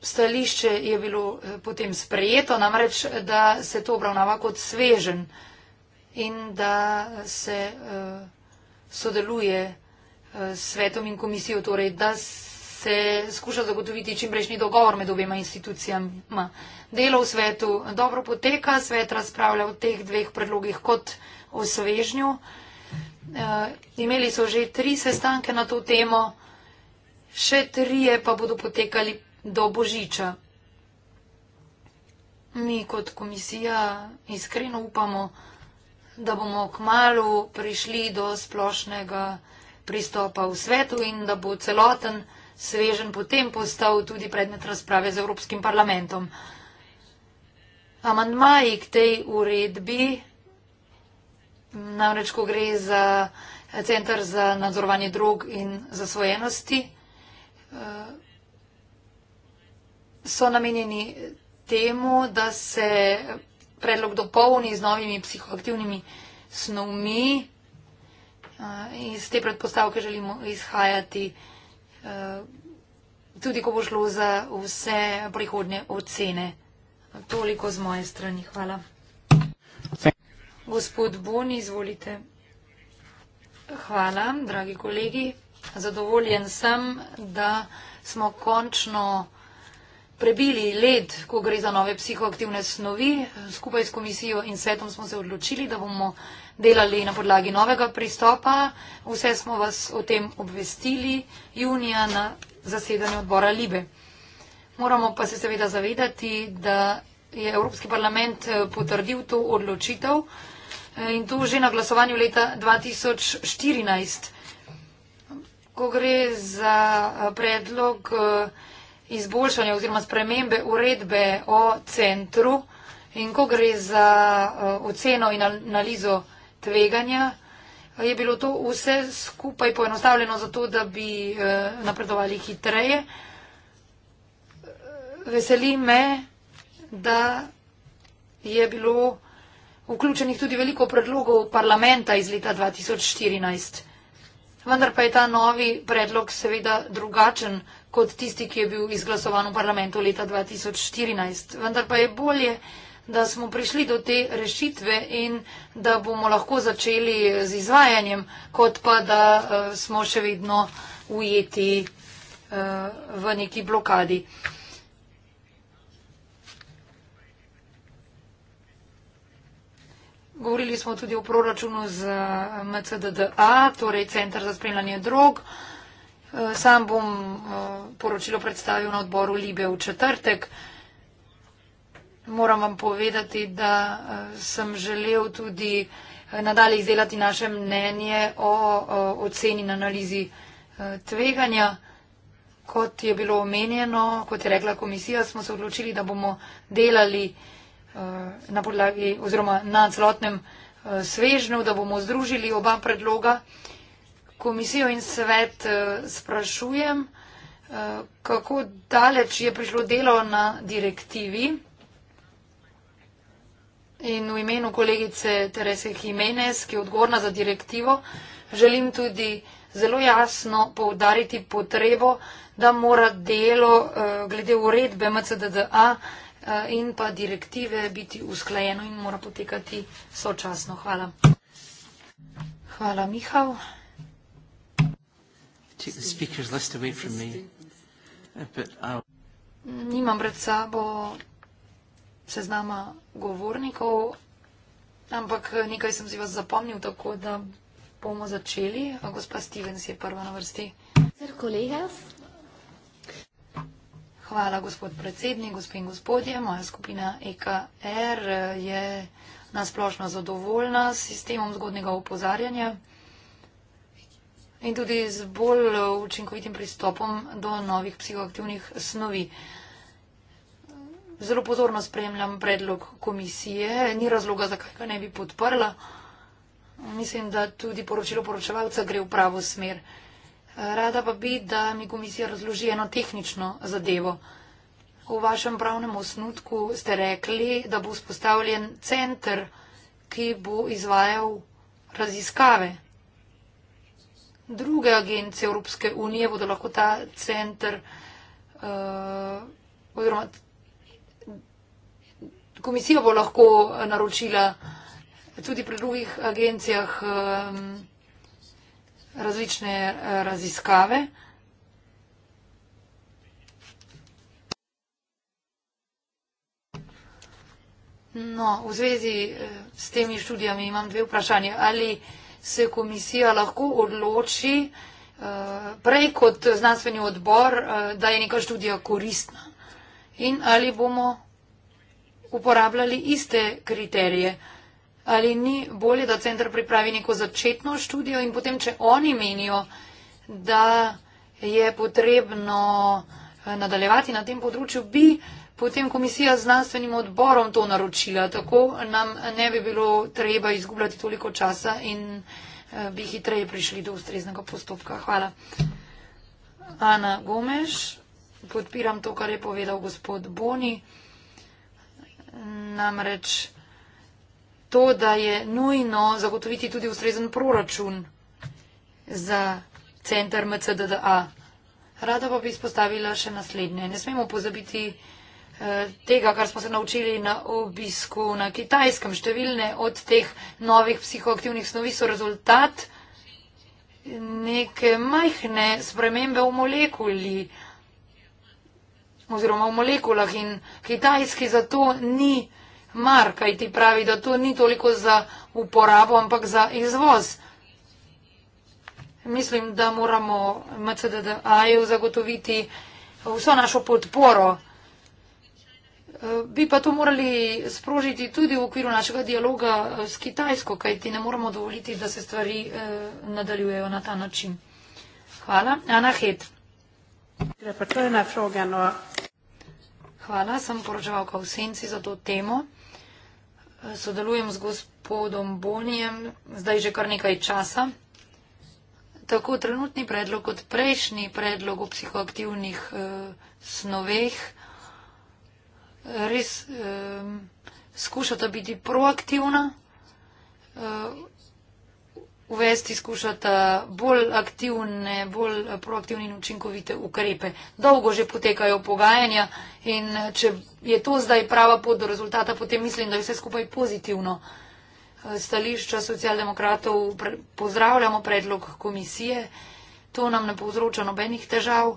Stališče je bilo eh, potem sprejeto, namreč, da se to obravnava kot svežen in da se uh, sodeluje svetom in komisijo, torej, da se skuša zagotoviti čim prejšnji dogovor med obema institucijama. Delo v svetu dobro poteka, svet razpravlja o teh dveh predlogih kot o svežnju. E, imeli so že tri sestanke na to temo, še trije pa bodo potekali do božiča. Mi kot komisija iskreno upamo, da bomo k malu prišli do splošnega pristopa v svetu in da bo celoten svežen potem postal tudi predmet razprave z Evropskim parlamentom. Amandmaji k tej uredbi, namreč ko gre za Centr za nadzorovanje drog in zasvojenosti, eh, so namenjeni temu, da se predlog dopolni z novimi psihoaktivnimi snovmi, Eh, iz te predpostavke želimo izhajati, eh, tudi ko bo šlo za vse prihodne ocene. Toliko z moje strani. Hvala. Gospod Bon, izvolite. Hvala, dragi kolegi. Zadovoljen sem, da smo končno prebili led, ko gre za nove psihoaktivne snovi. Skupaj s komisijo in svetom smo se odločili, da bomo delali na podlagi novega pristopa. Vse smo vas o tem obvestili junija na zasedanju odbora Libe. Moramo pa se seveda zavedati, da je Evropski parlament eh, potrdil to odločitev eh, in to že na glasovanju leta 2014. Ko gre za eh, predlog izboljšanja oziroma spremembe uredbe o centru in ko gre za oceno in analizo tveganja. Je bilo to vse skupaj poenostavljeno zato, da bi eh, napredovali hitreje. Veseli me, da je bilo vključenih tudi veliko predlogov parlamenta iz leta 2014. Vendar pa je ta novi predlog seveda drugačen kot tisti, ki je bil izglasovan v parlamentu leta 2014. Vendar pa je bolje, da smo prišli do te rešitve in da bomo lahko začeli z izvajanjem, kot pa da eh, smo še vedno ujeti eh, v neki blokadi. Govorili smo tudi o proračunu z eh, MCDDA, torej Centr za spremljanje drog. Sam bom poročilo predstavil na odboru Libe v četrtek moram vam povedati, da eh, sem želel tudi eh, nadalje izdelati naše mnenje o eh, oceni in analizi tveganja. Kot je bilo omenjeno, kot je rekla komisija, smo se odločili, da bomo delali na podlagi oziroma na celotnem svežnju, da bomo združili oba predloga. Komisijo in svet sprašujem, kako daleč je prišlo delo na direktivi in v imenu kolegice Terese Jimenez, ki je odgovorna za direktivo, želim tudi zelo jasno povdariti potrebo, da mora delo eh, glede uredbe MCDDA eh, in pa direktive biti usklajeno in mora potekati sočasno. Hvala. Hvala, Mihal. Nimam pred sabo seznama govornikov, ampak eh, nekaj sem si vas zapomnil, tako da bomo začeli. Eh, gospa Stevens je prva na vrsti. Hvala, gospod predsednik, gospe in gospodje. Moja skupina EKR eh, je nasplošno zadovoljna s sistemom zgodnega opozarjanja in tudi z bolj učinkovitim pristopom do novih psihoaktivnih snovi zelo pozorno spremljam predlog komisije, ni razloga, zakaj ga ne bi podprla. Mislim, da tudi poročilo poročevalca gre v pravo smer. Rada pa bi, da mi komisija razloži eno tehnično zadevo. V vašem pravnem osnutku ste rekli, da bo vzpostavljen center, ki bo izvajal raziskave. Druge agencije Evropske unije bodo lahko ta center uh, oziroma komisija bo lahko eh, naročila tudi pri drugih agencijah ehm, različne eh, raziskave. No, v zvezi eh, s temi študijami imam dve vprašanje. Ali se komisija lahko odloči prej kot znanstveni odbor, da je neka študija koristna? In ali bomo uporabljali iste kriterije. Ali ni bolje, da centr pripravi neko začetno študijo in potem, če oni menijo, da je potrebno eh, nadaljevati na tem področju, bi potem komisija z znanstvenim odborom to naročila. Tako nam ne bi bilo treba izgubljati toliko časa in eh, bi hitreje prišli do ustreznega postopka. Hvala. Ana Gomeš, podpiram to, kar je povedal gospod Boni. Namreč to, da je nujno zagotoviti tudi ustrezen proračun za centr MCDDA. Rada pa bi izpostavila še naslednje. Ne smemo pozabiti eh, tega, kar smo se naučili na obisku na kitajskem. Številne od teh novih psihoaktivnih snovi so rezultat neke majhne spremembe v molekuli oziroma v molekulah in kitajski za to ni mar, kaj ti pravi, da to ni toliko za uporabo, ampak za izvoz. Mislim, da moramo MCDDA-ju zagotoviti vso našo podporo. Eh, bi pa to morali sprožiti tudi v okviru našega dialoga eh, s Kitajsko, kajti ne moramo dovoliti, da se stvari eh, nadaljujejo na ta način. Hvala. Ana Het. Repertojna frogan o Hvala, sem poročevalka v senci za to temo. Sodelujem z gospodom Bonijem zdaj že kar nekaj časa. Tako trenutni predlog kot prejšnji predlog o psihoaktivnih eh, snoveh res eh, skušata biti proaktivna. Eh, uvesti, skušati bolj aktivne, bolj proaktivne in učinkovite ukrepe. Dolgo že potekajo pogajanja in če je to zdaj prava pot do rezultata, potem mislim, da je vse skupaj pozitivno. Stališča socialdemokratov pozdravljamo predlog komisije. To nam ne povzroča nobenih težav.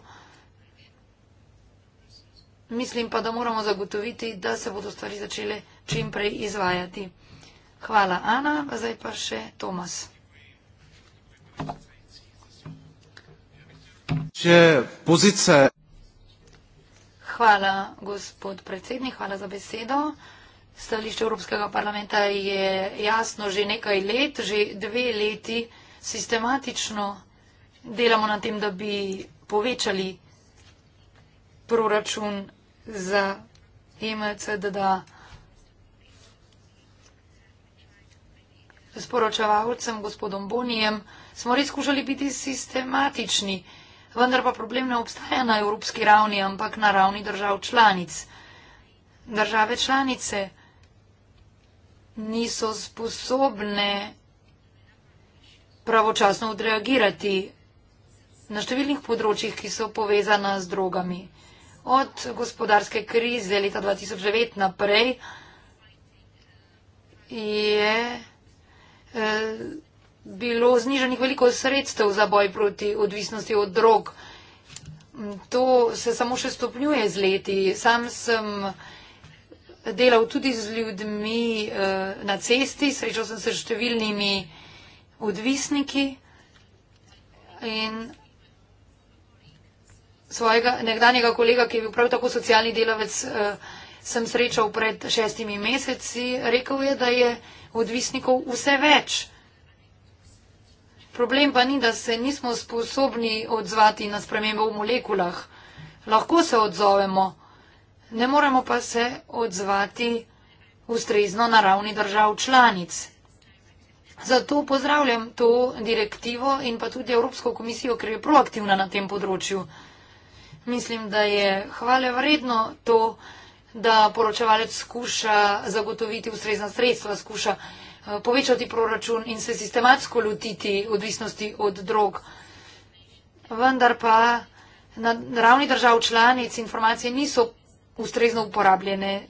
Mislim pa, da moramo zagotoviti, da se bodo stvari začele čim prej izvajati. Hvala, Ana. Zdaj pa še Tomas. Hvala, gospod predsednik, hvala za besedo. Stališče Evropskega parlamenta je jasno že nekaj let, že dve leti sistematično delamo na tem, da bi povečali proračun za EMCDD. Sporočevalcem, gospodom Bonijem, smo res skušali biti sistematični, vendar pa problem ne obstaja na evropski ravni, ampak na ravni držav članic. Države članice niso sposobne pravočasno odreagirati na številnih področjih, ki so povezana z drogami. Od gospodarske krize leta 2009 naprej je. Eh, bilo zniženih veliko sredstev za boj proti odvisnosti od drog. To se samo še stopnjuje z leti. Sam sem delal tudi z ljudmi eh, na cesti, srečal sem se s številnimi odvisniki in svojega nekdanjega kolega, ki je bil prav tako socialni delavec, eh, sem srečal pred šestimi meseci, rekel je, da je odvisnikov vse več. Problem pa ni, da se nismo sposobni odzvati na spremembo v molekulah. Lahko se odzovemo, ne moremo pa se odzvati ustrezno na ravni držav članic. Zato pozdravljam to direktivo in pa tudi Evropsko komisijo, ker je proaktivna na tem področju. Mislim, da je hvale vredno to, da poročevalec skuša zagotoviti ustrezna sredstva, skuša Eh, povečati proračun in se sistematsko lotiti odvisnosti od drog. Vendar pa na ravni držav članic informacije niso ustrezno uporabljene.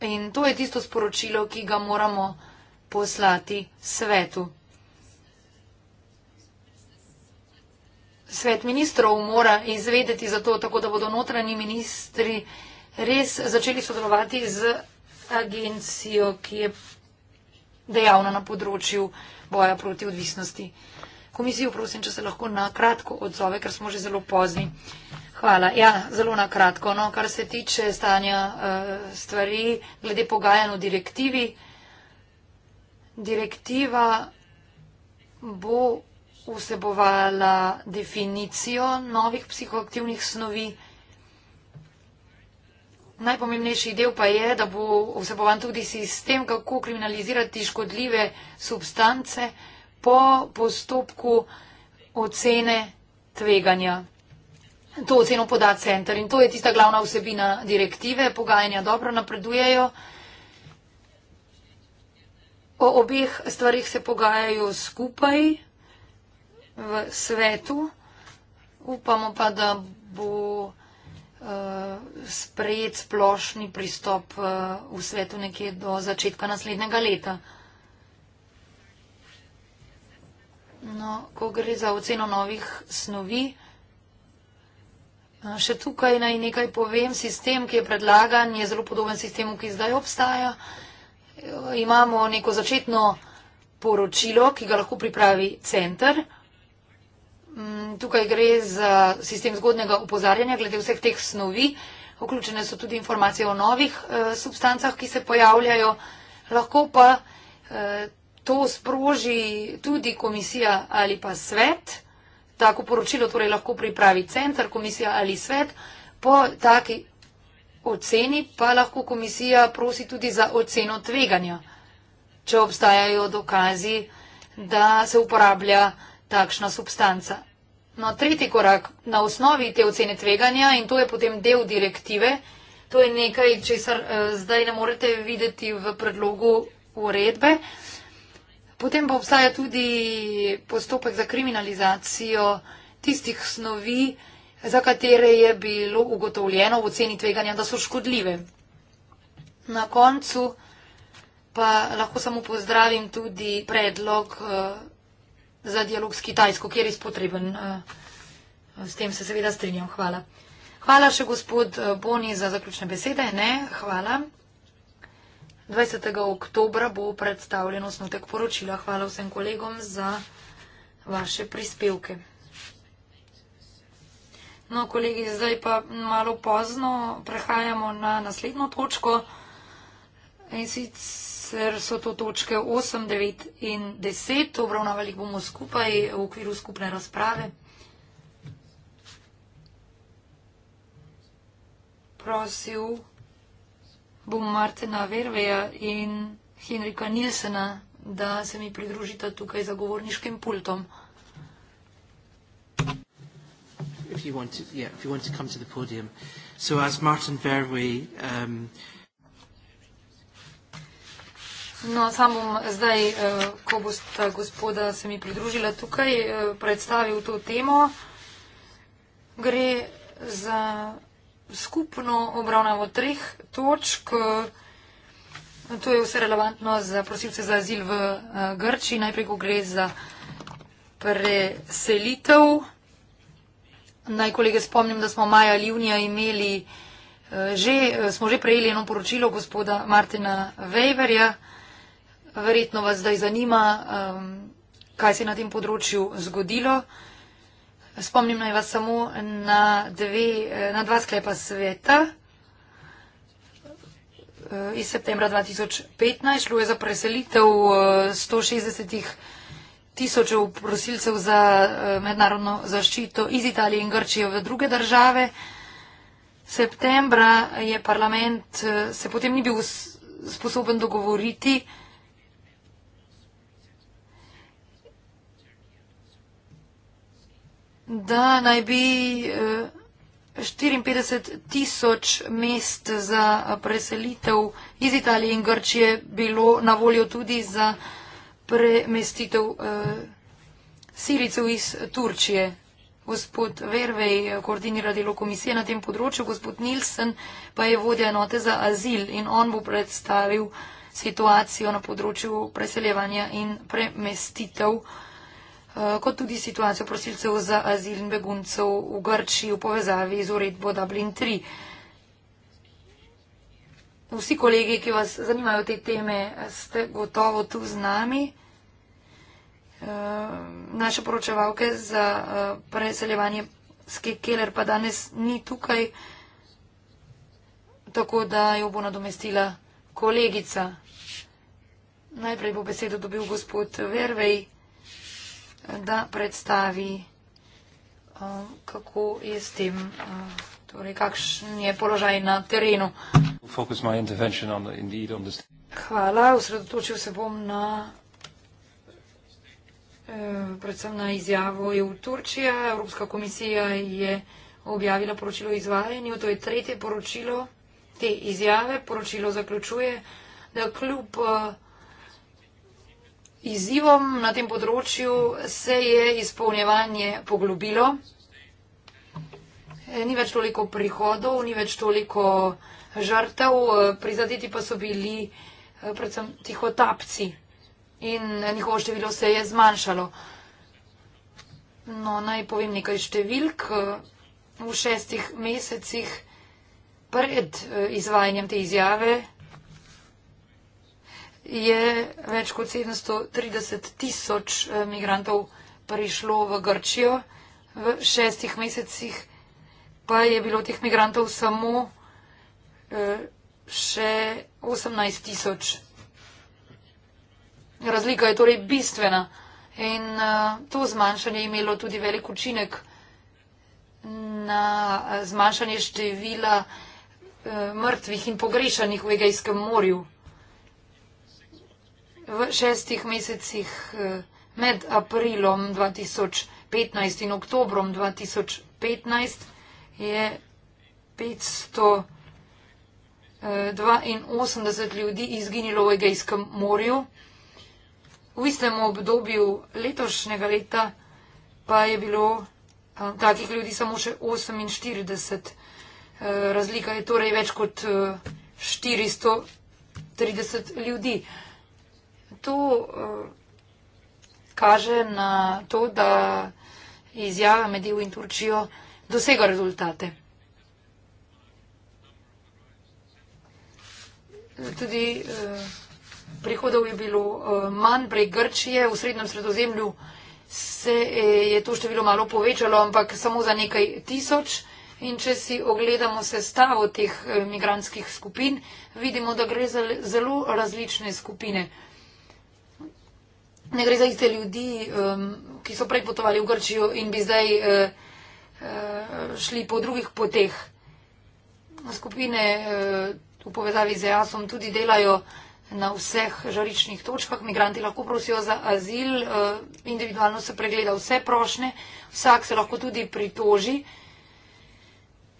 In to je tisto sporočilo, ki ga moramo poslati svetu. Svet ministrov mora izvedeti za to, tako da bodo notranji ministri res začeli sodelovati z agencijo, ki je dejavna na področju boja proti odvisnosti. Komisijo prosim, če se lahko na kratko odzove, ker smo že zelo pozni. Hvala. Ja, zelo na kratko. No, kar se tiče stanja uh, stvari glede pogajanj o direktivi, direktiva bo vsebovala definicijo novih psihoaktivnih snovi. Najpomembnejši del pa je, da bo vseboval tudi sistem, kako kriminalizirati škodljive substance po postopku ocene tveganja. To oceno poda center in to je tista glavna vsebina direktive. Pogajanja dobro napredujejo. O obeh stvarih se pogajajo skupaj v svetu. Upamo pa, da bo sprejet splošni pristop eh, v svetu nekje do začetka naslednjega leta. No, ko gre za oceno novih snovi, eh, še tukaj naj nekaj povem. Sistem, ki je predlagan, je zelo podoben sistemu, ki zdaj obstaja. Eh, imamo neko začetno poročilo, ki ga lahko pripravi center. Mm, tukaj gre za sistem zgodnega upozarjanja glede vseh teh snovi. Vključene so tudi informacije o novih eh, substancah, ki se pojavljajo. Lahko pa eh, to sproži tudi komisija ali pa svet. Tako poročilo torej lahko pripravi centr, komisija ali svet. Po taki oceni pa lahko komisija prosi tudi za oceno tveganja, če obstajajo dokazi, da se uporablja takšna substanca. No, tretji korak na osnovi te ocene tveganja in to je potem del direktive. To je nekaj, česar eh, zdaj ne morete videti v predlogu uredbe. Potem pa obstaja tudi postopek za kriminalizacijo tistih snovi, za katere je bilo ugotovljeno v oceni tveganja, da so škodljive. Na koncu pa lahko samo pozdravim tudi predlog. Eh, za dialog s Kitajsko, kjer je izpotreben. Eh, s tem se seveda strinjam. Hvala. Hvala še gospod eh, Boni za zaključne besede. Ne, hvala. 20. oktobra bo predstavljen osnotek poročila. Hvala vsem kolegom za vaše prispevke. No, kolegi, zdaj pa malo pozno prehajamo na naslednjo točko. In sicer sicer so to točke 8, 9 in 10, obravnavali bomo skupaj v okviru skupne razprave. Prosil bom Martina Verveja in Henrika Nilsena, da se mi pridružite tukaj za govorniškim pultom. If you want to, yeah, if you want to come to the podium. So as Martin Verwey um, No, sam bom zdaj, eh, ko boste gospoda se mi pridružila tukaj, eh, predstavil to temo. Gre za skupno obravnavo treh točk. Eh, to je vse relevantno za prosilce za azil v Grči. Najprej, ko gre za preselitev. Naj kolege spomnim, da smo maja ali junija imeli, že, smo že prejeli eno poročilo gospoda Martina Vejverja. Verjetno vas zdaj zanima, um, kaj se je na tem področju zgodilo. Spomnim naj vas samo na, dve, na dva sklepa sveta eh, iz septembra 2015. Šlo je za preselitev 160 eh, tisočev prosilcev za eh, mednarodno zaščito iz Italije in Grčije v druge države. Septembra je parlament se potem ni bil sposoben dogovoriti. da naj bi 54 eh, tisoč mest za preselitev iz Italije in Grčije bilo na voljo tudi za premestitev eh, sirijcev iz Turčije. Gospod Vervej koordinira delo komisije na tem področju, gospod Nilsen pa je vodja enote za azil in on bo predstavil situacijo na področju preseljevanja in premestitev. Eh, kot tudi situacijo prosilcev za azil in beguncev v Grčiji v povezavi z uredbo Dublin 3. Vsi kolegi, ki vas zanimajo te teme, ste gotovo tu z nami. Eh, naše poročevalke za eh, preseljevanje Ske Keller pa danes ni tukaj, tako da jo bo nadomestila kolegica. Najprej bo besedo dobil gospod Vervej da predstavi, uh, kako je s tem, uh, torej kakšen je položaj na terenu. Hvala, osredotočil se bom na eh, predvsem na izjavo EU Turčija. Evropska komisija je objavila poročilo o izvajanju, to je tretje poročilo te izjave. Poročilo zaključuje, da kljub uh, Izzivom na tem področju se je izpolnjevanje poglobilo. Eh, ni več toliko prihodov, ni več toliko eh, žrtev, eh, prizadeti pa so bili predvsem tihotapci in njihovo število se je zmanjšalo. No, naj povem nekaj številk. V šestih mesecih pred izvajanjem te izjave je več kot 730 tisoč eh, migrantov prišlo v Grčijo. V šestih mesecih pa je bilo teh migrantov samo eh, še 18 tisoč. Razlika je torej bistvena in eh, to zmanjšanje je imelo tudi velik učinek na zmanjšanje števila mrtvih in pogrešanih v Egejskem morju v šestih mesecih eh, med aprilom 2015 in oktobrom 2015 je 582 eh, ljudi izginilo v Egejskem morju. V istem obdobju letošnjega leta pa je bilo eh, takih ljudi samo še 48. Razlika je torej več kot 430 ljudi to eh, kaže na to, da izjava med EU in Turčijo dosega rezultate. Tudi eh, prihodov je bilo eh, manj prej Grčije, v srednjem sredozemlju se je to število malo povečalo, ampak samo za nekaj tisoč. In če si ogledamo sestavo teh migranskih skupin, vidimo, da gre za zelo različne skupine ne gre za iste ljudi, um, ki so prej potovali v Grčijo in bi zdaj uh, uh, šli po drugih poteh. Skupine uh, v povezavi z EASom tudi delajo na vseh žaričnih točkah. Migranti lahko prosijo za azil, uh, individualno se pregleda vse prošne, vsak se lahko tudi pritoži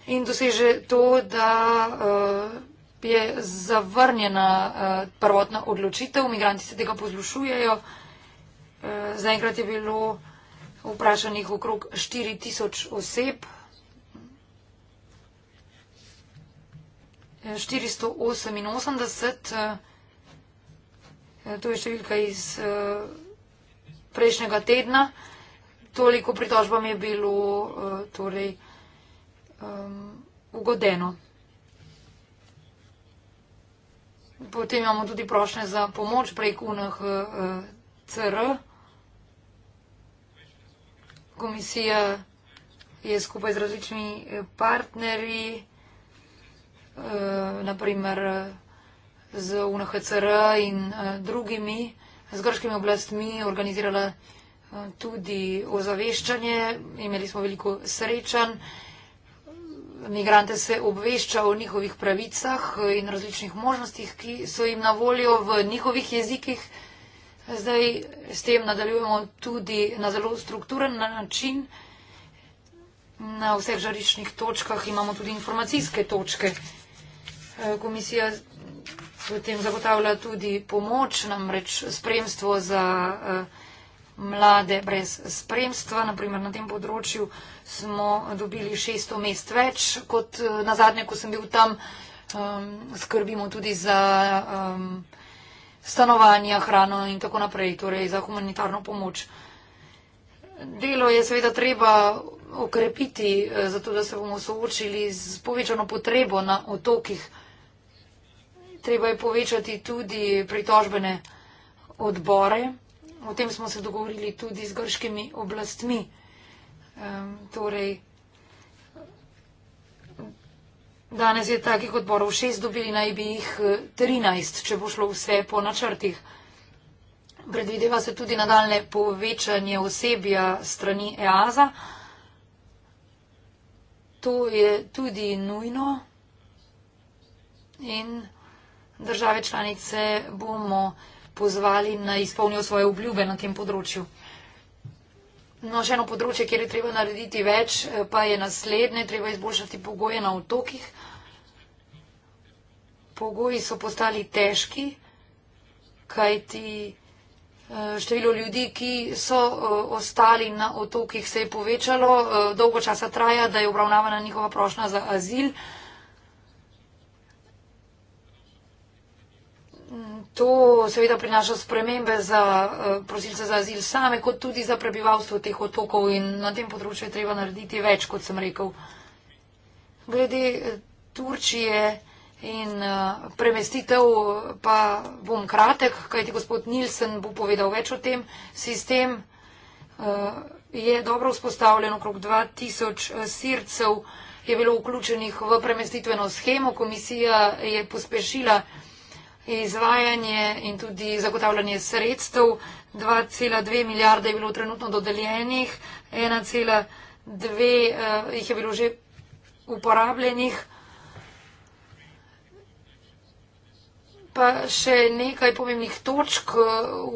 in doseže to, da. Uh, je zavrnjena uh, prvotna odločitev, migranti se tega pozlušujejo, uh, Eh, zaenkrat je bilo vprašanih okrog 4000 oseb. 488, eh, eh, to je številka iz prejšnjega tedna. Toliko pritožbam je bilo torej, ehm, ugodeno. Potem imamo tudi prošnje za pomoč prek UNHCR. Uh, uh, komisija je skupaj z različnimi eh, partnerji, eh, naprimer z UNHCR in eh, drugimi, z grškimi oblastmi organizirala tudi ozaveščanje, imeli smo veliko srečan, migrante se obvešča o njihovih pravicah in različnih možnostih, ki so jim na voljo v njihovih jezikih. Zdaj s tem nadaljujemo tudi na zelo strukturen način. Na vseh žariščnih točkah imamo tudi informacijske točke. E, komisija potem zagotavlja tudi pomoč, namreč spremstvo za e, mlade brez spremstva. Naprimer na tem področju smo dobili 600 mest več kot e, na zadnje, ko sem bil tam. Skrbimo tudi za stanovanja, hrano in tako naprej, torej za humanitarno pomoč. Delo je seveda treba okrepiti, eh, zato da se bomo soočili z povečano potrebo na otokih. Treba je povečati tudi pritožbene odbore. O tem smo se dogovorili tudi z grškimi oblastmi. Um, torej, Danes je takih odborov šest, dobili naj bi jih eh, trinajst, če bo šlo vse po načrtih. Predvideva se tudi nadaljne povečanje osebja strani EASA. To je tudi nujno in države članice bomo pozvali na izpolnijo svoje obljube na tem področju. No, še eno področje, kjer je treba narediti več, eh, pa je naslednje, treba izboljšati pogoje na otokih. Pogoji so postali težki, kajti eh, število ljudi, ki so eh, ostali na otokih, se je povečalo. Dolgo časa traja, da je obravnavana njihova prošnja za azil. To seveda prinaša spremembe za eh, prosilce za azil same, kot tudi za prebivalstvo teh otokov in na tem področju je treba narediti več, kot sem rekel. Glede eh, Turčije in eh, premestitev pa bom kratek, kajti gospod Nilsen bo povedal več o tem. Sistem je dobro vzpostavljen, okrog 2000 sircev je bilo vključenih v premestitveno schemo, komisija je pospešila premestitev izvajanje in tudi zagotavljanje sredstev. 2,2 milijarde je bilo trenutno dodeljenih, 1,2 eh, jih je bilo že uporabljenih. Pa še nekaj pomembnih točk eh, v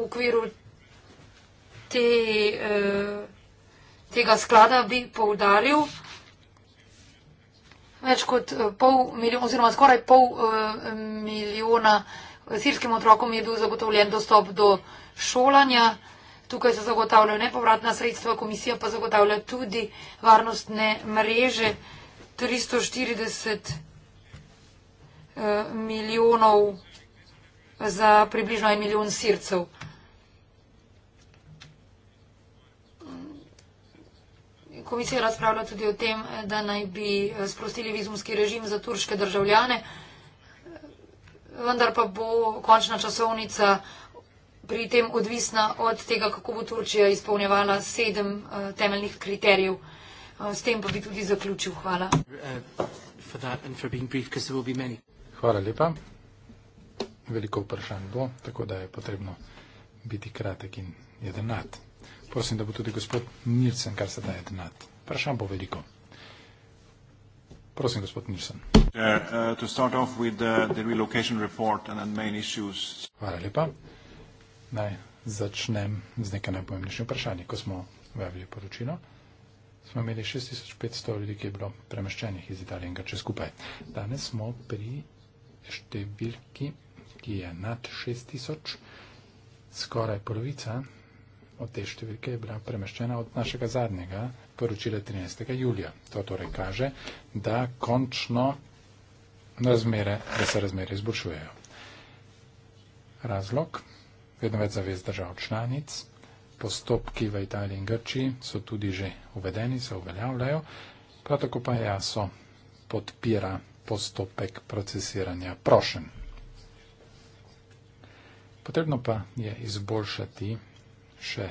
okviru te, eh, tega sklada bi poudaril več kot eh, pol milijona oziroma skoraj pol uh, milijona eh, sirskim otrokom je bil zagotovljen dostop do šolanja. Tukaj se zagotavljajo nepovratna sredstva, komisija pa zagotavlja tudi varnostne mreže 340 uh, milijonov za približno en milijon sircev. komisija razpravlja tudi o tem, da naj bi eh, sprostili vizumski režim za turške državljane, vendar pa bo končna časovnica pri tem odvisna od tega, kako bo Turčija izpolnjevala sedem eh, temeljnih kriterijev. Eh, s tem pa bi tudi zaključil. Hvala. Uh, Hvala lepa. Veliko vprašanj bo, tako da je potrebno biti kratek in jedenat prosim, da bo tudi gospod Nilsen, kar se daje denat. Vprašam bo veliko. Prosim, gospod Nilsen. Uh, uh, uh, Hvala lepa. Naj začnem z nekaj najpomembnejših vprašanji. Ko smo vevili poročilo, smo imeli 6500 ljudi, ki je bilo premeščenih iz Italije in Grče skupaj. Danes smo pri številki, ki je nad 6000, skoraj polovica od te številke je bila premeščena od našega zadnjega poročila 13. julija. To torej kaže, da končno razmere, da se razmere izboljšujejo. Razlog, vedno več zavez držav članic, postopki v Italiji in Grčiji so tudi že uvedeni, se uveljavljajo, prav tako pa jaso podpira postopek procesiranja prošen. Potrebno pa je izboljšati še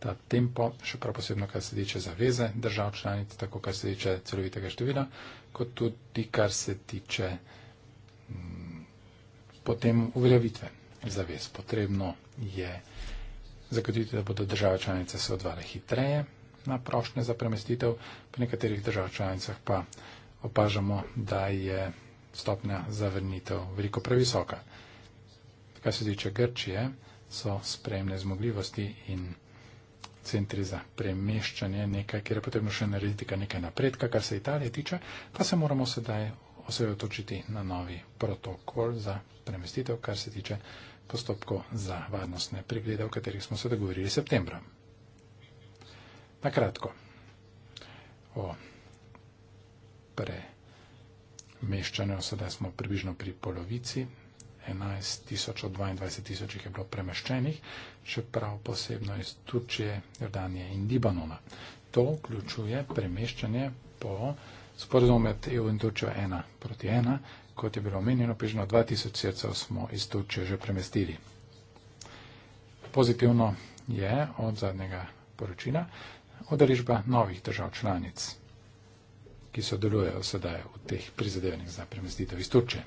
ta tempo, še prav posebno, kar se tiče zaveze držav članic, tako kar se tiče celovitega števila, kot tudi kar se tiče mm, potem uveljavitve zavez. Potrebno je zagotoviti, da bodo države članice se odvale hitreje na prošnje za premestitev, po nekaterih državah članicah pa opažamo, da je stopnja zavrnitev veliko previsoka. Kar se tiče Grčije, so spremne zmogljivosti in centri za premeščanje, nekaj, kjer je potrebno še narediti nekaj napredka, kar se Italije tiče, pa se moramo sedaj osredotočiti na novi protokol za premestitev, kar se tiče postopkov za varnostne preglede, o katerih smo se dogovorili septembra. Na kratko o premeščanju, sedaj smo približno pri polovici 11 tisoč od 22 tisoč jih je bilo premeščenih, čeprav posebno iz Turčije, Jordanije in Libanona. To vključuje premeščanje po sporozumu med EU in Turčijo 1 proti 1, kot je bilo omenjeno, prižno 2000 srcev smo iz Turčije že premestili. Pozitivno je od zadnjega poročila odrežba novih držav članic, ki sodelujejo sedaj v teh prizadevanjih za premestitev iz Turčije.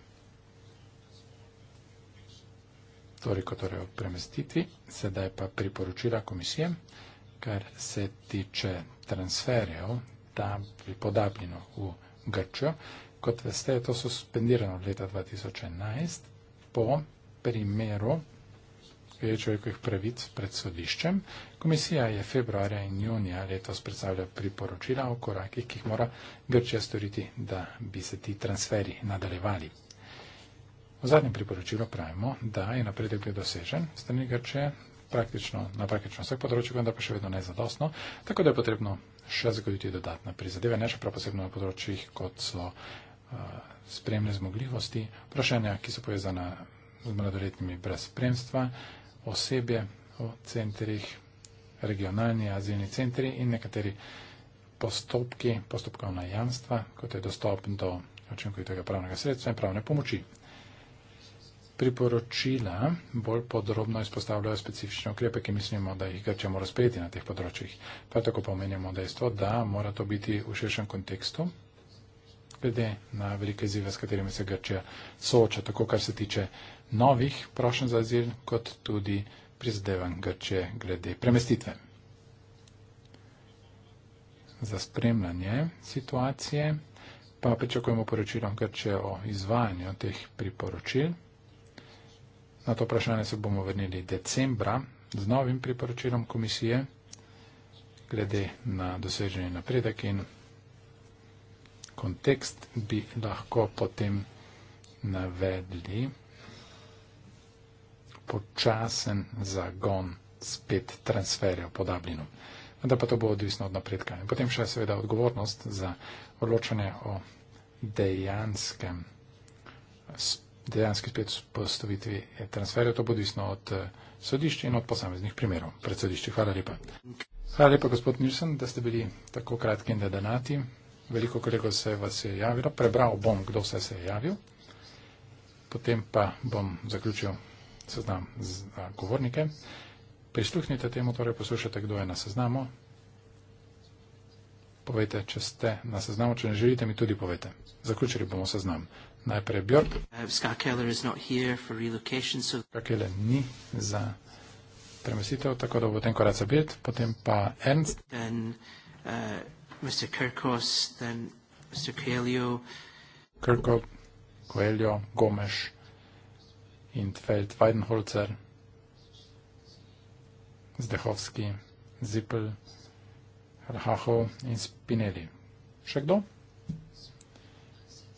toliko torej o premestitvi, sedaj pa priporočila komisije, kar se tiče transferjev, da bi podapljeno v Grčjo. Kot veste, to so spendirano leta 2011 po primeru človekovih pravic pred sodiščem. Komisija je februarja in junija letos predstavlja priporočila o korakih, ki jih mora Grčija storiti, da bi se ti transferi nadaljevali. V zadnjem priporočilu pravimo, da je napredek bil dosežen strani Grčije, praktično, na praktično vseh področjih, vendar pa še vedno nezadostno, tako da je potrebno še zagoditi dodatna prizadevanja, še prav posebno na področjih, kot so uh, eh, spremne zmogljivosti, vprašanja, ki so povezana z mladoletnimi brez spremstva, osebje v centrih, regionalni azilni centri in nekateri postopki, postopkovna jamstva, kot je dostop do učinkovitega pravnega sredstva in pravne pomoči. Priporočila bolj podrobno izpostavljajo specifične ukrepe, ki mislimo, da jih Grčija mora sprejeti na teh področjih. Prav tako pa omenjamo dejstvo, da mora to biti v širšem kontekstu, glede na velike izzive, s katerimi se Grčija sooča, tako kar se tiče novih prošen za azil, kot tudi prizadevanj Grčije glede premestitve. Za spremljanje situacije pa pričakujemo poročilo Grčije o izvajanju teh priporočil. Na to vprašanje se bomo vrnili decembra z novim priporočilom komisije glede na doseženje napredek in kontekst bi lahko potem navedli počasen zagon spet transferjev po Dublinu. Vendar pa to bo odvisno od napredka. In potem še seveda odgovornost za odločanje o dejanskem spodobju dejansko spet postavitvi eh, transferja. To bo odvisno od eh, sodišča in od posameznih primerov pred sodišče. Hvala lepa. Hvala lepa, gospod Nilsen, da ste bili tako kratki in dedanati. Veliko kolego se vas je javilo. Prebral bom, kdo vse se je javil. Potem pa bom zaključil seznam z eh, govornike. Prisluhnite temu, torej poslušajte, kdo je na seznamu. Povejte, če ste na seznamu, če ne želite, mi tudi povejte. Zaključili bomo seznam najprej Björk. Scott Keller is not here for relocation, so... Keller ni za premestitev, tako da bo potem korac obet, potem pa Ernst. Then, uh, Mr. Kirkos, then Mr. Coelho. Kirko, Coelho, Gomes, Intfeld, Weidenholzer, Zdechovski, Zippel, Rahachov in Spinelli. Še kdo?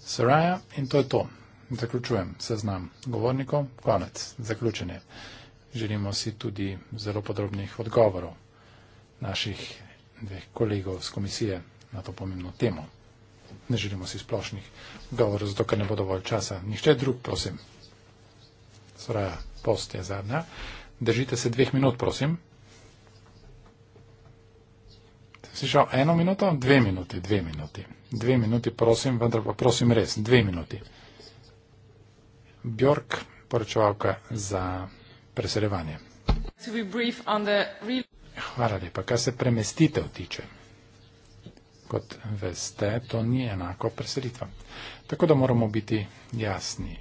Soraya in to je to. Zaključujem seznam govornikov. Konec. Zaključenje. Želimo si tudi zelo podrobnih odgovorov naših dveh kolegov z komisije na to pomembno temo. Ne želimo si splošnih govorov, zato ker ne bo dovolj časa. Nihče drug, prosim. Soraya, post je zadnja. Držite se dveh minut, prosim. slišal eno minuto, dve minuti, dve minuti. Dve minuti, prosim, vendar pa prosim res, dve minuti. Bjork, poročevalka za preseljevanje. Hvala lepa. Kar se premestitev tiče, kot veste, to ni enako preselitva. Tako da moramo biti jasni.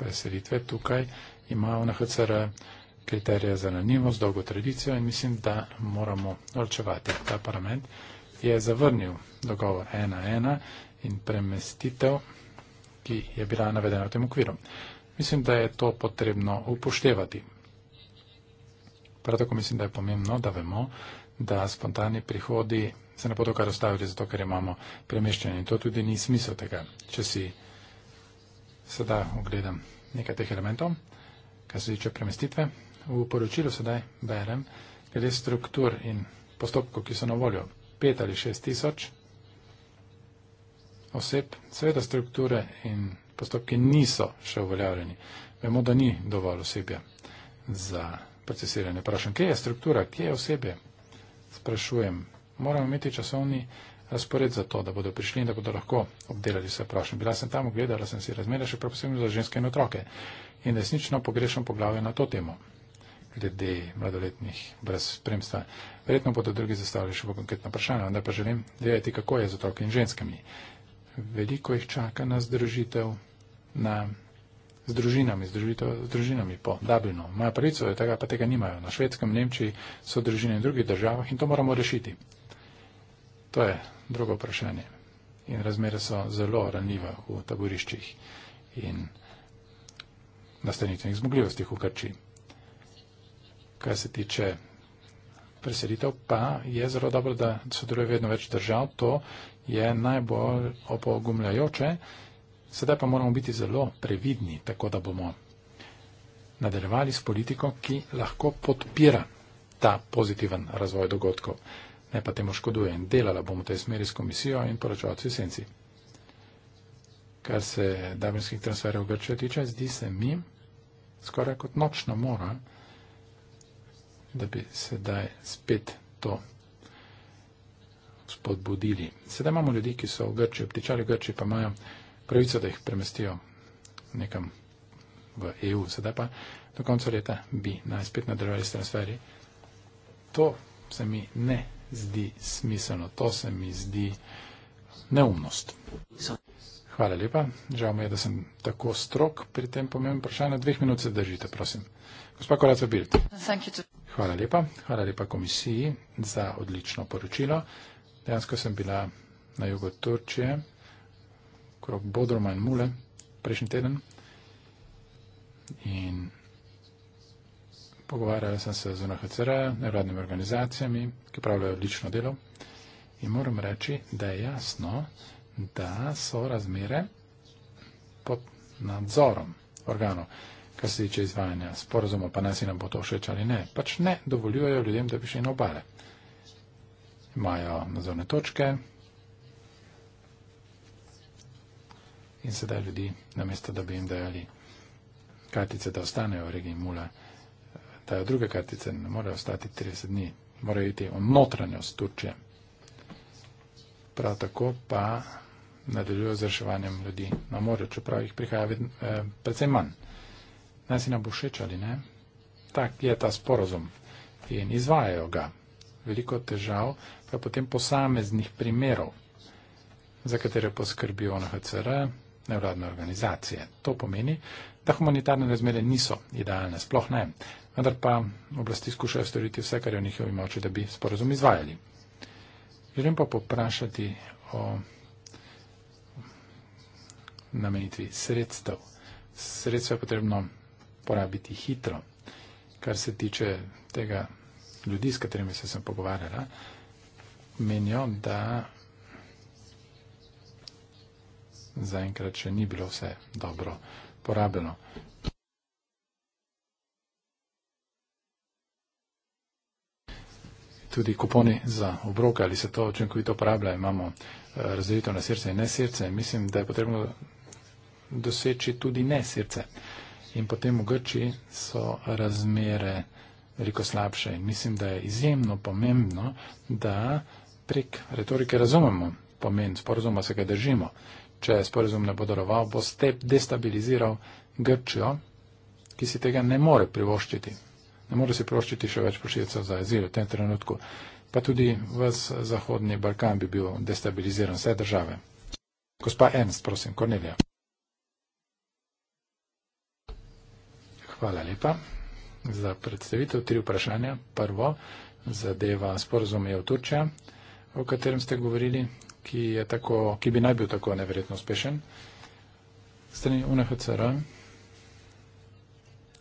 Preselitve tukaj imajo na HCR kriterije za ranljivost, dolgo tradicijo in mislim, da moramo ločevati. Ta parlament je zavrnil dogovor 1.1 in premestitev, ki je bila navedena v tem okviru. Mislim, da je to potrebno upoštevati. Prav tako mislim, da je pomembno, da vemo, da spontani prihodi se ne bodo kar ostavili, zato ker imamo premeščanje. In to tudi ni smisel tega. Če si sedaj ogledam nekaj teh elementov, kar se tiče premestitve, V poročilu sedaj berem glede struktur in postopkov, ki so na voljo. Pet ali šest tisoč oseb, seveda strukture in postopki niso še uveljavljeni. Vemo, da ni dovolj osebja za procesiranje. Prašam, kje je struktura, kje je osebje? Sprašujem, moramo imeti časovni razpored za to, da bodo prišli in da bodo lahko obdelali vse prašnje. Bila sem tam, gledala sem si razmere, še posebno za ženske in otroke. In resnično pogrešam poglavje na to temo glede mladoletnih brez spremstva. Verjetno bodo drugi zastavili še bolj konkretno vprašanje, vendar pa želim vedeti, kako je z otroki in ženskami. Veliko jih čaka na združitev na, z družinami, združitev z družinami po Dublinu. Imajo pravico, da tega pa tega nimajo. Na švedskem, Nemčiji so družine in drugih državah in to moramo rešiti. To je drugo vprašanje. In razmere so zelo ranljive v taboriščih in nastanitvenih zmogljivostih v Krčiji kar se tiče preselitev, pa je zelo dobro, da sodeluje vedno več držav. To je najbolj opogumljajoče. Sedaj pa moramo biti zelo previdni, tako da bomo nadaljevali s politiko, ki lahko podpira ta pozitiven razvoj dogodkov, ne pa temu škoduje. In delala bomo v tej smeri s komisijo in poročevalci v senci. Kar se davinskih transferjev Grčije tiče, zdi se mi skoraj kot nočna mora da bi sedaj spet to spodbudili. Sedaj imamo ljudi, ki so v Grčiji, obtičali v Grčiji, pa imajo pravico, da jih premestijo nekam v EU. Sedaj pa do konca leta bi naj spet nadaljevali s transferji. To se mi ne zdi smiselno, to se mi zdi neumnost. Hvala lepa. Žal mi je, da sem tako strok pri tem pomembnem vprašanju. Dveh minut se držite, prosim. Gospa Koraca Bild. Hvala lepa. Hvala lepa komisiji za odlično poročilo. Dejansko sem bila na jugu Turčije, krok Bodroma in Mule, prejšnji teden. In pogovarjala sem se z UNHCR, nevladnimi organizacijami, ki pravljajo odlično delo. In moram reči, da je jasno, da so razmere pod nadzorom organov kar se tiče izvajanja sporozuma, pa nas jim bo to všeč ali ne. Pač ne dovoljujejo ljudem, da bi šli na obale. Imajo nadzorne točke in sedaj ljudi, namesto da bi jim dajali kartice, da ostanejo v regiji Mula, dajo druge kartice, ne morejo ostati 30 dni, morajo iti v notranjost Turčije. Prav tako pa nadaljujo z reševanjem ljudi na morju, čeprav jih prihaja vedno, eh, predvsem manj naj si nam bo všeč ali ne. Tak je ta sporozum in izvajajo ga. Veliko težav, pa potem posameznih primerov, za katere poskrbijo NHCR, nevladne organizacije. To pomeni, da humanitarne razmere niso idealne, sploh ne. Vendar pa oblasti skušajo storiti vse, kar je v njihovi moči, da bi sporozum izvajali. Želim pa poprašati o namenitvi sredstev. Sredstva je potrebno uporabiti hitro. Kar se tiče tega ljudi, s katerimi se sem pogovarjala, menijo, da zaenkrat še ni bilo vse dobro porabljeno. Tudi kuponi za obroke, ali se to učinkovito uporablja, imamo eh, razdelitev na srce in ne srce. Mislim, da je potrebno doseči tudi ne srce in potem v Grči so razmere veliko slabše. In mislim, da je izjemno pomembno, da prek retorike razumemo pomen sporozuma, se ga držimo. Če sporozum ne bo daroval, bo ste destabiliziral Grčijo, ki si tega ne more privoščiti. Ne more si privoščiti še več prošilcev za azil v tem trenutku. Pa tudi v Zahodni Balkan bi bil destabiliziran vse države. Gospa Ernst, prosim, Kornelija. Hvala lepa za predstavitev. Tri vprašanja. Prvo zadeva sporozum je v Turčja, o katerem ste govorili, ki, tako, ki bi naj bil tako neverjetno uspešen. Strani UNHCR,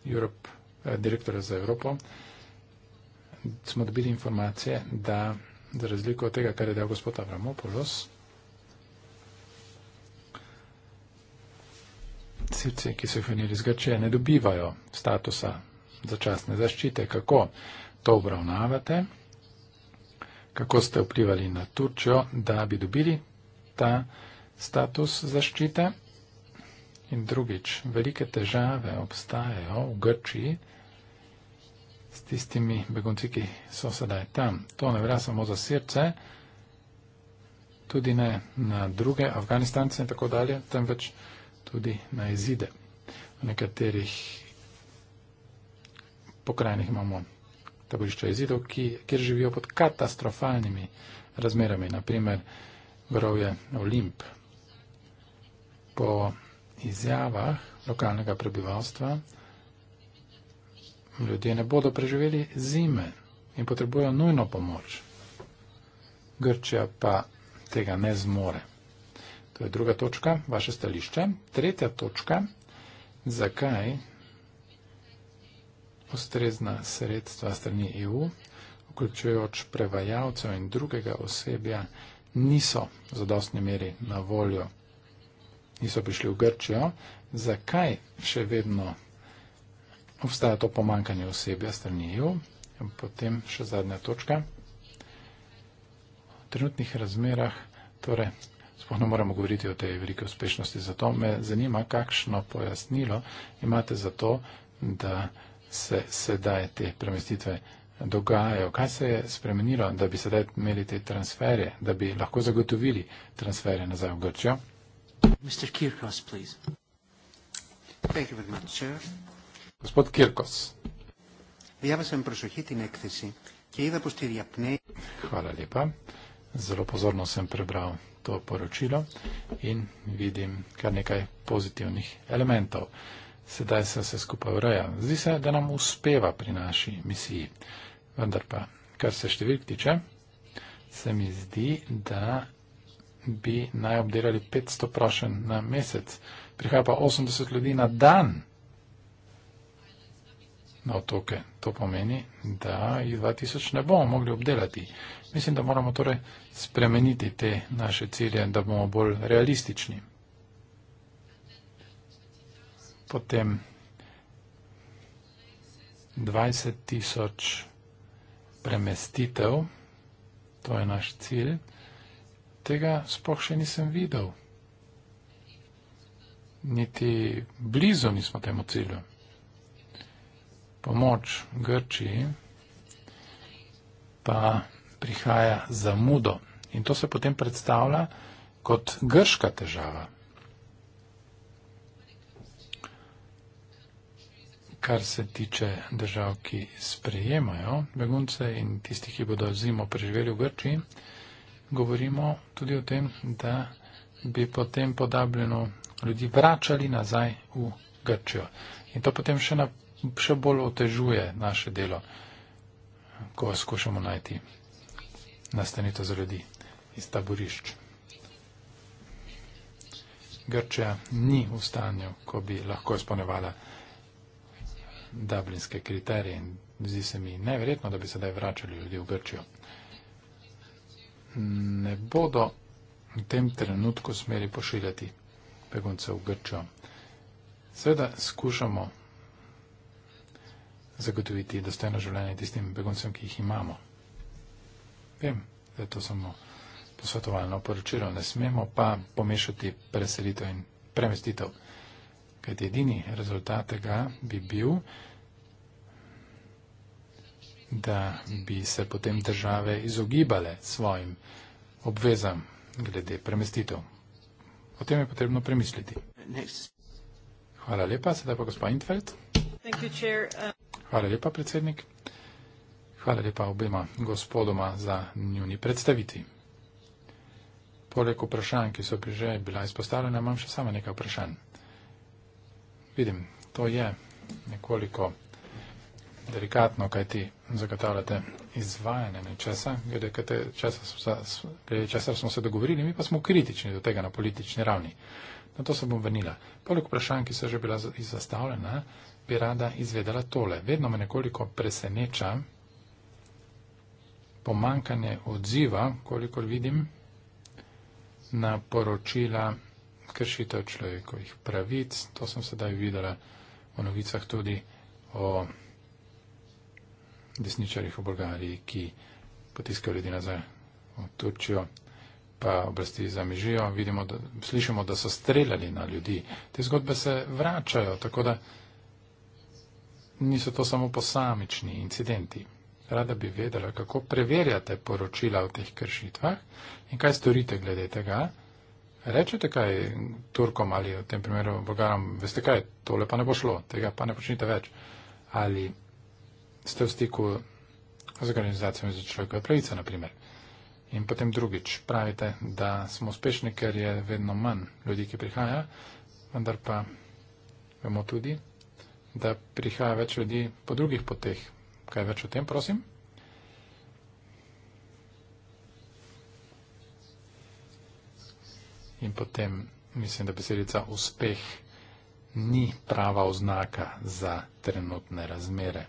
Europe, eh, direktora za Evropo, smo dobili informacije, da za razliko od tega, kar je dejal gospod Avramopoulos, Sirci, ki so jih vrnili iz Grčije, ne dobivajo statusa začasne zaščite. Kako to obravnavate? Kako ste vplivali na Turčjo, da bi dobili ta status zaščite? In drugič, velike težave obstajajo v Grčiji s tistimi begunci, ki so sedaj tam. To ne velja samo za srce, tudi ne na druge, Afganistance in tako dalje, temveč tudi na izide. V nekaterih pokrajinah imamo taborišča izidov, ki, kjer živijo pod katastrofalnimi razmerami, naprimer grovje Olimp. Po izjavah lokalnega prebivalstva ljudje ne bodo preživeli zime in potrebujejo nujno pomoč. Grčija pa tega ne zmore. To je druga točka, vaše stališče. Tretja točka, zakaj ustrezna sredstva strani EU, vključujoč prevajalcev in drugega osebja, niso v zadostni meri na voljo, niso prišli v Grčijo, zakaj še vedno obstaja to pomankanje osebja strani EU. Potem še zadnja točka. V trenutnih razmerah, torej sploh ne moremo govoriti o tej veliki uspešnosti. Zato me zanima, kakšno pojasnilo imate za to, da se sedaj te premestitve dogajajo. Kaj se je spremenilo, da bi sedaj imeli te transferje, da bi lahko zagotovili transferje nazaj v Grčijo? Gospod Kirkos. Hvala lepa. Zelo pozorno sem prebral to poročilo in vidim kar nekaj pozitivnih elementov. Sedaj se vse skupaj ureja. Zdi se, da nam uspeva pri naši misiji. Vendar pa, kar se številk tiče, se mi zdi, da bi naj obdelali 500 prošen na mesec. Prihaja pa 80 ljudi na dan na otoke. To pomeni, da jih 2000 ne bomo mogli obdelati. Mislim, da moramo torej spremeniti te naše cilje, da bomo bolj realistični. Potem 20 tisoč premestitev, to je naš cilj, tega sploh še nisem videl. Niti blizu nismo temu cilju pomoč Grčiji pa prihaja za mudo. In to se potem predstavlja kot grška težava. kar se tiče držav, ki sprejemajo begunce in tistih, ki bodo zimo preživeli v Grčiji, govorimo tudi o tem, da bi potem podabljeno ljudi vračali nazaj v Grčijo. In to potem še še bolj otežuje naše delo, ko skušamo najti nastanitev za ljudi iz taborišč. Grčija ni v stanju, ko bi lahko izpolnevala dublinske kriterije in zdi se mi neverjetno, da bi sedaj vračali ljudi v Grčijo. Ne bodo v tem trenutku smeli pošiljati beguncev v Grčijo. Seveda skušamo zagotoviti dostojno življenje tistim beguncem, ki jih imamo. Vem, da je to samo posvetovalno poročilo. Ne smemo pa pomešati preselitev in premestitev. Kajti edini rezultat tega bi bil, da bi se potem države izogibale svojim obvezam glede premestitev. O tem je potrebno premisliti. Hvala lepa, sedaj pa gospod Intfeld. Thank you, chair. Uh... Hvala lepa, predsednik. Hvala lepa obema gospodoma za njuni predstaviti. Poleg vprašanj, ki so bi že bila izpostavljena, imam še samo nekaj vprašanj. Vidim, to je nekoliko delikatno, kaj ti zagotavljate izvajanje nečesa, glede česa, glede česa smo se dogovorili, mi pa smo kritični do tega na politični ravni. Na to se bom vrnila. Poleg vprašanj, ki so že bila izpostavljena, bi rada izvedela tole. Vedno me nekoliko preseneča pomankanje odziva, kolikor vidim, na poročila kršitev človekovih pravic. To sem sedaj videla v novicah tudi o desničarjih v Bolgariji, ki potiskajo ljudi nazaj v Turčijo, pa oblasti zamižijo. Vidimo, da, slišimo, da so streljali na ljudi. Te zgodbe se vračajo, tako da niso to samo posamični incidenti. Rada bi vedela, kako preverjate poročila o teh kršitvah in kaj storite glede tega. Rečete kaj Turkom ali v tem primeru Bogaram, veste kaj, tole pa ne bo šlo, tega pa ne počnite več. Ali ste v stiku z organizacijami za človekove pravice, na primer. In potem drugič pravite, da smo uspešni, ker je vedno manj ljudi, ki prihaja, vendar pa vemo tudi, da prihaja več ljudi po drugih poteh. Kaj več o tem, prosim? In potem mislim, da besedica uspeh ni prava oznaka za trenutne razmere.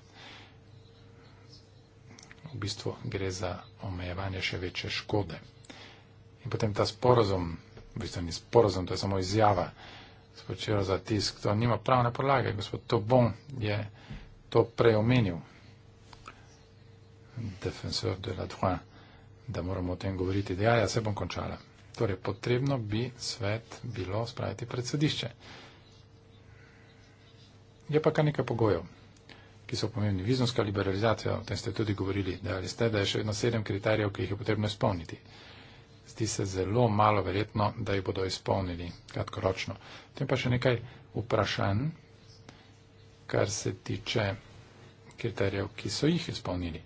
V bistvu gre za omejevanje še večje škode. In potem ta sporozum, v bistvu ni sporozum, to je samo izjava, spočelo za tisk. To nima pravne podlage. Gospod Tobon je to prej omenil, defensor de la droit, da moramo o tem govoriti. Da, ja, ja se bom končala. Torej, potrebno bi svet bilo spraviti pred sodišče. Je pa kar nekaj pogojev, ki so pomembni. Vizumska liberalizacija, o tem ste tudi govorili, da ste, da je še vedno sedem kriterijev, ki jih je potrebno izpolniti zdi se zelo malo verjetno, da jih bodo izpolnili kratkoročno. Potem pa še nekaj vprašanj, kar se tiče kriterijev, ki so jih izpolnili.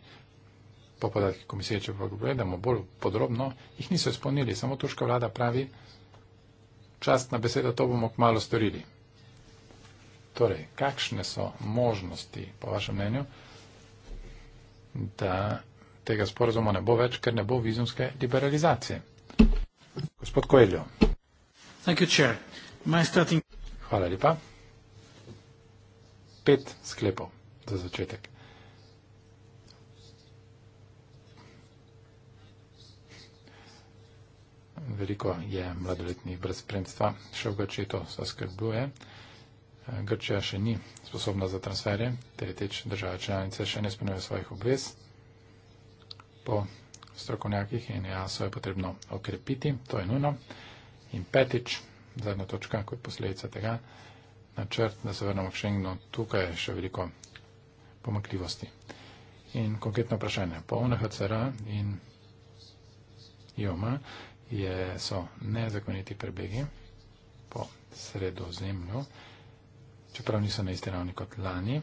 Po podatkih komisije, če pa gledamo bolj podrobno, jih niso izpolnili. Samo turška vlada pravi, čast na beseda, to bomo kmalo storili. Torej, kakšne so možnosti, po vašem mnenju, da tega sporozuma ne bo več, ker ne bo vizumske liberalizacije? Gospod Koeljo. Starting... Hvala lepa. Pet sklepov za začetek. Veliko je mladoletnih brez spremstva, še v Grčiji to se skrbuje. Grčija še ni sposobna za transferje, tretjič države članice še ne spremljajo svojih obvez. Po strokovnjakih in EASO je potrebno okrepiti, to je nujno. In petič, zadnja točka kot posledica tega, načrt, da se vrnemo k Schengenu, tukaj je še veliko pomakljivosti. In konkretno vprašanje. Po UNHCR in IOMA je, so nezakoniti prebegi po sredozemlju, čeprav niso na isti ravni kot lani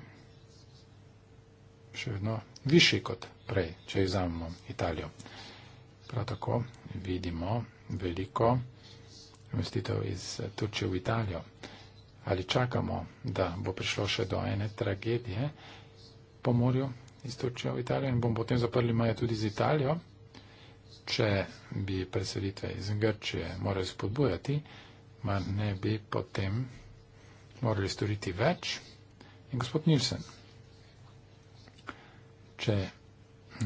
še vedno višji kot prej, če izamemo Italijo. Prav tako vidimo veliko investitev iz Turčije v Italijo. Ali čakamo, da bo prišlo še do ene tragedije po morju iz Turčije v Italijo in bomo potem zaprli maja tudi z Italijo, če bi preselitve iz Grčije morali spodbujati, ma ne bi potem morali storiti več. In gospod Nilsen če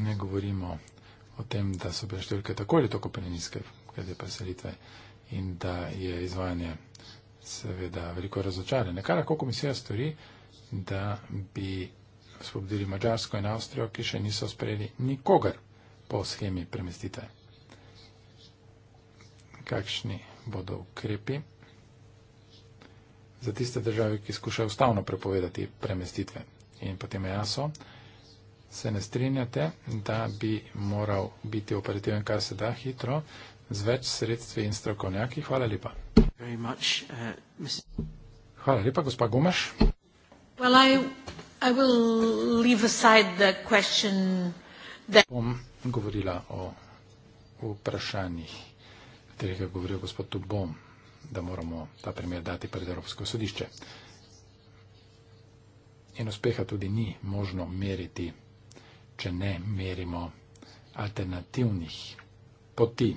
ne govorimo o tem, da so bile številke tako ali tako prenizke, glede pa selitve in da je izvajanje seveda veliko razočarjene. Kaj lahko komisija stori, da bi spobodili Mačarsko in Avstrijo, ki še niso sprejeli nikogar po schemi premestitve? Kakšni bodo ukrepi za tiste države, ki skušajo ustavno prepovedati premestitve? In potem je jasno, se ne strinjate, da bi moral biti operativen kar se da hitro z več sredstvi in strokovnjaki. Hvala lepa. Uh, Hvala lepa, gospa Gumaš. Well, I, I bom govorila o vprašanjih, o katerih je govoril gospod Tubom, da moramo ta primer dati pred Evropsko sodišče. In uspeha tudi ni možno meriti če ne merimo alternativnih poti,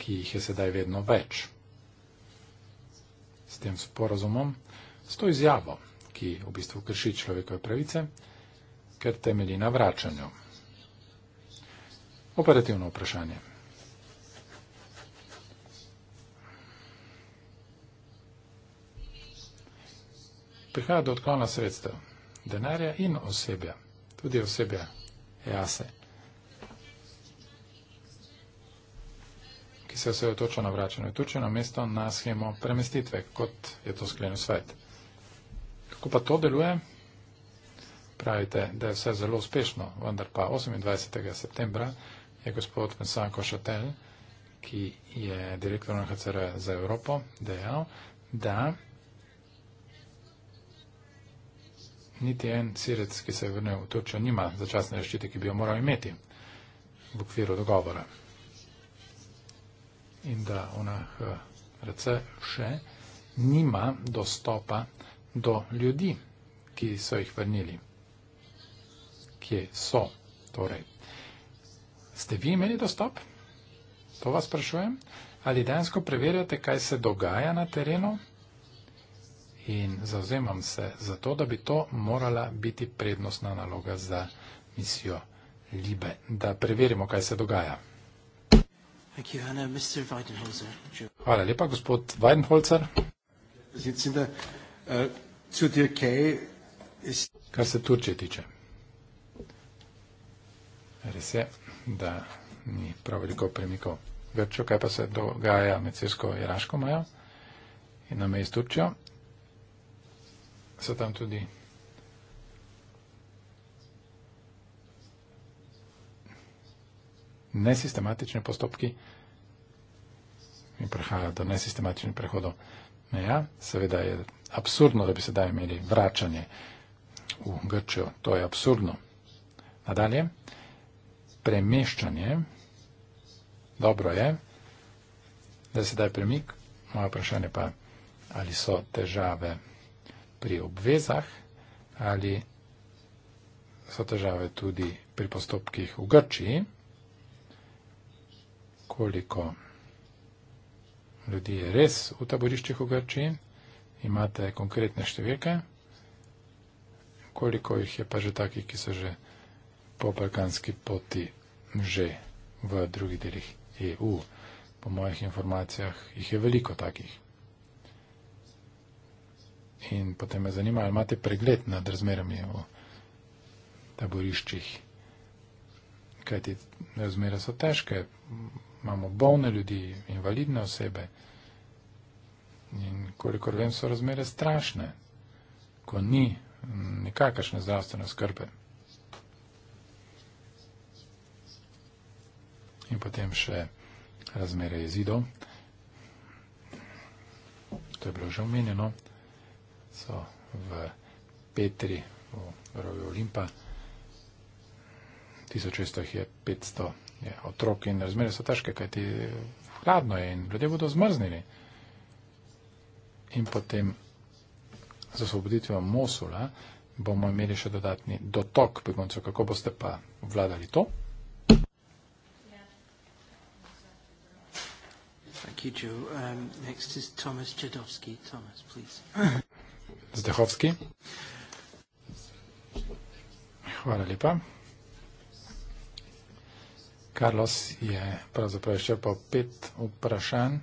ki jih je sedaj vedno več. S tem sporazumom, s to izjavo, ki v bistvu krši človekove pravice, ker temelji na vračanju. Operativno vprašanje. Prihaja do odklona sredstev denarja in osebja, tudi osebja jase, e, ki se osredotoča na vračanje. Tučeno mesto na schemo premestitve, kot je to sklenil svet. Kako pa to deluje? Pravite, da je vse zelo uspešno, vendar pa 28. septembra je gospod Mesan Košatel, ki je direktor NHCR za Evropo, dejal, da niti en sirec, ki se je vrnil v Turčijo, nima začasne rešitve, ki bi jo moral imeti v okviru dogovora. In da ona HRC še nima dostopa do ljudi, ki so jih vrnili. Kje so? Torej, ste vi imeli dostop? To vas sprašujem. Ali dejansko preverjate, kaj se dogaja na terenu? in zauzemam se za to, da bi to morala biti prednostna naloga za misijo Libe, da preverimo, kaj se dogaja. Hvala lepa, gospod Weidenholzer. Äh, Kar se Turčije tiče. Res je, da ni prav veliko premikov. Grčo, kaj pa se dogaja med Sirsko in Iraško mejo in na meji s Turčijo? so tam tudi. Nesistematični postopki in prihaja do nesistematičnih prehodov. No ja, seveda je absurdno, da bi sedaj imeli vračanje v Grčijo. To je absurdno. Nadalje, premeščanje. Dobro je, da je sedaj premik. Moje vprašanje pa, ali so težave pri obvezah ali so težave tudi pri postopkih v Grčiji, koliko ljudi je res v taboriščih v Grčiji, imate konkretne številke, koliko jih je pa že takih, ki so že po balkanski poti že v drugih delih EU. Po mojih informacijah jih je veliko takih in potem me zanima, ali imate pregled nad razmerami v taboriščih. Kaj ti razmere so težke, imamo bolne ljudi, invalidne osebe in kolikor vem, so razmere strašne, ko ni nikakršne zdravstvene skrbe. In potem še razmere jezidov. To je bilo že omenjeno so v Petri, v rovi Olimpa. 1600 jih je 500 je otrok in razmere so težke, kajti hladno je in ljudje bodo zmrznili. In potem z osvoboditvijo Mosula bomo imeli še dodatni dotok pri koncu. Kako boste pa vladali to? Thank you, Joe. Um, next is Thomas Jadowski. Thomas, please. Zdehovski. Hvala lepa. Carlos je pravzaprav še po pet vprašanj.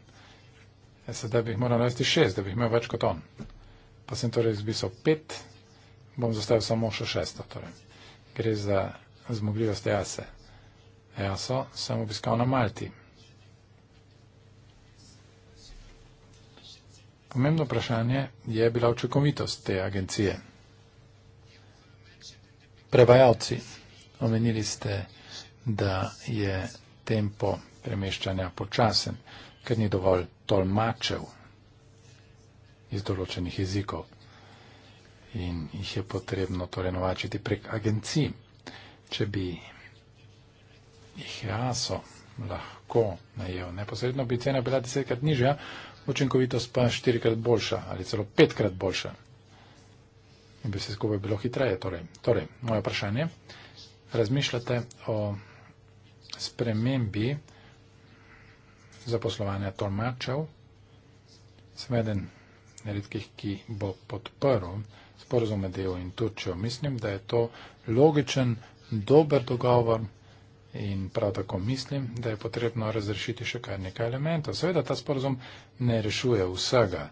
E, sedaj bi jih moral navesti šest, da bi jih imel več kot on. Pa sem torej izbisal pet, bom zastavil samo še šesto. Torej. Gre za zmogljivost EASE. EASO sem obiskal na Malti. Pomembno vprašanje je bila očekovitost te agencije. Prevajalci, omenili ste, da je tempo premeščanja počasen, ker ni dovolj tolmačev iz določenih jezikov in jih je potrebno torej novačiti prek agencij. Če bi jih jaso lahko najel neposredno, bi cena bila desetkrat nižja, učinkovitost pa štirikrat boljša ali celo petkrat boljša. In bi se skupaj bilo hitreje. Torej, torej moje vprašanje. Razmišljate o spremembi zaposlovanja tolmačev, sveden neredkih, ki bo podprl sporozum med EU in Turčjo. Mislim, da je to logičen, dober dogovor. In prav tako mislim, da je potrebno razrešiti še kar nekaj elementov. Seveda ta sporozum ne rešuje vsega.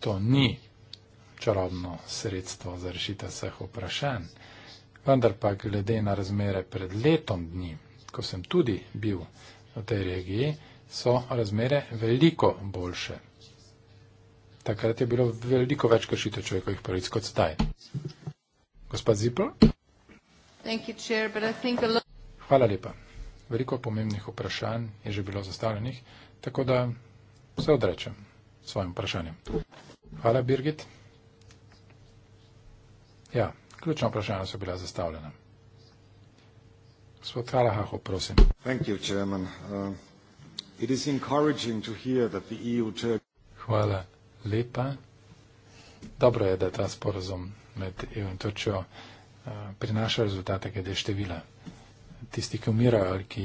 To ni čarobno sredstvo za rešitev vseh vprašanj. Vendar pa glede na razmere pred letom dni, ko sem tudi bil v tej regiji, so razmere veliko boljše. Takrat je bilo veliko več kršitev človekovih pravic kot zdaj. Gospod Zipro? Hvala lepa. Veliko pomembnih vprašanj je že bilo zastavljenih, tako da se odrečem svojim vprašanjem. Hvala, Birgit. Ja, ključna vprašanja so bila zastavljena. Gospod Kalahaho, prosim. Thank you, chairman. Uh, it is encouraging to hear that the EU Hvala lepa. Dobro je, da ta sporazum med EU in Turčjo uh, prinaša rezultate, glede števila tistih, ki umirajo ali ki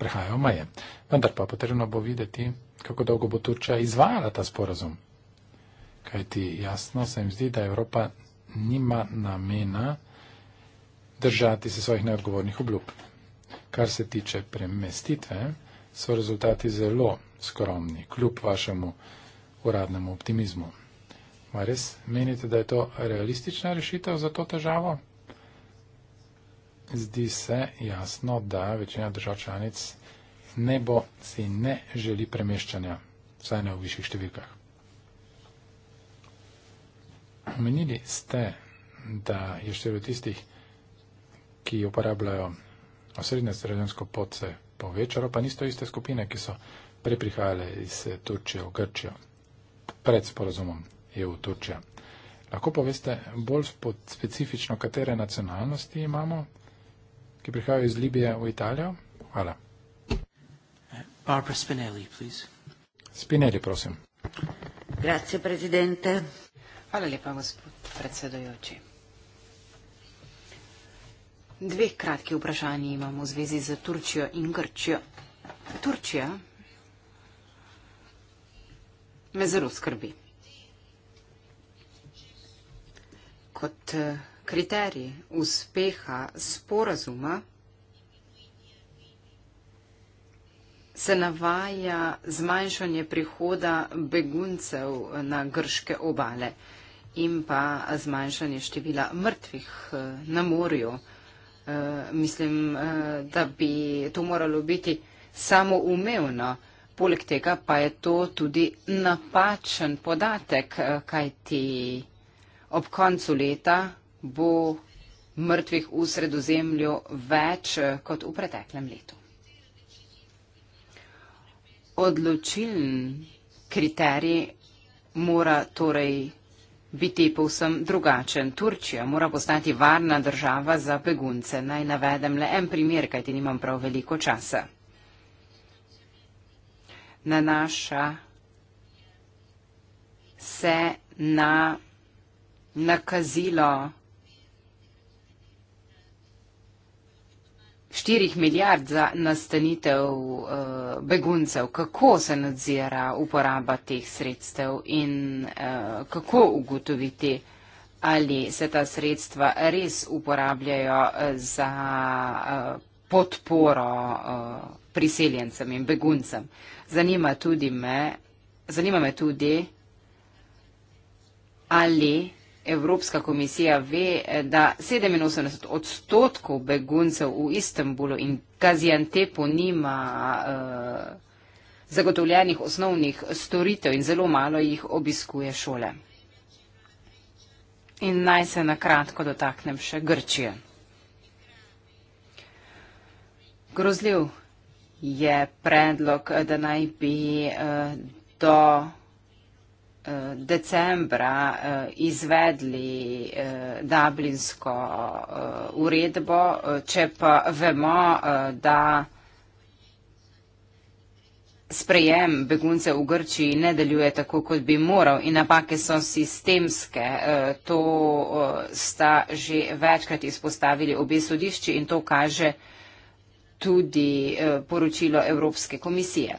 prehajajo meje. Vendar pa potrebno bo videti, kako dolgo bo Turčija izvajala ta sporazum. Kaj ti jasno se jim zdi, da Evropa nima namena držati se svojih neodgovornih obljub. Kar se tiče premestitve, so rezultati zelo skromni, kljub vašemu uradnemu optimizmu. Mares, menite, da je to realistična rešitev za to težavo? zdi se jasno, da večina držav članic ne bo si ne želi premeščanja, vsaj ne v višjih številkah. Omenili ste, da je število tistih, ki uporabljajo osrednje sredozemsko potce po večero, pa niste iste skupine, ki so preprihajale iz eh, Turčije v Grčijo pred sporozumom EU-Turčija. Lahko poveste bolj specifično, katere nacionalnosti imamo ki prihajajo iz Libije v Italijo. Hvala. Spinelli, Spinelli, prosim. Grazie, presidente. Hvala lepa, gospod predsedojoči. Dve kratki vprašanji imamo v zvezi z Turčijo in Grčijo. Turčija me zelo skrbi. Kot eh, kriterij uspeha sporazuma se navaja zmanjšanje prihoda beguncev na grške obale in pa zmanjšanje števila mrtvih eh, na morju. Eh, mislim, eh, da bi to moralo biti samoumevno. Poleg tega pa je to tudi napačen podatek, kajti ob koncu leta bo mrtvih v sredozemlju več eh, kot v preteklem letu. Odločiln kriterij mora torej biti povsem drugačen. Turčija mora postati varna država za begunce. Naj navedem le en primer, kajti nimam prav veliko časa. Nanaša se na nakazilo štirih milijard za nastanitev uh, beguncev, kako se nadzira uporaba teh sredstev in uh, kako ugotoviti, ali se ta sredstva res uporabljajo eh, za uh, podporo uh, priseljencem in beguncem. Zanima, tudi me, zanima me tudi, ali Evropska komisija ve, da 87 odstotkov beguncev v Istanbulu in Gaziantepu nima uh, zagotovljenih osnovnih storitev in zelo malo jih obiskuje šole. In naj se nakratko dotaknem še Grčije. Grozljiv je predlog, da naj bi uh, do Eh, decembra eh, izvedli eh, Dublinsko uredbo, če pa vemo, da sprejem begunce v Grčiji ne deluje tako, kot bi moral in napake so sistemske. To sta že večkrat izpostavili obe sodišči in to kaže tudi poročilo Evropske komisije.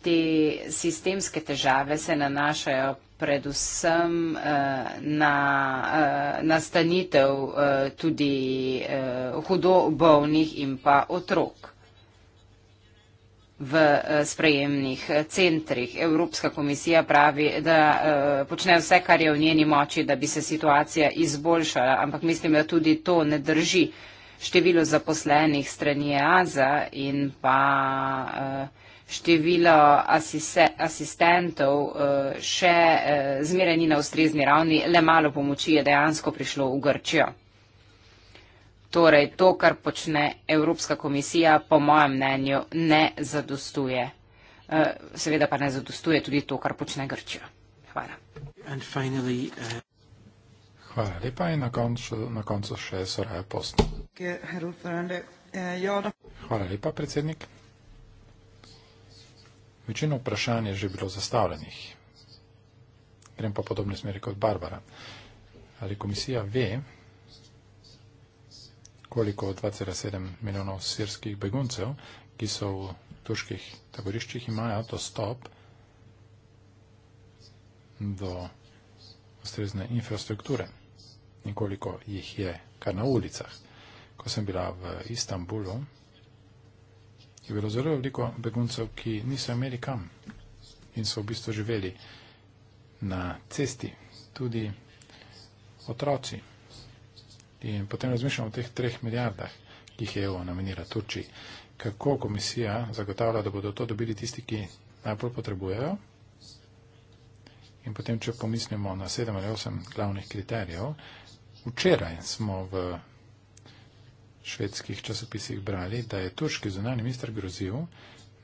Te sistemske težave se nanašajo predvsem uh, na uh, eh, nastanitev uh, eh, tudi uh, hudo bolnih in pa otrok v uh, sprejemnih centrih. Evropska komisija pravi, da uh, počne vse, kar je v njeni moči, da bi se situacija izboljšala, ampak mislim, da tudi to ne drži. Število zaposlenih strani je Aza in pa. Uh, število asise, asistentov uh, še uh, zmeraj ni na ustrezni ravni, le malo pomoči je dejansko prišlo v Grčijo. Torej, to, kar počne Evropska komisija, po mojem mnenju, ne zadostuje. Uh, seveda pa ne zadostuje tudi to, kar počne Grčija. Hvala. Finally, uh... Hvala lepa in na koncu, na koncu še Soraya Post. Okay, ja, Hvala lepa, predsednik. Večino vprašanj je že bilo zastavljenih. Grem pa podobne smeri kot Barbara. Ali komisija ve, koliko 2,7 milijonov sirskih beguncev, ki so v turških taboriščih, imajo dostop do ustrezne infrastrukture in koliko jih je kar na ulicah. Ko sem bila v Istanbulu, je bilo zelo veliko beguncev, ki niso imeli kam in so v bistvu živeli na cesti, tudi otroci. In potem razmišljamo o teh treh milijardah, ki jih je EU namenila Turčiji. Kako komisija zagotavlja, da bodo to dobili tisti, ki najbolj potrebujejo? In potem, če pomislimo na sedem ali osem glavnih kriterijev, včeraj smo v švedskih časopisih brali, da je turški zunani minister grozil,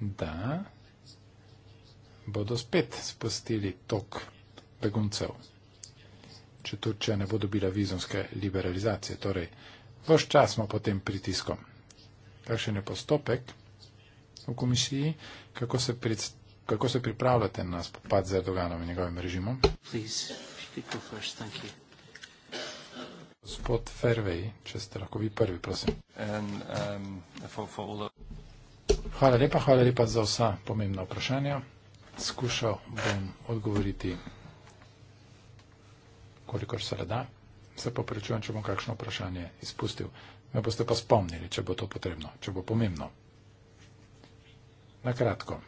da bodo spet spustili tok beguncev, če Turčija ne bo dobila vizumske liberalizacije. Torej, vaš čas smo pod tem pritiskom. Kakšen je postopek v komisiji, kako se, pred, kako se pripravljate na spopad z Erdoganom in njegovim režimom? Please, Gospod Fairway, če ste lahko vi prvi, prosim. And, um, for, for the... Hvala lepa, hvala lepa za vsa pomembna vprašanja. Skušal bom odgovoriti, kolikor se le da. Se pa prečujem, če bom kakšno vprašanje izpustil. Me boste pa spomnili, če bo to potrebno, če bo pomembno. Na kratko.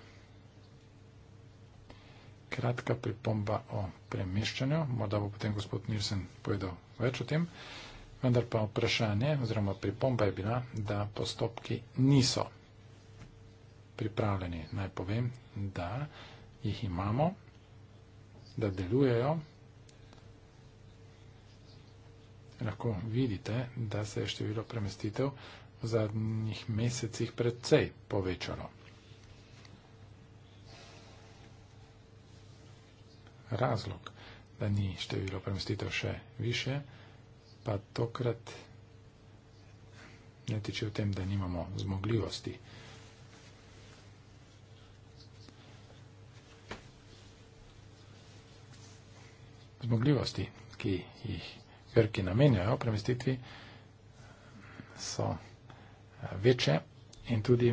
Kratka pripomba o premeščanju. Morda bo potem gospod Nilsen povedal več o tem, vendar pa vprašanje oziroma pripomba je bila, da postopki niso pripravljeni. Naj povem, da jih imamo, da delujejo. Lahko vidite, da se je število premestitev v zadnjih mesecih predvsej povečalo. Razlog da ni število premestitev še više, pa tokrat ne tiče v tem, da nimamo zmogljivosti. Zmogljivosti, ki jih Grki namenjajo premestitvi, so eh, večje in tudi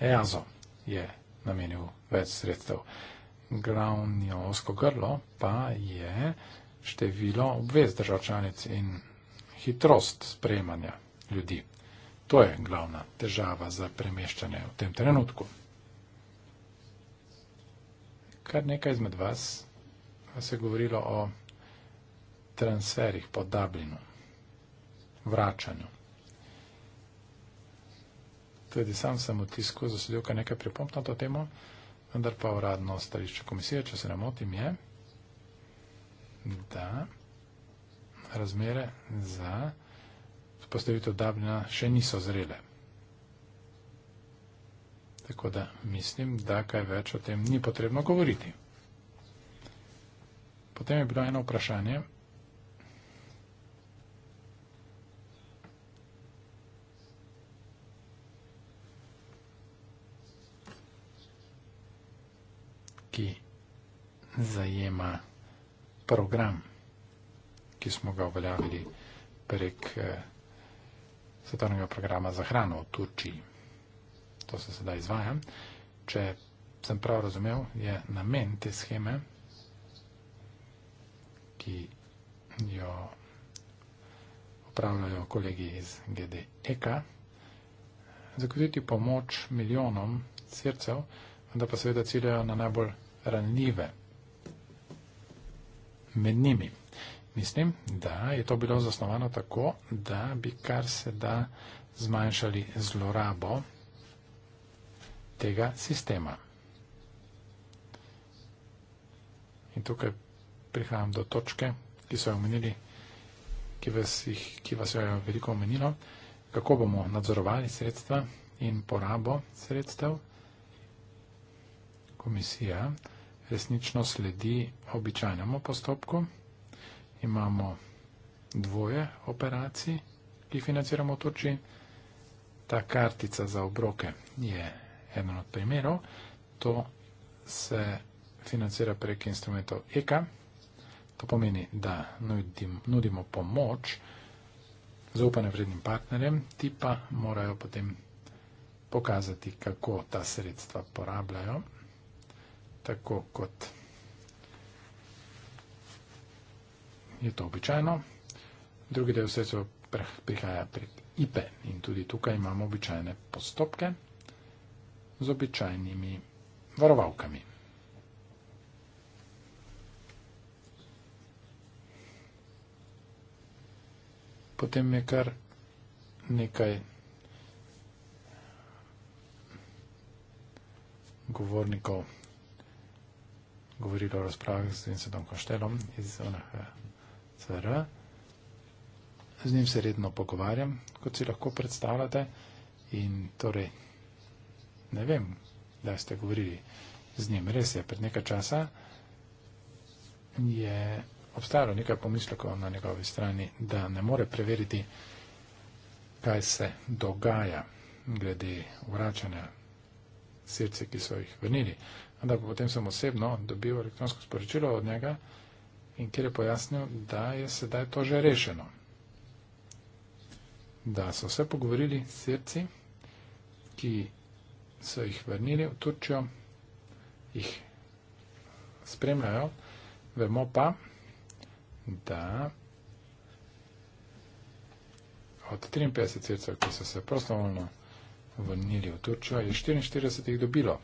EASO je namenil več sredstev gravnjovsko grlo pa je število obvez držav članic in hitrost sprejemanja ljudi. To je glavna težava za premeščanje v tem trenutku. Kar nekaj izmed vas se je govorilo o transferih po Dublinu, vračanju. Tudi sam sem v tisku zasedil kar nekaj pripomp na to temo vendar pa uradno stališče komisije, če se ne motim, je, da razmere za postavitev Dablina še niso zrele. Tako da mislim, da kaj več o tem ni potrebno govoriti. Potem je bilo eno vprašanje. ki zajema program, ki smo ga uveljavili prek eh, svetovnega programa za hrano v Turčiji. To se sedaj izvaja. Če sem prav razumel, je namen te scheme, ki jo upravljajo kolegi iz GDEK, zagotoviti pomoč milijonom srcev, da pa seveda ciljajo na najbolj ranljive. Med njimi. Mislim, da je to bilo zasnovano tako, da bi kar se da zmanjšali zlorabo tega sistema. In tukaj prihajam do točke, ki so jo omenili, ki vas, jih, ki vas jo je veliko omenilo, kako bomo nadzorovali sredstva in porabo sredstev. Komisija resnično sledi običajnemu postopku. Imamo dvoje operacij, ki jih financiramo v Turčiji. Ta kartica za obroke je eden od primerov. To se financira prek instrumentov ECA. To pomeni, da nudim, nudimo pomoč zaupanje vrednim partnerjem, ti pa morajo potem pokazati, kako ta sredstva porabljajo tako kot je to običajno. Drugi del sredstva prihaja pred IPE in tudi tukaj imamo običajne postopke z običajnimi varovalkami. Potem je kar nekaj govornikov, govorili o razpravah z Vincentom Koštelom iz UNHCR. Z njim se redno pogovarjam, kot si lahko predstavljate. In torej, ne vem, da ste govorili z njim. Res je, pred nekaj časa je obstajalo nekaj pomislekov na njegovi strani, da ne more preveriti, kaj se dogaja glede vračanja srce, ki so jih vrnili ampak potem sem osebno dobil elektronsko sporočilo od njega in kjer je pojasnil, da je sedaj to že rešeno. Da so se pogovorili srci, ki so jih vrnili v Turčjo, jih spremljajo, vemo pa, da od 53 srcev, ki so se prostovoljno vrnili v Turčjo, je 44 jih dobilo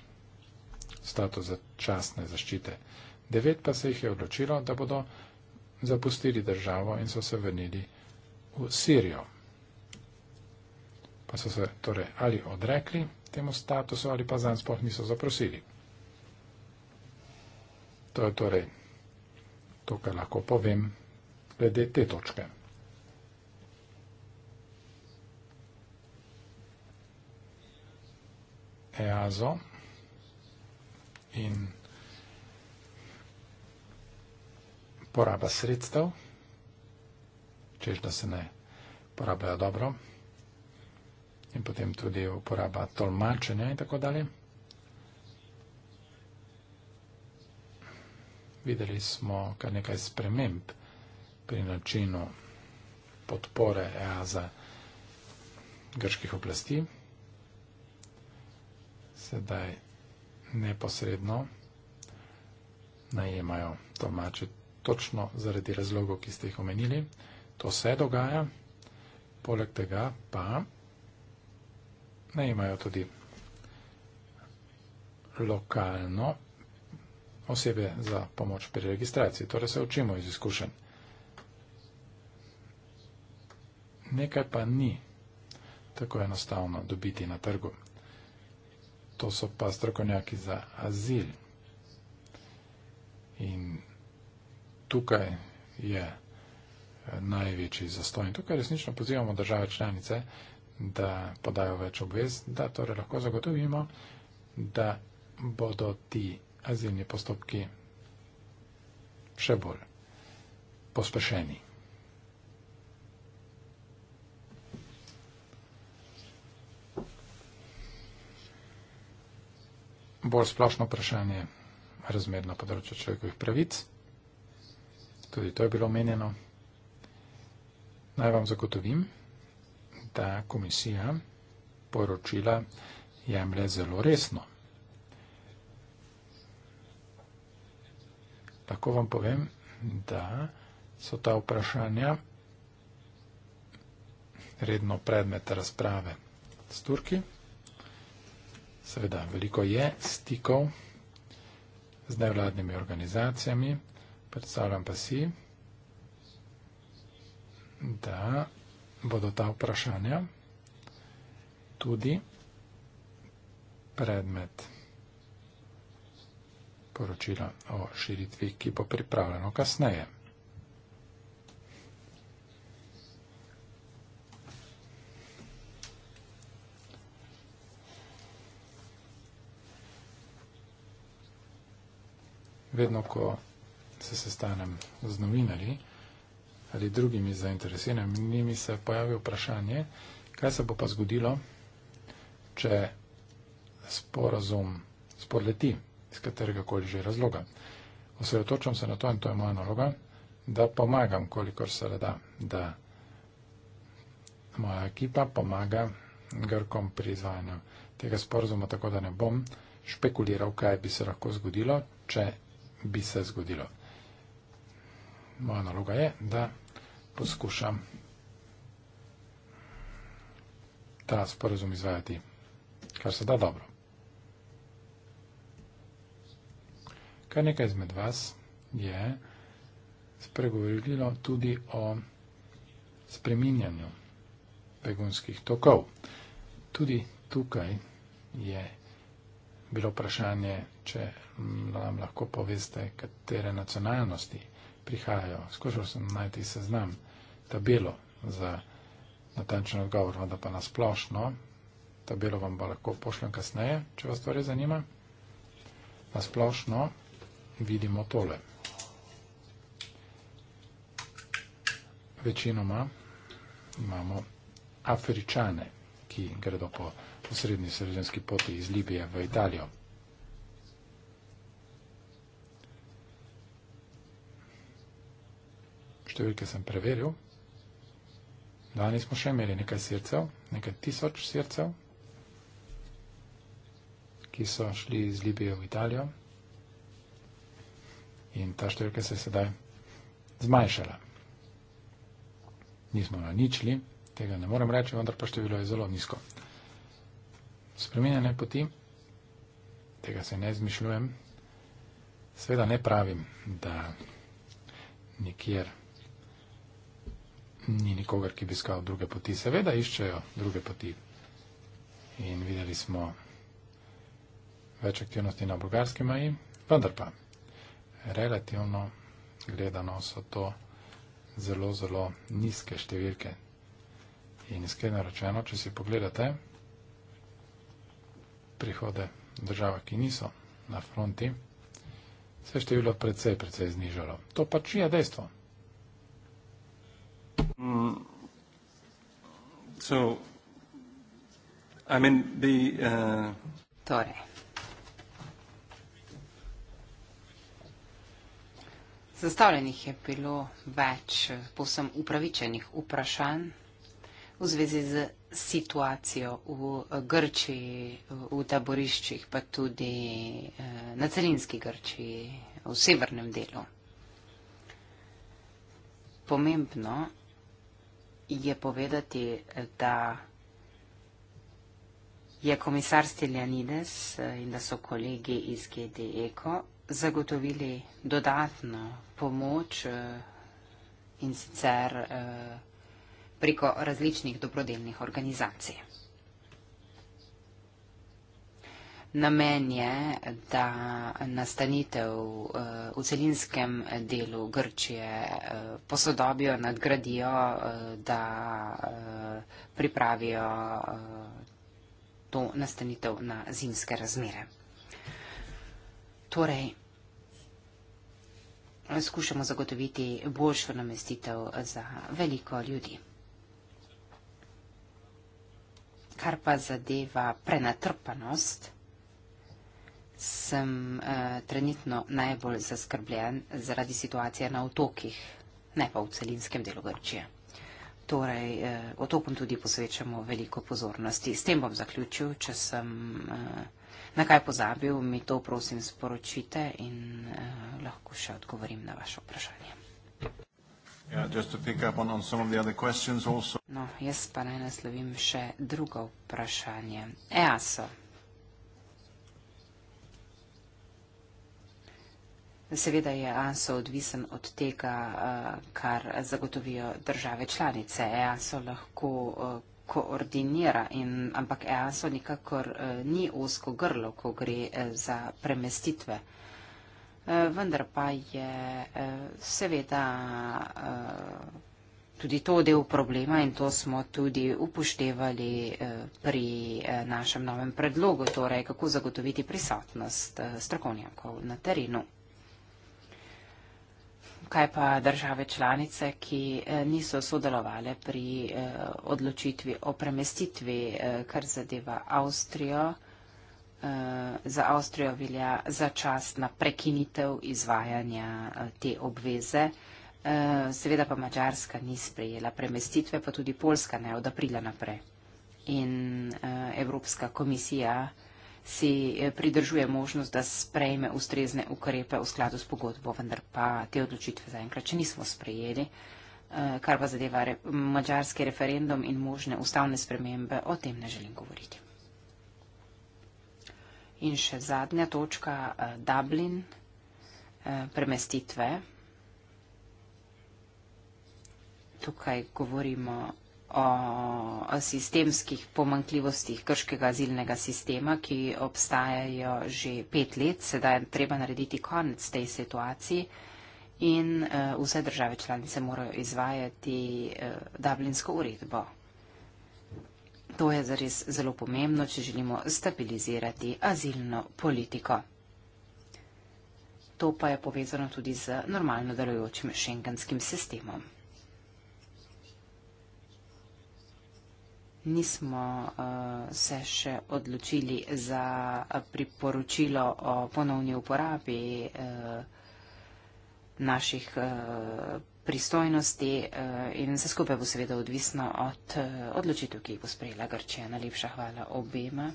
status začasne zaščite. Devet pa se jih je odločilo, da bodo zapustili državo in so se vrnili v Sirijo. Pa so se torej ali odrekli temu statusu ali pa zanj sploh niso zaprosili. To je torej to, kar lahko povem glede te točke. EASO in poraba sredstev, čež da se ne porabljajo dobro, in potem tudi uporaba tolmačenja in tako dalje. Videli smo kar nekaj sprememb pri načinu podpore EASA grških oblasti. Sedaj neposredno najemajo domače točno zaradi razlogov, ki ste jih omenili. To se dogaja, poleg tega pa najemajo tudi lokalno osebe za pomoč pri registraciji. Torej se učimo iz izkušenj. Nekaj pa ni tako enostavno dobiti na trgu to so pa strokovnjaki za azil. In tukaj je eh, največji zastoj. In tukaj resnično pozivamo države članice, da podajo več obvez, da torej lahko zagotovimo, da bodo ti azilni postopki še bolj pospešeni. bolj splošno vprašanje razmer na področju človekovih pravic. Tudi to je bilo omenjeno. Naj vam zagotovim, da komisija poročila jemlje zelo resno. Tako vam povem, da so ta vprašanja redno predmet razprave s Turki. Seveda, veliko je stikov z nevladnimi organizacijami, predstavljam pa si, da bodo ta vprašanja tudi predmet poročila o širitvi, ki bo pripravljeno kasneje. vedno, ko se sestanem z novinarji ali drugimi zainteresiranimi, njimi se pojavi vprašanje, kaj se bo pa zgodilo, če sporazum spodleti iz katerega koli že razloga. Osredotočam se na to in to je moja naloga, da pomagam, kolikor se le da, da moja ekipa pomaga Grkom pri izvajanju tega sporazuma, tako da ne bom špekuliral, kaj bi se lahko zgodilo, če bi se zgodilo. Moja naloga je, da poskušam ta sporazum izvajati, kar se da dobro. Kar nekaj izmed vas je spregovorilo tudi o spreminjanju begunskih tokov. Tudi tukaj je bilo vprašanje, če nam lahko poveste, katere nacionalnosti prihajajo. Skušal sem najti seznam, tabelo za natančen odgovor, vendar pa nasplošno. Tabelo vam pa lahko pošljem kasneje, če vas to res zanima. Nasplošno vidimo tole. Večinoma imamo Afričane, ki gredo po srednji sredinski poti iz Libije v Italijo. številke sem preveril. Danes smo še imeli nekaj sircev, nekaj tisoč sircev, ki so šli iz Libije v Italijo. In ta številka se je sedaj zmanjšala. Nismo na ničli, tega ne morem reči, vendar pa število je zelo nizko. Spreminjene poti, tega se ne izmišljujem, sveda ne pravim, da nikjer ni nikogar, ki bi iskal druge poti. Seveda iščejo druge poti. In videli smo več aktivnosti na bulgarski meji, vendar pa relativno gledano so to zelo, zelo nizke številke. In iskreno rečeno, če si pogledate prihode država, ki niso na fronti, se je število precej, precej znižalo. To pač je dejstvo. Mm. So, I mean, the... Uh, torej. Zastavljenih je bilo več posem upravičenih vprašanj v zvezi z situacijo v eh, Grčiji, v taboriščih, pa tudi eh, na celinski Grčiji, v severnem delu. Pomembno je, je povedati, da je komisar Steljanides eh, in da so kolegi iz GDEKO zagotovili dodatno pomoč eh, in sicer eh, preko različnih dobrodelnih organizacij. Namen je, da nastanitev eh, v celinskem delu Grčije eh, posodobijo, nadgradijo, eh, da pripravijo to nastanitev na zimske razmere. Torej, skušamo zagotoviti boljšo namestitev za veliko ljudi. Kar pa zadeva prenatrpanost, sem uh, trenutno najbolj zaskrbljen zaradi situacije na otokih, ne pa v celinskem delu Grčije. Torej, uh, eh, otokom tudi posvečamo veliko pozornosti. S tem bom zaključil, če sem uh, na kaj pozabil, mi to prosim sporočite in uh, lahko še odgovorim na vaše vprašanje. Yeah, no, jaz pa naj naslovim še drugo vprašanje. EASO. Seveda je EASO odvisen od tega, eh, kar zagotovijo države članice. EASO lahko eh, koordinira, in, ampak EASO nikakor eh, ni osko grlo, ko gre za premestitve. Vendar pa je seveda tudi to del problema in to smo tudi upoštevali pri našem novem predlogu, torej kako zagotoviti prisotnost strokovnjakov na terenu kaj pa države članice, ki eh, niso sodelovali pri eh, odločitvi o premestitvi, eh, kar zadeva Avstrijo. Za Avstrijo velja začasna prekinitev izvajanja te obveze. Seveda pa Mačarska ni sprejela premestitve, pa tudi Polska ne od aprila naprej. In Evropska komisija si eh, pridržuje možnost, da sprejme ustrezne ukrepe v skladu s pogodbo, vendar pa te odločitve zaenkrat še nismo sprejeli. Eh, kar pa zadeva re mačarski referendum in možne ustavne spremembe, o tem ne želim govoriti. In še zadnja točka, eh, Dublin, premestitve. Tukaj govorimo o sistemskih pomankljivostih krškega azilnega sistema, ki obstajajo že pet let. Sedaj je treba narediti konec tej situaciji in e, vse države članice morajo izvajati e, dublinsko uredbo. To je zares zelo pomembno, če želimo stabilizirati azilno politiko. To pa je povezano tudi z normalno delujočim šengenskim sistemom. nismo uh, se še odločili za priporočilo o ponovni uporabi uh, naših uh, pristojnosti uh, in vse skupaj bo seveda odvisno od uh, odločitev, ki jih bo sprejela Grčija. Najlepša hvala obima.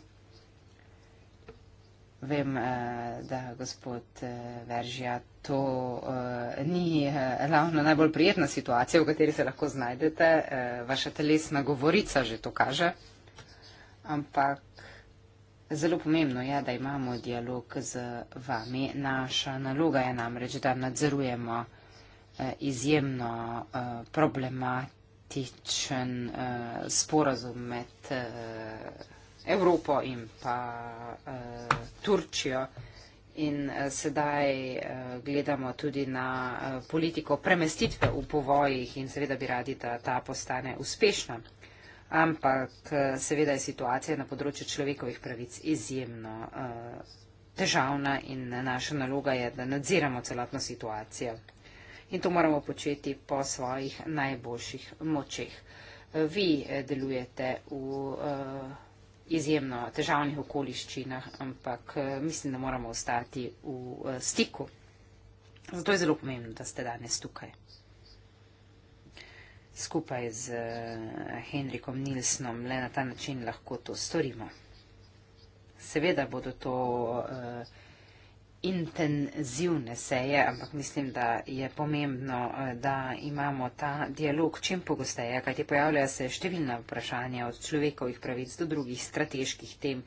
Vem, eh, da gospod eh, Veržija, to eh, ni ravno najbolj prijetna situacija, v kateri se lahko znajdete. Vaša telesna govorica že to kaže. Ampak zelo pomembno je, da imamo dialog z vami. Naša naloga je namreč, da nadzorujemo izjemno problematičen sporazum med Evropo in pa uh, Turčijo. In uh, sedaj uh, gledamo tudi na uh, politiko premestitve v povojih in seveda bi radi, da ta postane uspešna. Ampak uh, seveda je situacija na področju človekovih pravic izjemno uh, težavna in naša naloga je, da nadziramo celotno situacijo. In to moramo početi po svojih najboljših močeh. Vi delujete v. Uh, izjemno težavnih okoliščinah, ampak eh, mislim, da moramo ostati v eh, stiku. Zato je zelo pomembno, da ste danes tukaj. Skupaj z eh, Henrikom Nilsnom le na ta način lahko to storimo. Seveda bodo to uh, intenzivne seje, ampak mislim, da je pomembno, eh, da imamo ta dialog čim pogosteje, kajti pojavljajo se številna vprašanja od človekovih pravic do drugih strateških tem,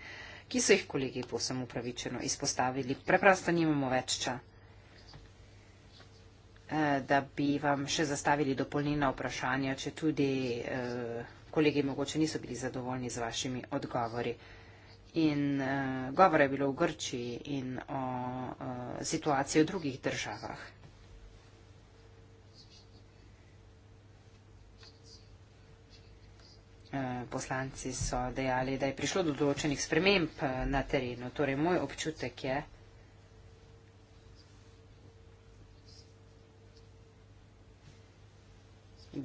ki so jih kolegi posem upravičeno izpostavili. Preprosto nimamo več ča, eh, da bi vam še zastavili dopolnjena vprašanja, če tudi eh, kolegi mogoče niso bili zadovoljni z vašimi odgovori. In uh, eh, govore je bilo v Grčiji in o uh, situaciji v drugih državah. Eh, poslanci so dejali, da je prišlo do določenih sprememb na terenu. Torej, moj občutek je,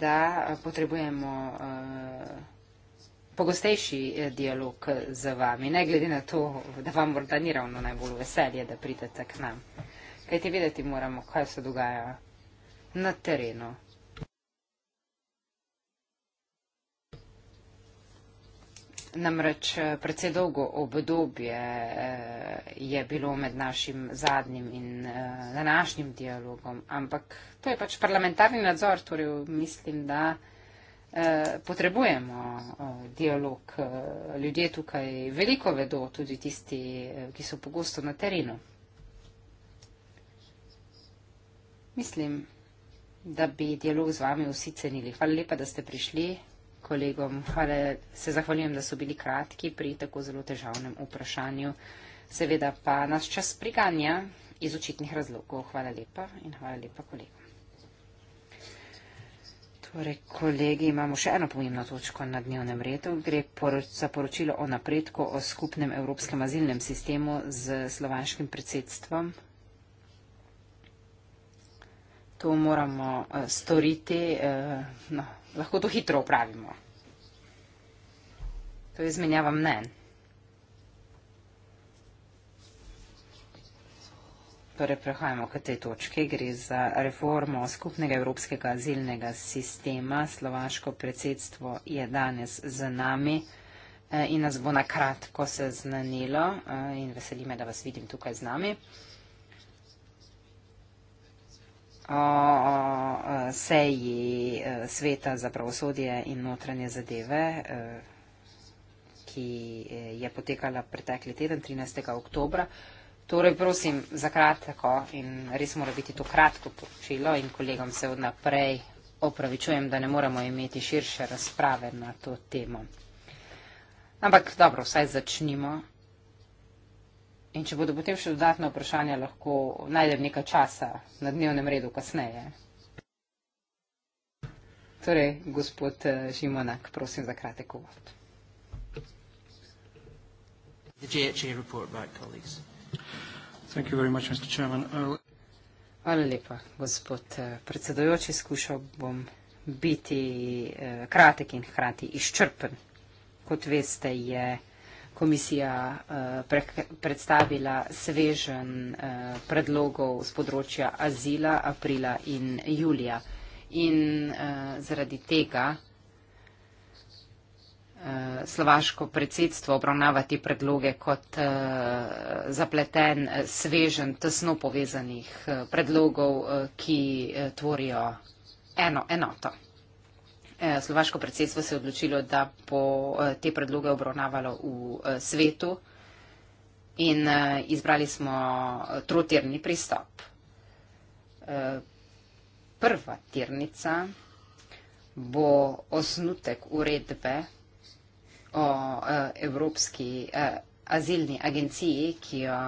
da potrebujemo uh, pogostejši eh, dialog eh, z vami, ne glede na to, da vam morda ni ravno najbolj veselje, da pridete k nam. Kaj ti vedeti moramo, kaj se dogaja na terenu? Namreč eh, predvsej dolgo obdobje je bilo med našim zadnjim in današnjim dialogom, ampak to je pač parlamentarni nadzor, torej mislim, da potrebujemo dialog. Ljudje tukaj veliko vedo, tudi tisti, ki so pogosto na terenu. Mislim, da bi dialog z vami vsi cenili. Hvala lepa, da ste prišli kolegom. Hvala, se zahvaljujem, da so bili kratki pri tako zelo težavnem vprašanju. Seveda pa nas čas priganja iz očitnih razlogov. Hvala lepa in hvala lepa kolegom. Torej, kolegi, imamo še eno pomembno točko na dnevnem redu. Gre za poročilo o napredku o skupnem evropskem azilnem sistemu z slovaškim predsedstvom. To moramo eh, storiti. Eh, no, lahko to hitro upravimo. To je izmenjava mnen. Torej, prehajamo k tej točki. Gre za reformo skupnega evropskega azilnega sistema. Slovaško predsedstvo je danes z nami eh, in nas bo nakratko seznanilo eh, in veseli me, da vas vidim tukaj z nami. O seji eh, Sveta za pravosodje in notranje zadeve, ki je potekala pretekli teden, 13. oktobra, Torej, prosim, za kratko in res mora biti to kratko poročilo in kolegom se od naprej opravičujem, da ne moremo imeti širše razprave na to temo. Ampak dobro, vsaj začnimo. In če bodo potem še dodatne vprašanja, lahko najdem nekaj časa na dnevnem redu kasneje. Torej, gospod Žimonak, eh, prosim za kratek uvod. The GHA report back, colleagues. Uh, Hvala lepa, gospod eh, predsedojoči. Skušal bom biti eh, kratek in hkrati izčrpen. Kot veste, je komisija eh, predstavila svežen predlogov z področja azila aprila in julija. In zaradi tega Eh, slovaško predsedstvo obravnavati predloge kot eh, zapleten, eh, svežen, tesno povezanih predlogov, ki tvorijo eno enoto. Slovaško predsedstvo se je odločilo, da bo te predloge obravnavalo v svetu in izbrali smo trotirni pristop. Prva tirnica bo osnutek uredbe o uh, Evropski uh, azilni agenciji, ki jo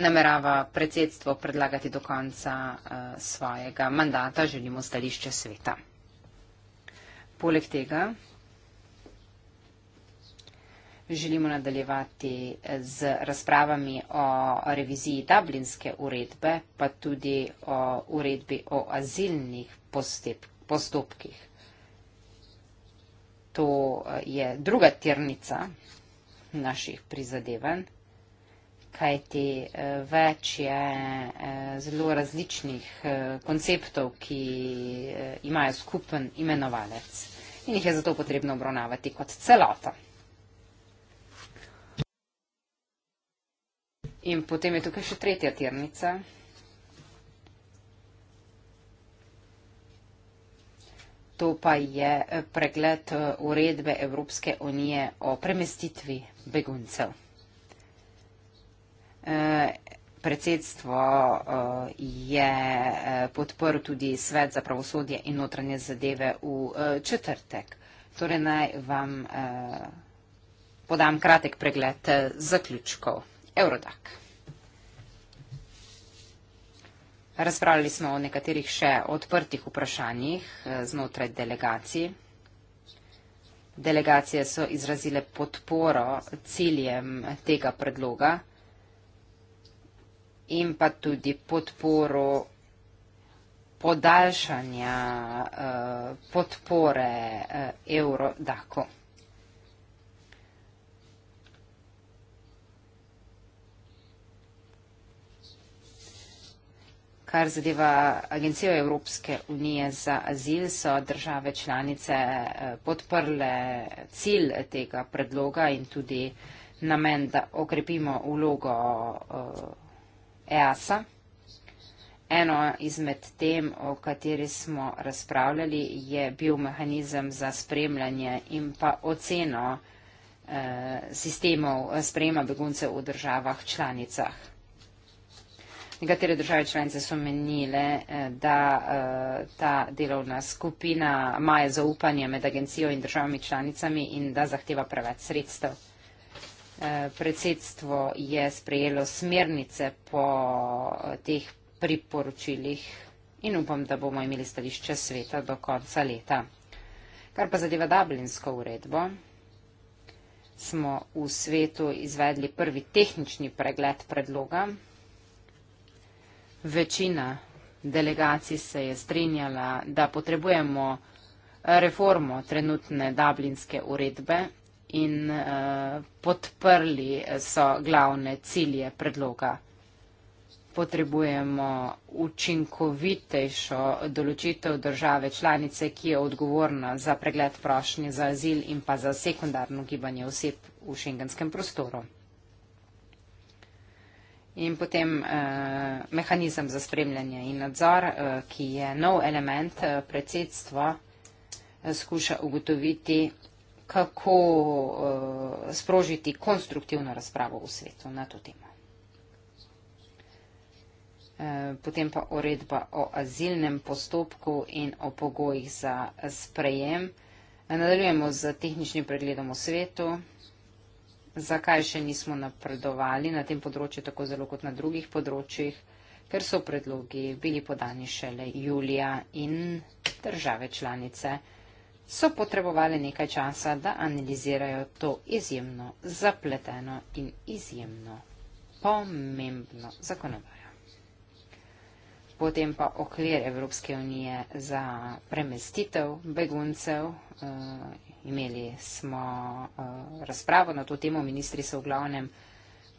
namerava predsedstvo predlagati do konca uh, svojega mandata, želimo stališče sveta. Poleg tega želimo nadaljevati z razpravami o reviziji Dublinske uredbe, pa tudi o uredbi o azilnih postepkih postopkih. To eh, je druga tirnica naših prizadevanj, kajti eh, več je eh, zelo različnih konceptov, ki imajo skupen imenovalec in jih je zato potrebno obravnavati kot celota. In potem je tukaj še tretja tirnica, to pa je eh, pregled eh, uredbe Evropske unije o premestitvi beguncev. Eh, predsedstvo je podprl tudi Svet za pravosodje in notranje zadeve v četrtek. Torej naj vam podam kratek pregled zaključkov. Eurodak. Razpravljali smo o nekaterih še odprtih vprašanjih eh, znotraj delegacij. Delegacije so izrazile podporo ciljem tega predloga in pa tudi podporo podaljšanja eh, podpore evro eh, DAKO. Kar zadeva Agencijo Evropske unije za azil, so države članice eh, podprle cilj tega predloga in tudi namen, da okrepimo vlogo EASA. Eh, e Eno izmed tem, o kateri smo razpravljali, je bil mehanizem za spremljanje in pa oceno eh, sistemov sprejema beguncev v državah članicah. Nekatere države članice so menile, eh, da eh, ta delovna skupina maje zaupanje med agencijo in državami članicami in da zahteva preveč sredstev. Eh, predsedstvo je sprejelo smernice po teh priporočilih in upam, da bomo imeli stališče sveta do konca leta. Kar pa zadeva Dublinsko uredbo, smo v svetu izvedli prvi tehnični pregled predloga, Večina delegacij se je strinjala, da potrebujemo eh, reformo trenutne dublinske uredbe in eh, podprli so glavne cilje predloga. Potrebujemo učinkovitejšo določitev države članice, ki je odgovorna za pregled prošnje za azil in pa za sekundarno gibanje oseb v šengenskem prostoru in potem eh, mehanizem za spremljanje in nadzor, eh, ki je nov element eh, predsedstva, eh, skuša ugotoviti, kako eh, sprožiti konstruktivno razpravo v svetu na to temo. Eh, potem pa uredba o azilnem postopku in o pogojih za sprejem. Nadaljujemo z tehničnim pregledom v svetu zakaj še nismo napredovali na tem področju tako zelo kot na drugih področjih, ker so predlogi bili podani šele julija in države članice so potrebovali nekaj časa, da analizirajo to izjemno zapleteno in izjemno pomembno zakonodajo. Potem pa okvir Evropske unije za premestitev beguncev eh, imeli smo eh, razpravo na to temo, ministri so v glavnem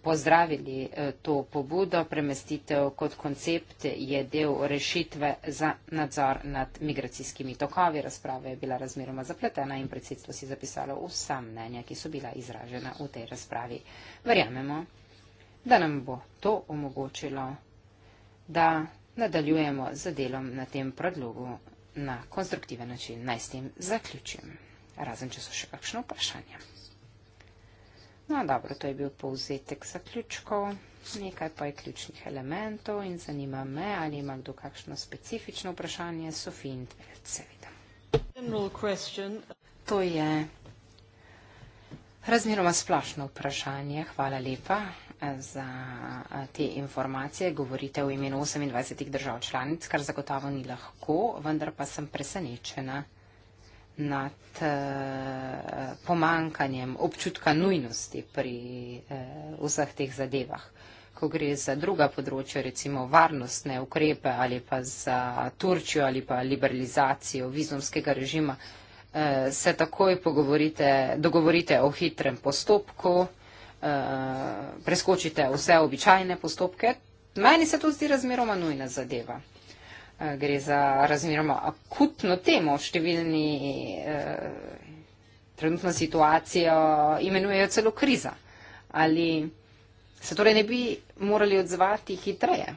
pozdravili eh, to pobudo. Premestitev kot koncept je del rešitve za nadzor nad migracijskimi tokovi. Razprava je bila razmeroma zapletena in predsedstvo si zapisalo vsa mnenja, ki so bila izražena v tej razpravi. Verjamemo, da nam bo to omogočilo, da nadaljujemo z delom na tem predlogu na konstruktiven način. Naj s tem zaključim razen če so še kakšno vprašanje. No, dobro, to je bil povzetek zaključkov, nekaj pa je ključnih elementov in zanima me, ali ima kdo kakšno specifično vprašanje, Sofij in Tvelt, seveda. To je razmeroma splošno vprašanje, hvala lepa eh, za eh, te informacije. Govorite v imenu 28 držav članic, kar zagotovo ni lahko, vendar pa sem presenečena nad eh, pomankanjem občutka nujnosti pri eh, vseh teh zadevah. Ko gre za druga področja, recimo varnostne ukrepe ali pa za Turčijo ali pa liberalizacijo vizumskega režima, eh, se takoj pogovorite, dogovorite o hitrem postopku, preskočite vse običajne postopke. Meni se to zdi razmeroma nujna zadeva gre za razmeroma akutno temo. Številni eh, trenutno situacijo imenujejo celo kriza. Ali se torej ne bi morali odzvati hitreje?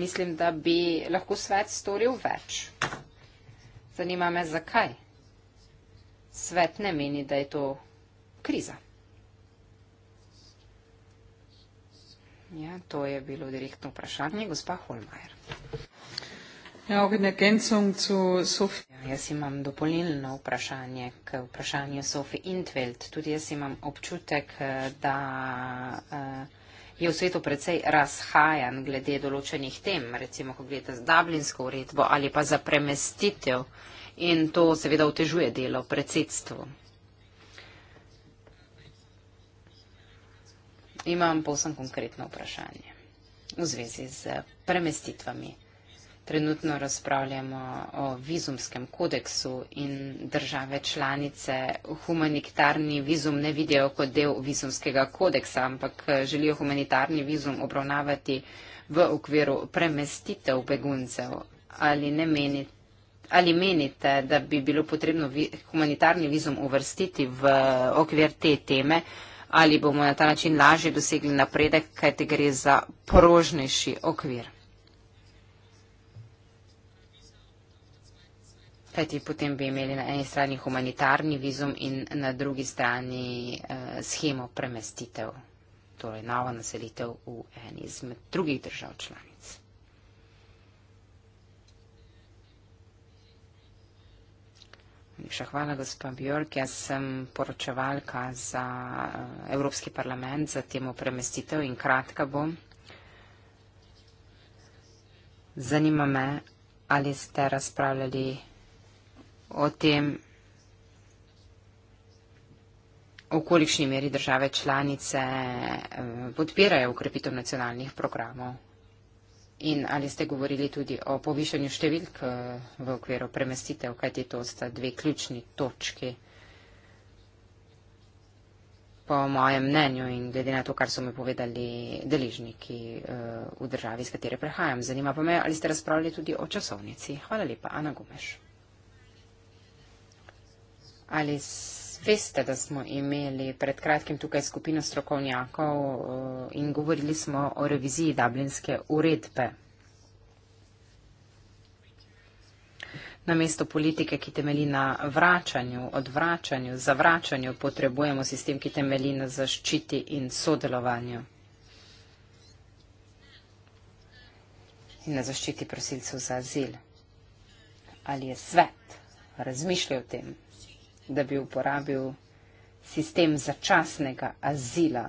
Mislim, da bi lahko svet storil več. Zanima me, zakaj svet ne meni, da je to kriza. Ja, to je bilo direktno vprašanje, gospa Holmajer. Ja, ja, jaz imam dopolnilno vprašanje k vprašanju Sofi Intveld. Tudi jaz imam občutek, eh, da eh, je v svetu precej razhajan glede določenih tem, recimo, ko gledate z Dublinsko uredbo ali pa za premestitev in to seveda otežuje delo predsedstvu. Imam posem konkretno vprašanje v zvezi z premestitvami. Trenutno razpravljamo o vizumskem kodeksu in države članice humanitarni vizum ne vidijo kot del vizumskega kodeksa, ampak eh, želijo humanitarni vizum obravnavati v okviru premestitev beguncev. Ali, ne meni, ali menite, da bi bilo potrebno vi, humanitarni vizum uvrstiti v okvir te teme? ali bomo na ta način lažje dosegli napredek, kaj te gre za prožnejši okvir. Kajti potem bi imeli na eni strani humanitarni vizum in na drugi strani eh, schemo premestitev, torej novo naselitev v eni izmed drugih držav članic. Še hvala, gospa Bjork. Jaz sem poročevalka za eh, Evropski parlament za temo premestitev in kratka bom. Zanima me, ali ste razpravljali o tem, v kolikšni meri države članice eh, podpirajo ukrepitev nacionalnih programov In ali ste govorili tudi o povišanju številk eh, v okviru premestitev, kajti to sta dve ključni točki po mojem mnenju in glede na to, kar so mi povedali deližniki eh, v državi, z katere prehajam. Zanima pa me, ali ste razpravljali tudi o časovnici. Hvala lepa, Ana Gumeš. Ali veste, da smo imeli pred kratkim tukaj skupino strokovnjakov eh, in govorili smo o reviziji dublinske uredbe. Na mesto politike, ki temeli na vračanju, odvračanju, zavračanju, potrebujemo sistem, ki temeli na zaščiti in sodelovanju. In na zaščiti prosilcev za azil. Ali je svet razmišljal o tem? da bi uporabil sistem začasnega azila,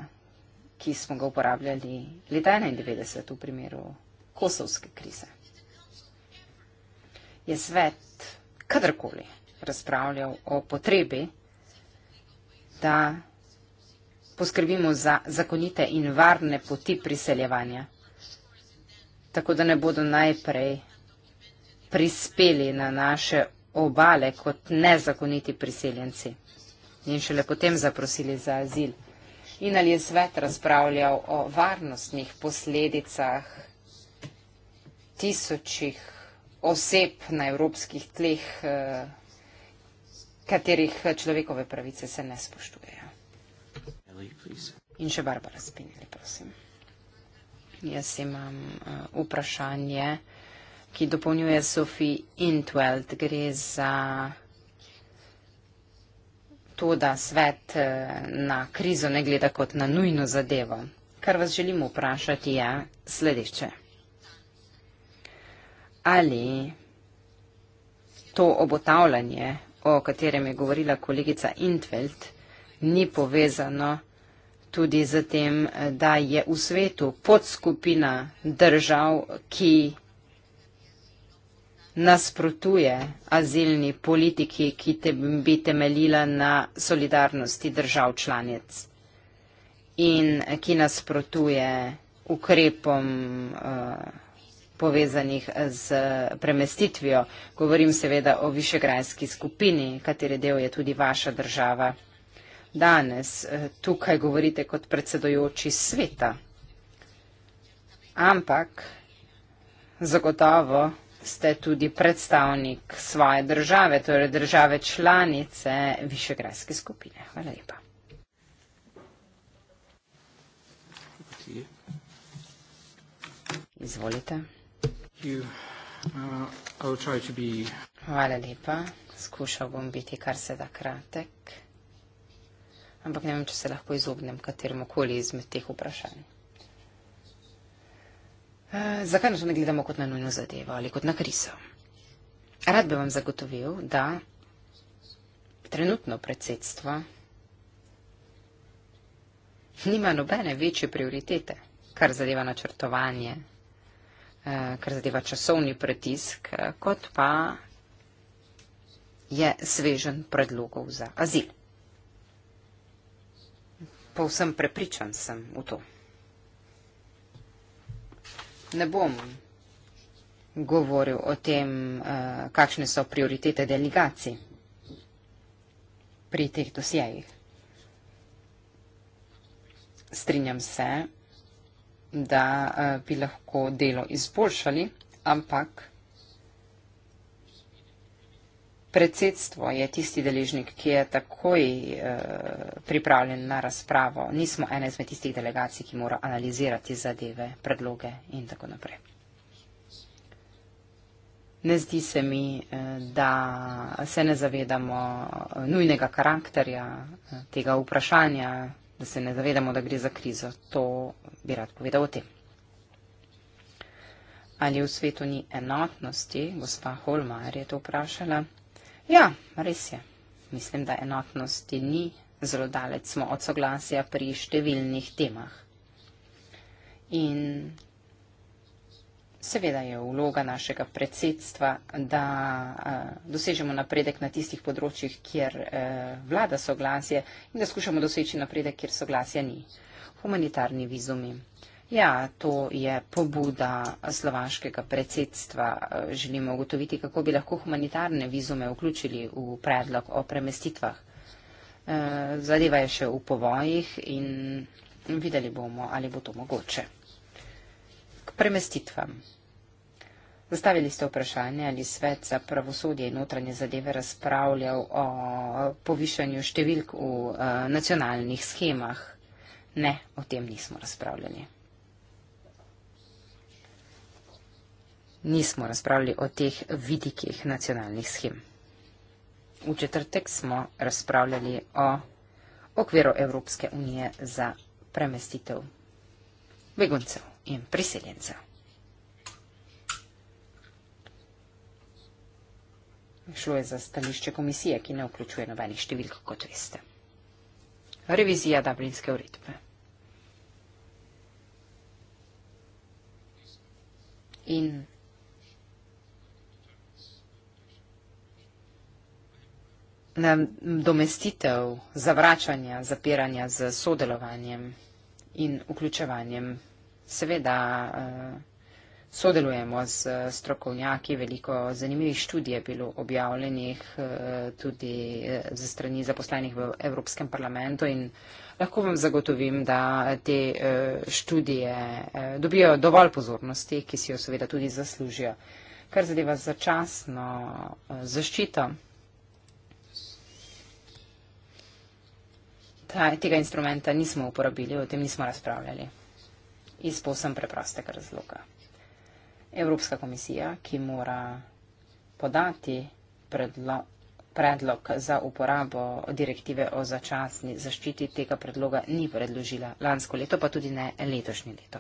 ki smo ga uporabljali leta 1991 v primeru kosovske krize. Je svet kadarkoli razpravljal o potrebi, da poskrbimo za zakonite in varne poti priseljevanja, tako da ne bodo najprej prispeli na naše obale kot nezakoniti priseljenci in šele potem zaprosili za azil. In ali je svet razpravljal o varnostnih posledicah tisočih oseb na evropskih tleh, eh, katerih človekove pravice se ne spoštujejo. In še Barbara Spinelli, prosim. Jaz imam uh, vprašanje ki dopolnjuje Sofi Intveld. Gre za to, da svet eh, na krizo ne gleda kot na nujno zadevo. Kar vas želim vprašati je sledeče. Ali to obotavljanje, o katerem je govorila kolegica Intveld, ni povezano tudi z tem, eh, da je v svetu podskupina držav, ki nasprotuje azilni politiki, ki te bi temeljila na solidarnosti držav članic in ki nasprotuje ukrepom eh, povezanih z premestitvijo. Govorim seveda o višegrajski skupini, katere del je tudi vaša država. Danes eh, tukaj govorite kot predsedojoči sveta. Ampak zagotovo ste tudi predstavnik svoje države, torej države članice Višegrajske skupine. Hvala lepa. Izvolite. Hvala lepa. Skušal bom biti kar se da kratek. Ampak ne vem, če se lahko izognem katerim koli izmed teh vprašanj. Eh, zakaj to ne gledamo kot na nujno zadevo ali kot na krizo? Rad bi vam zagotovil, da trenutno predsedstvo nima nobene večje prioritete, kar zadeva načrtovanje, eh, kar zadeva časovni pritisk, eh, kot pa je svežen predlogov za azil. Povsem prepričan sem v to ne bom govoril o tem, eh, kakšne so prioritete delegacij pri teh dosjejih. Strinjam se, da eh, bi lahko delo izboljšali, ampak predsedstvo je tisti deležnik, ki je takoj eh, pripravljen na razpravo. Nismo ene izmed tistih delegacij, ki mora analizirati zadeve, predloge in tako naprej. Ne zdi se mi, eh, da se ne zavedamo eh, nujnega karakterja eh, tega vprašanja, da se ne zavedamo, da gre za krizo. To bi rad povedal o tem. Ali v svetu ni enotnosti, gospa Holmar je to vprašala. Ja, res je. Mislim, da enotnosti ni. Zelo daleč smo od soglasja pri številnih temah. In seveda je vloga našega predsedstva, da uh, dosežemo napredek na tistih področjih, kjer uh, vlada soglasje in da skušamo doseči napredek, kjer soglasja ni. Humanitarni vizumi. Ja, to je pobuda slovaškega predsedstva. Želimo ugotoviti, kako bi lahko humanitarne vizume vključili v predlog o premestitvah. E, zadeva je še v povojih in videli bomo, ali bo to mogoče. K premestitvam. Zastavili ste vprašanje, ali svet za pravosodje in notranje zadeve razpravljal o povišanju številk v e, nacionalnih schemah. Ne, o tem nismo razpravljali. nismo razpravljali o teh vidikih nacionalnih schem. V četrtek smo razpravljali o okviru Evropske unije za premestitev beguncev in priseljencev. Šlo je za stališče komisije, ki ne vključuje nobenih številk, kot veste. Revizija Dublinske uredbe. In domestitev, zavračanja, zapiranja z sodelovanjem in vključevanjem. Seveda eh, sodelujemo z eh, strokovnjaki, veliko zanimivih študij je bilo objavljenih eh, tudi za strani zaposlenih v Evropskem parlamentu in lahko vam zagotovim, da te študije dobijo dovolj pozornosti, ki si jo seveda tudi zaslužijo. Kar zadeva začasno zaščito, ta, tega instrumenta nismo uporabili, o tem nismo razpravljali. Iz posem preprostega razloga. Evropska komisija, ki mora podati predlo, predlog za uporabo direktive o začasni zaščiti, tega predloga ni predložila lansko leto, pa tudi ne letošnje leto.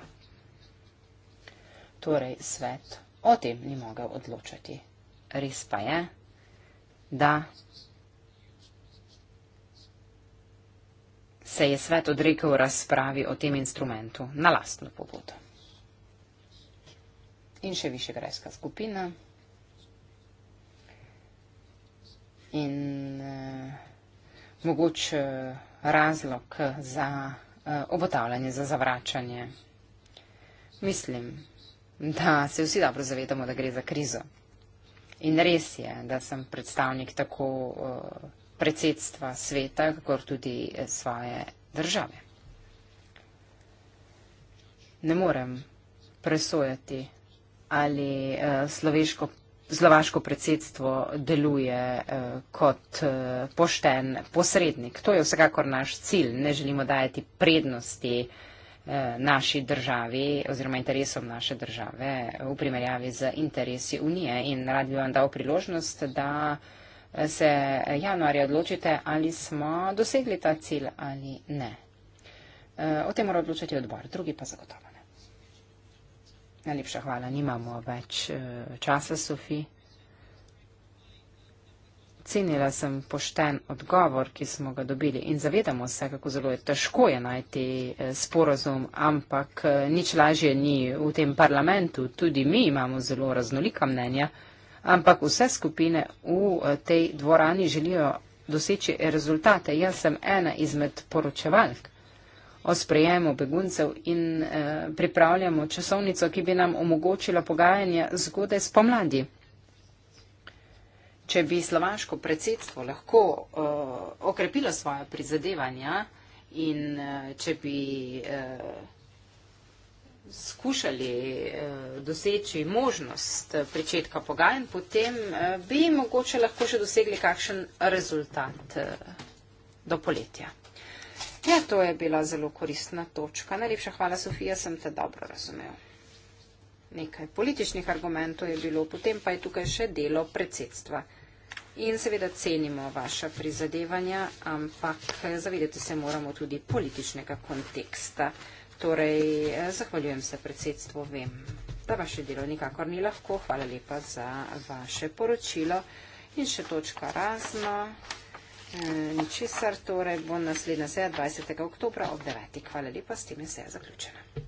Torej, svet o tem ni mogel odločati. Res pa je, da se je svet odrekel razpravi o tem instrumentu na lastno pobudo. In še više grejska skupina. In eh, mogoč eh, razlog za eh, obotavljanje, za zavračanje. Mislim, da se vsi dobro zavedamo, da gre za krizo. In res je, da sem predstavnik tako. Eh, predsedstva sveta, kakor tudi eh, svoje države. Ne morem presojati, ali eh, sloveško, slovaško predsedstvo deluje eh, kot pošten posrednik. To je vsekakor naš cilj. Ne želimo dajati prednosti naši državi oziroma interesom naše države v primerjavi z interesi Unije in rad bi vam dal priložnost, da uh, se januarja odločite, ali smo dosegli ta cilj ali ne. E, o tem mora odločiti odbor, drugi pa zagotovo ne. Najlepša hvala, nimamo več e, časa, Sofi. Cenila sem pošten odgovor, ki smo ga dobili in zavedamo se, kako zelo je težko je najti e, sporozum, ampak nič lažje ni v tem parlamentu. Tudi mi imamo zelo raznolika mnenja ampak vse skupine v eh, tej dvorani želijo doseči rezultate. Jaz sem ena izmed poročevalk o sprejemu beguncev in eh, pripravljamo časovnico, ki bi nam omogočila pogajanje zgodaj spomladi. Če bi slovaško predsedstvo lahko eh, okrepilo svoje prizadevanja in če bi skušali eh, doseči možnost pričetka pogajanj, potem eh, bi mogoče lahko še dosegli kakšen rezultat eh, do poletja. Ja, to je bila zelo koristna točka. Najlepša hvala, Sofija, sem te dobro razumel. Nekaj političnih argumentov je bilo, potem pa je tukaj še delo predsedstva. In seveda cenimo vaša prizadevanja, ampak zavedati se moramo tudi političnega konteksta. Torej, eh, zahvaljujem se predsedstvu, vem, da vaše delo nikakor ni lahko. Hvala lepa za vaše poročilo. In še točka razno, e, ničesar, torej bo naslednja seja 20. oktobra ob 9. Hvala lepa, s tem je seja zaključena.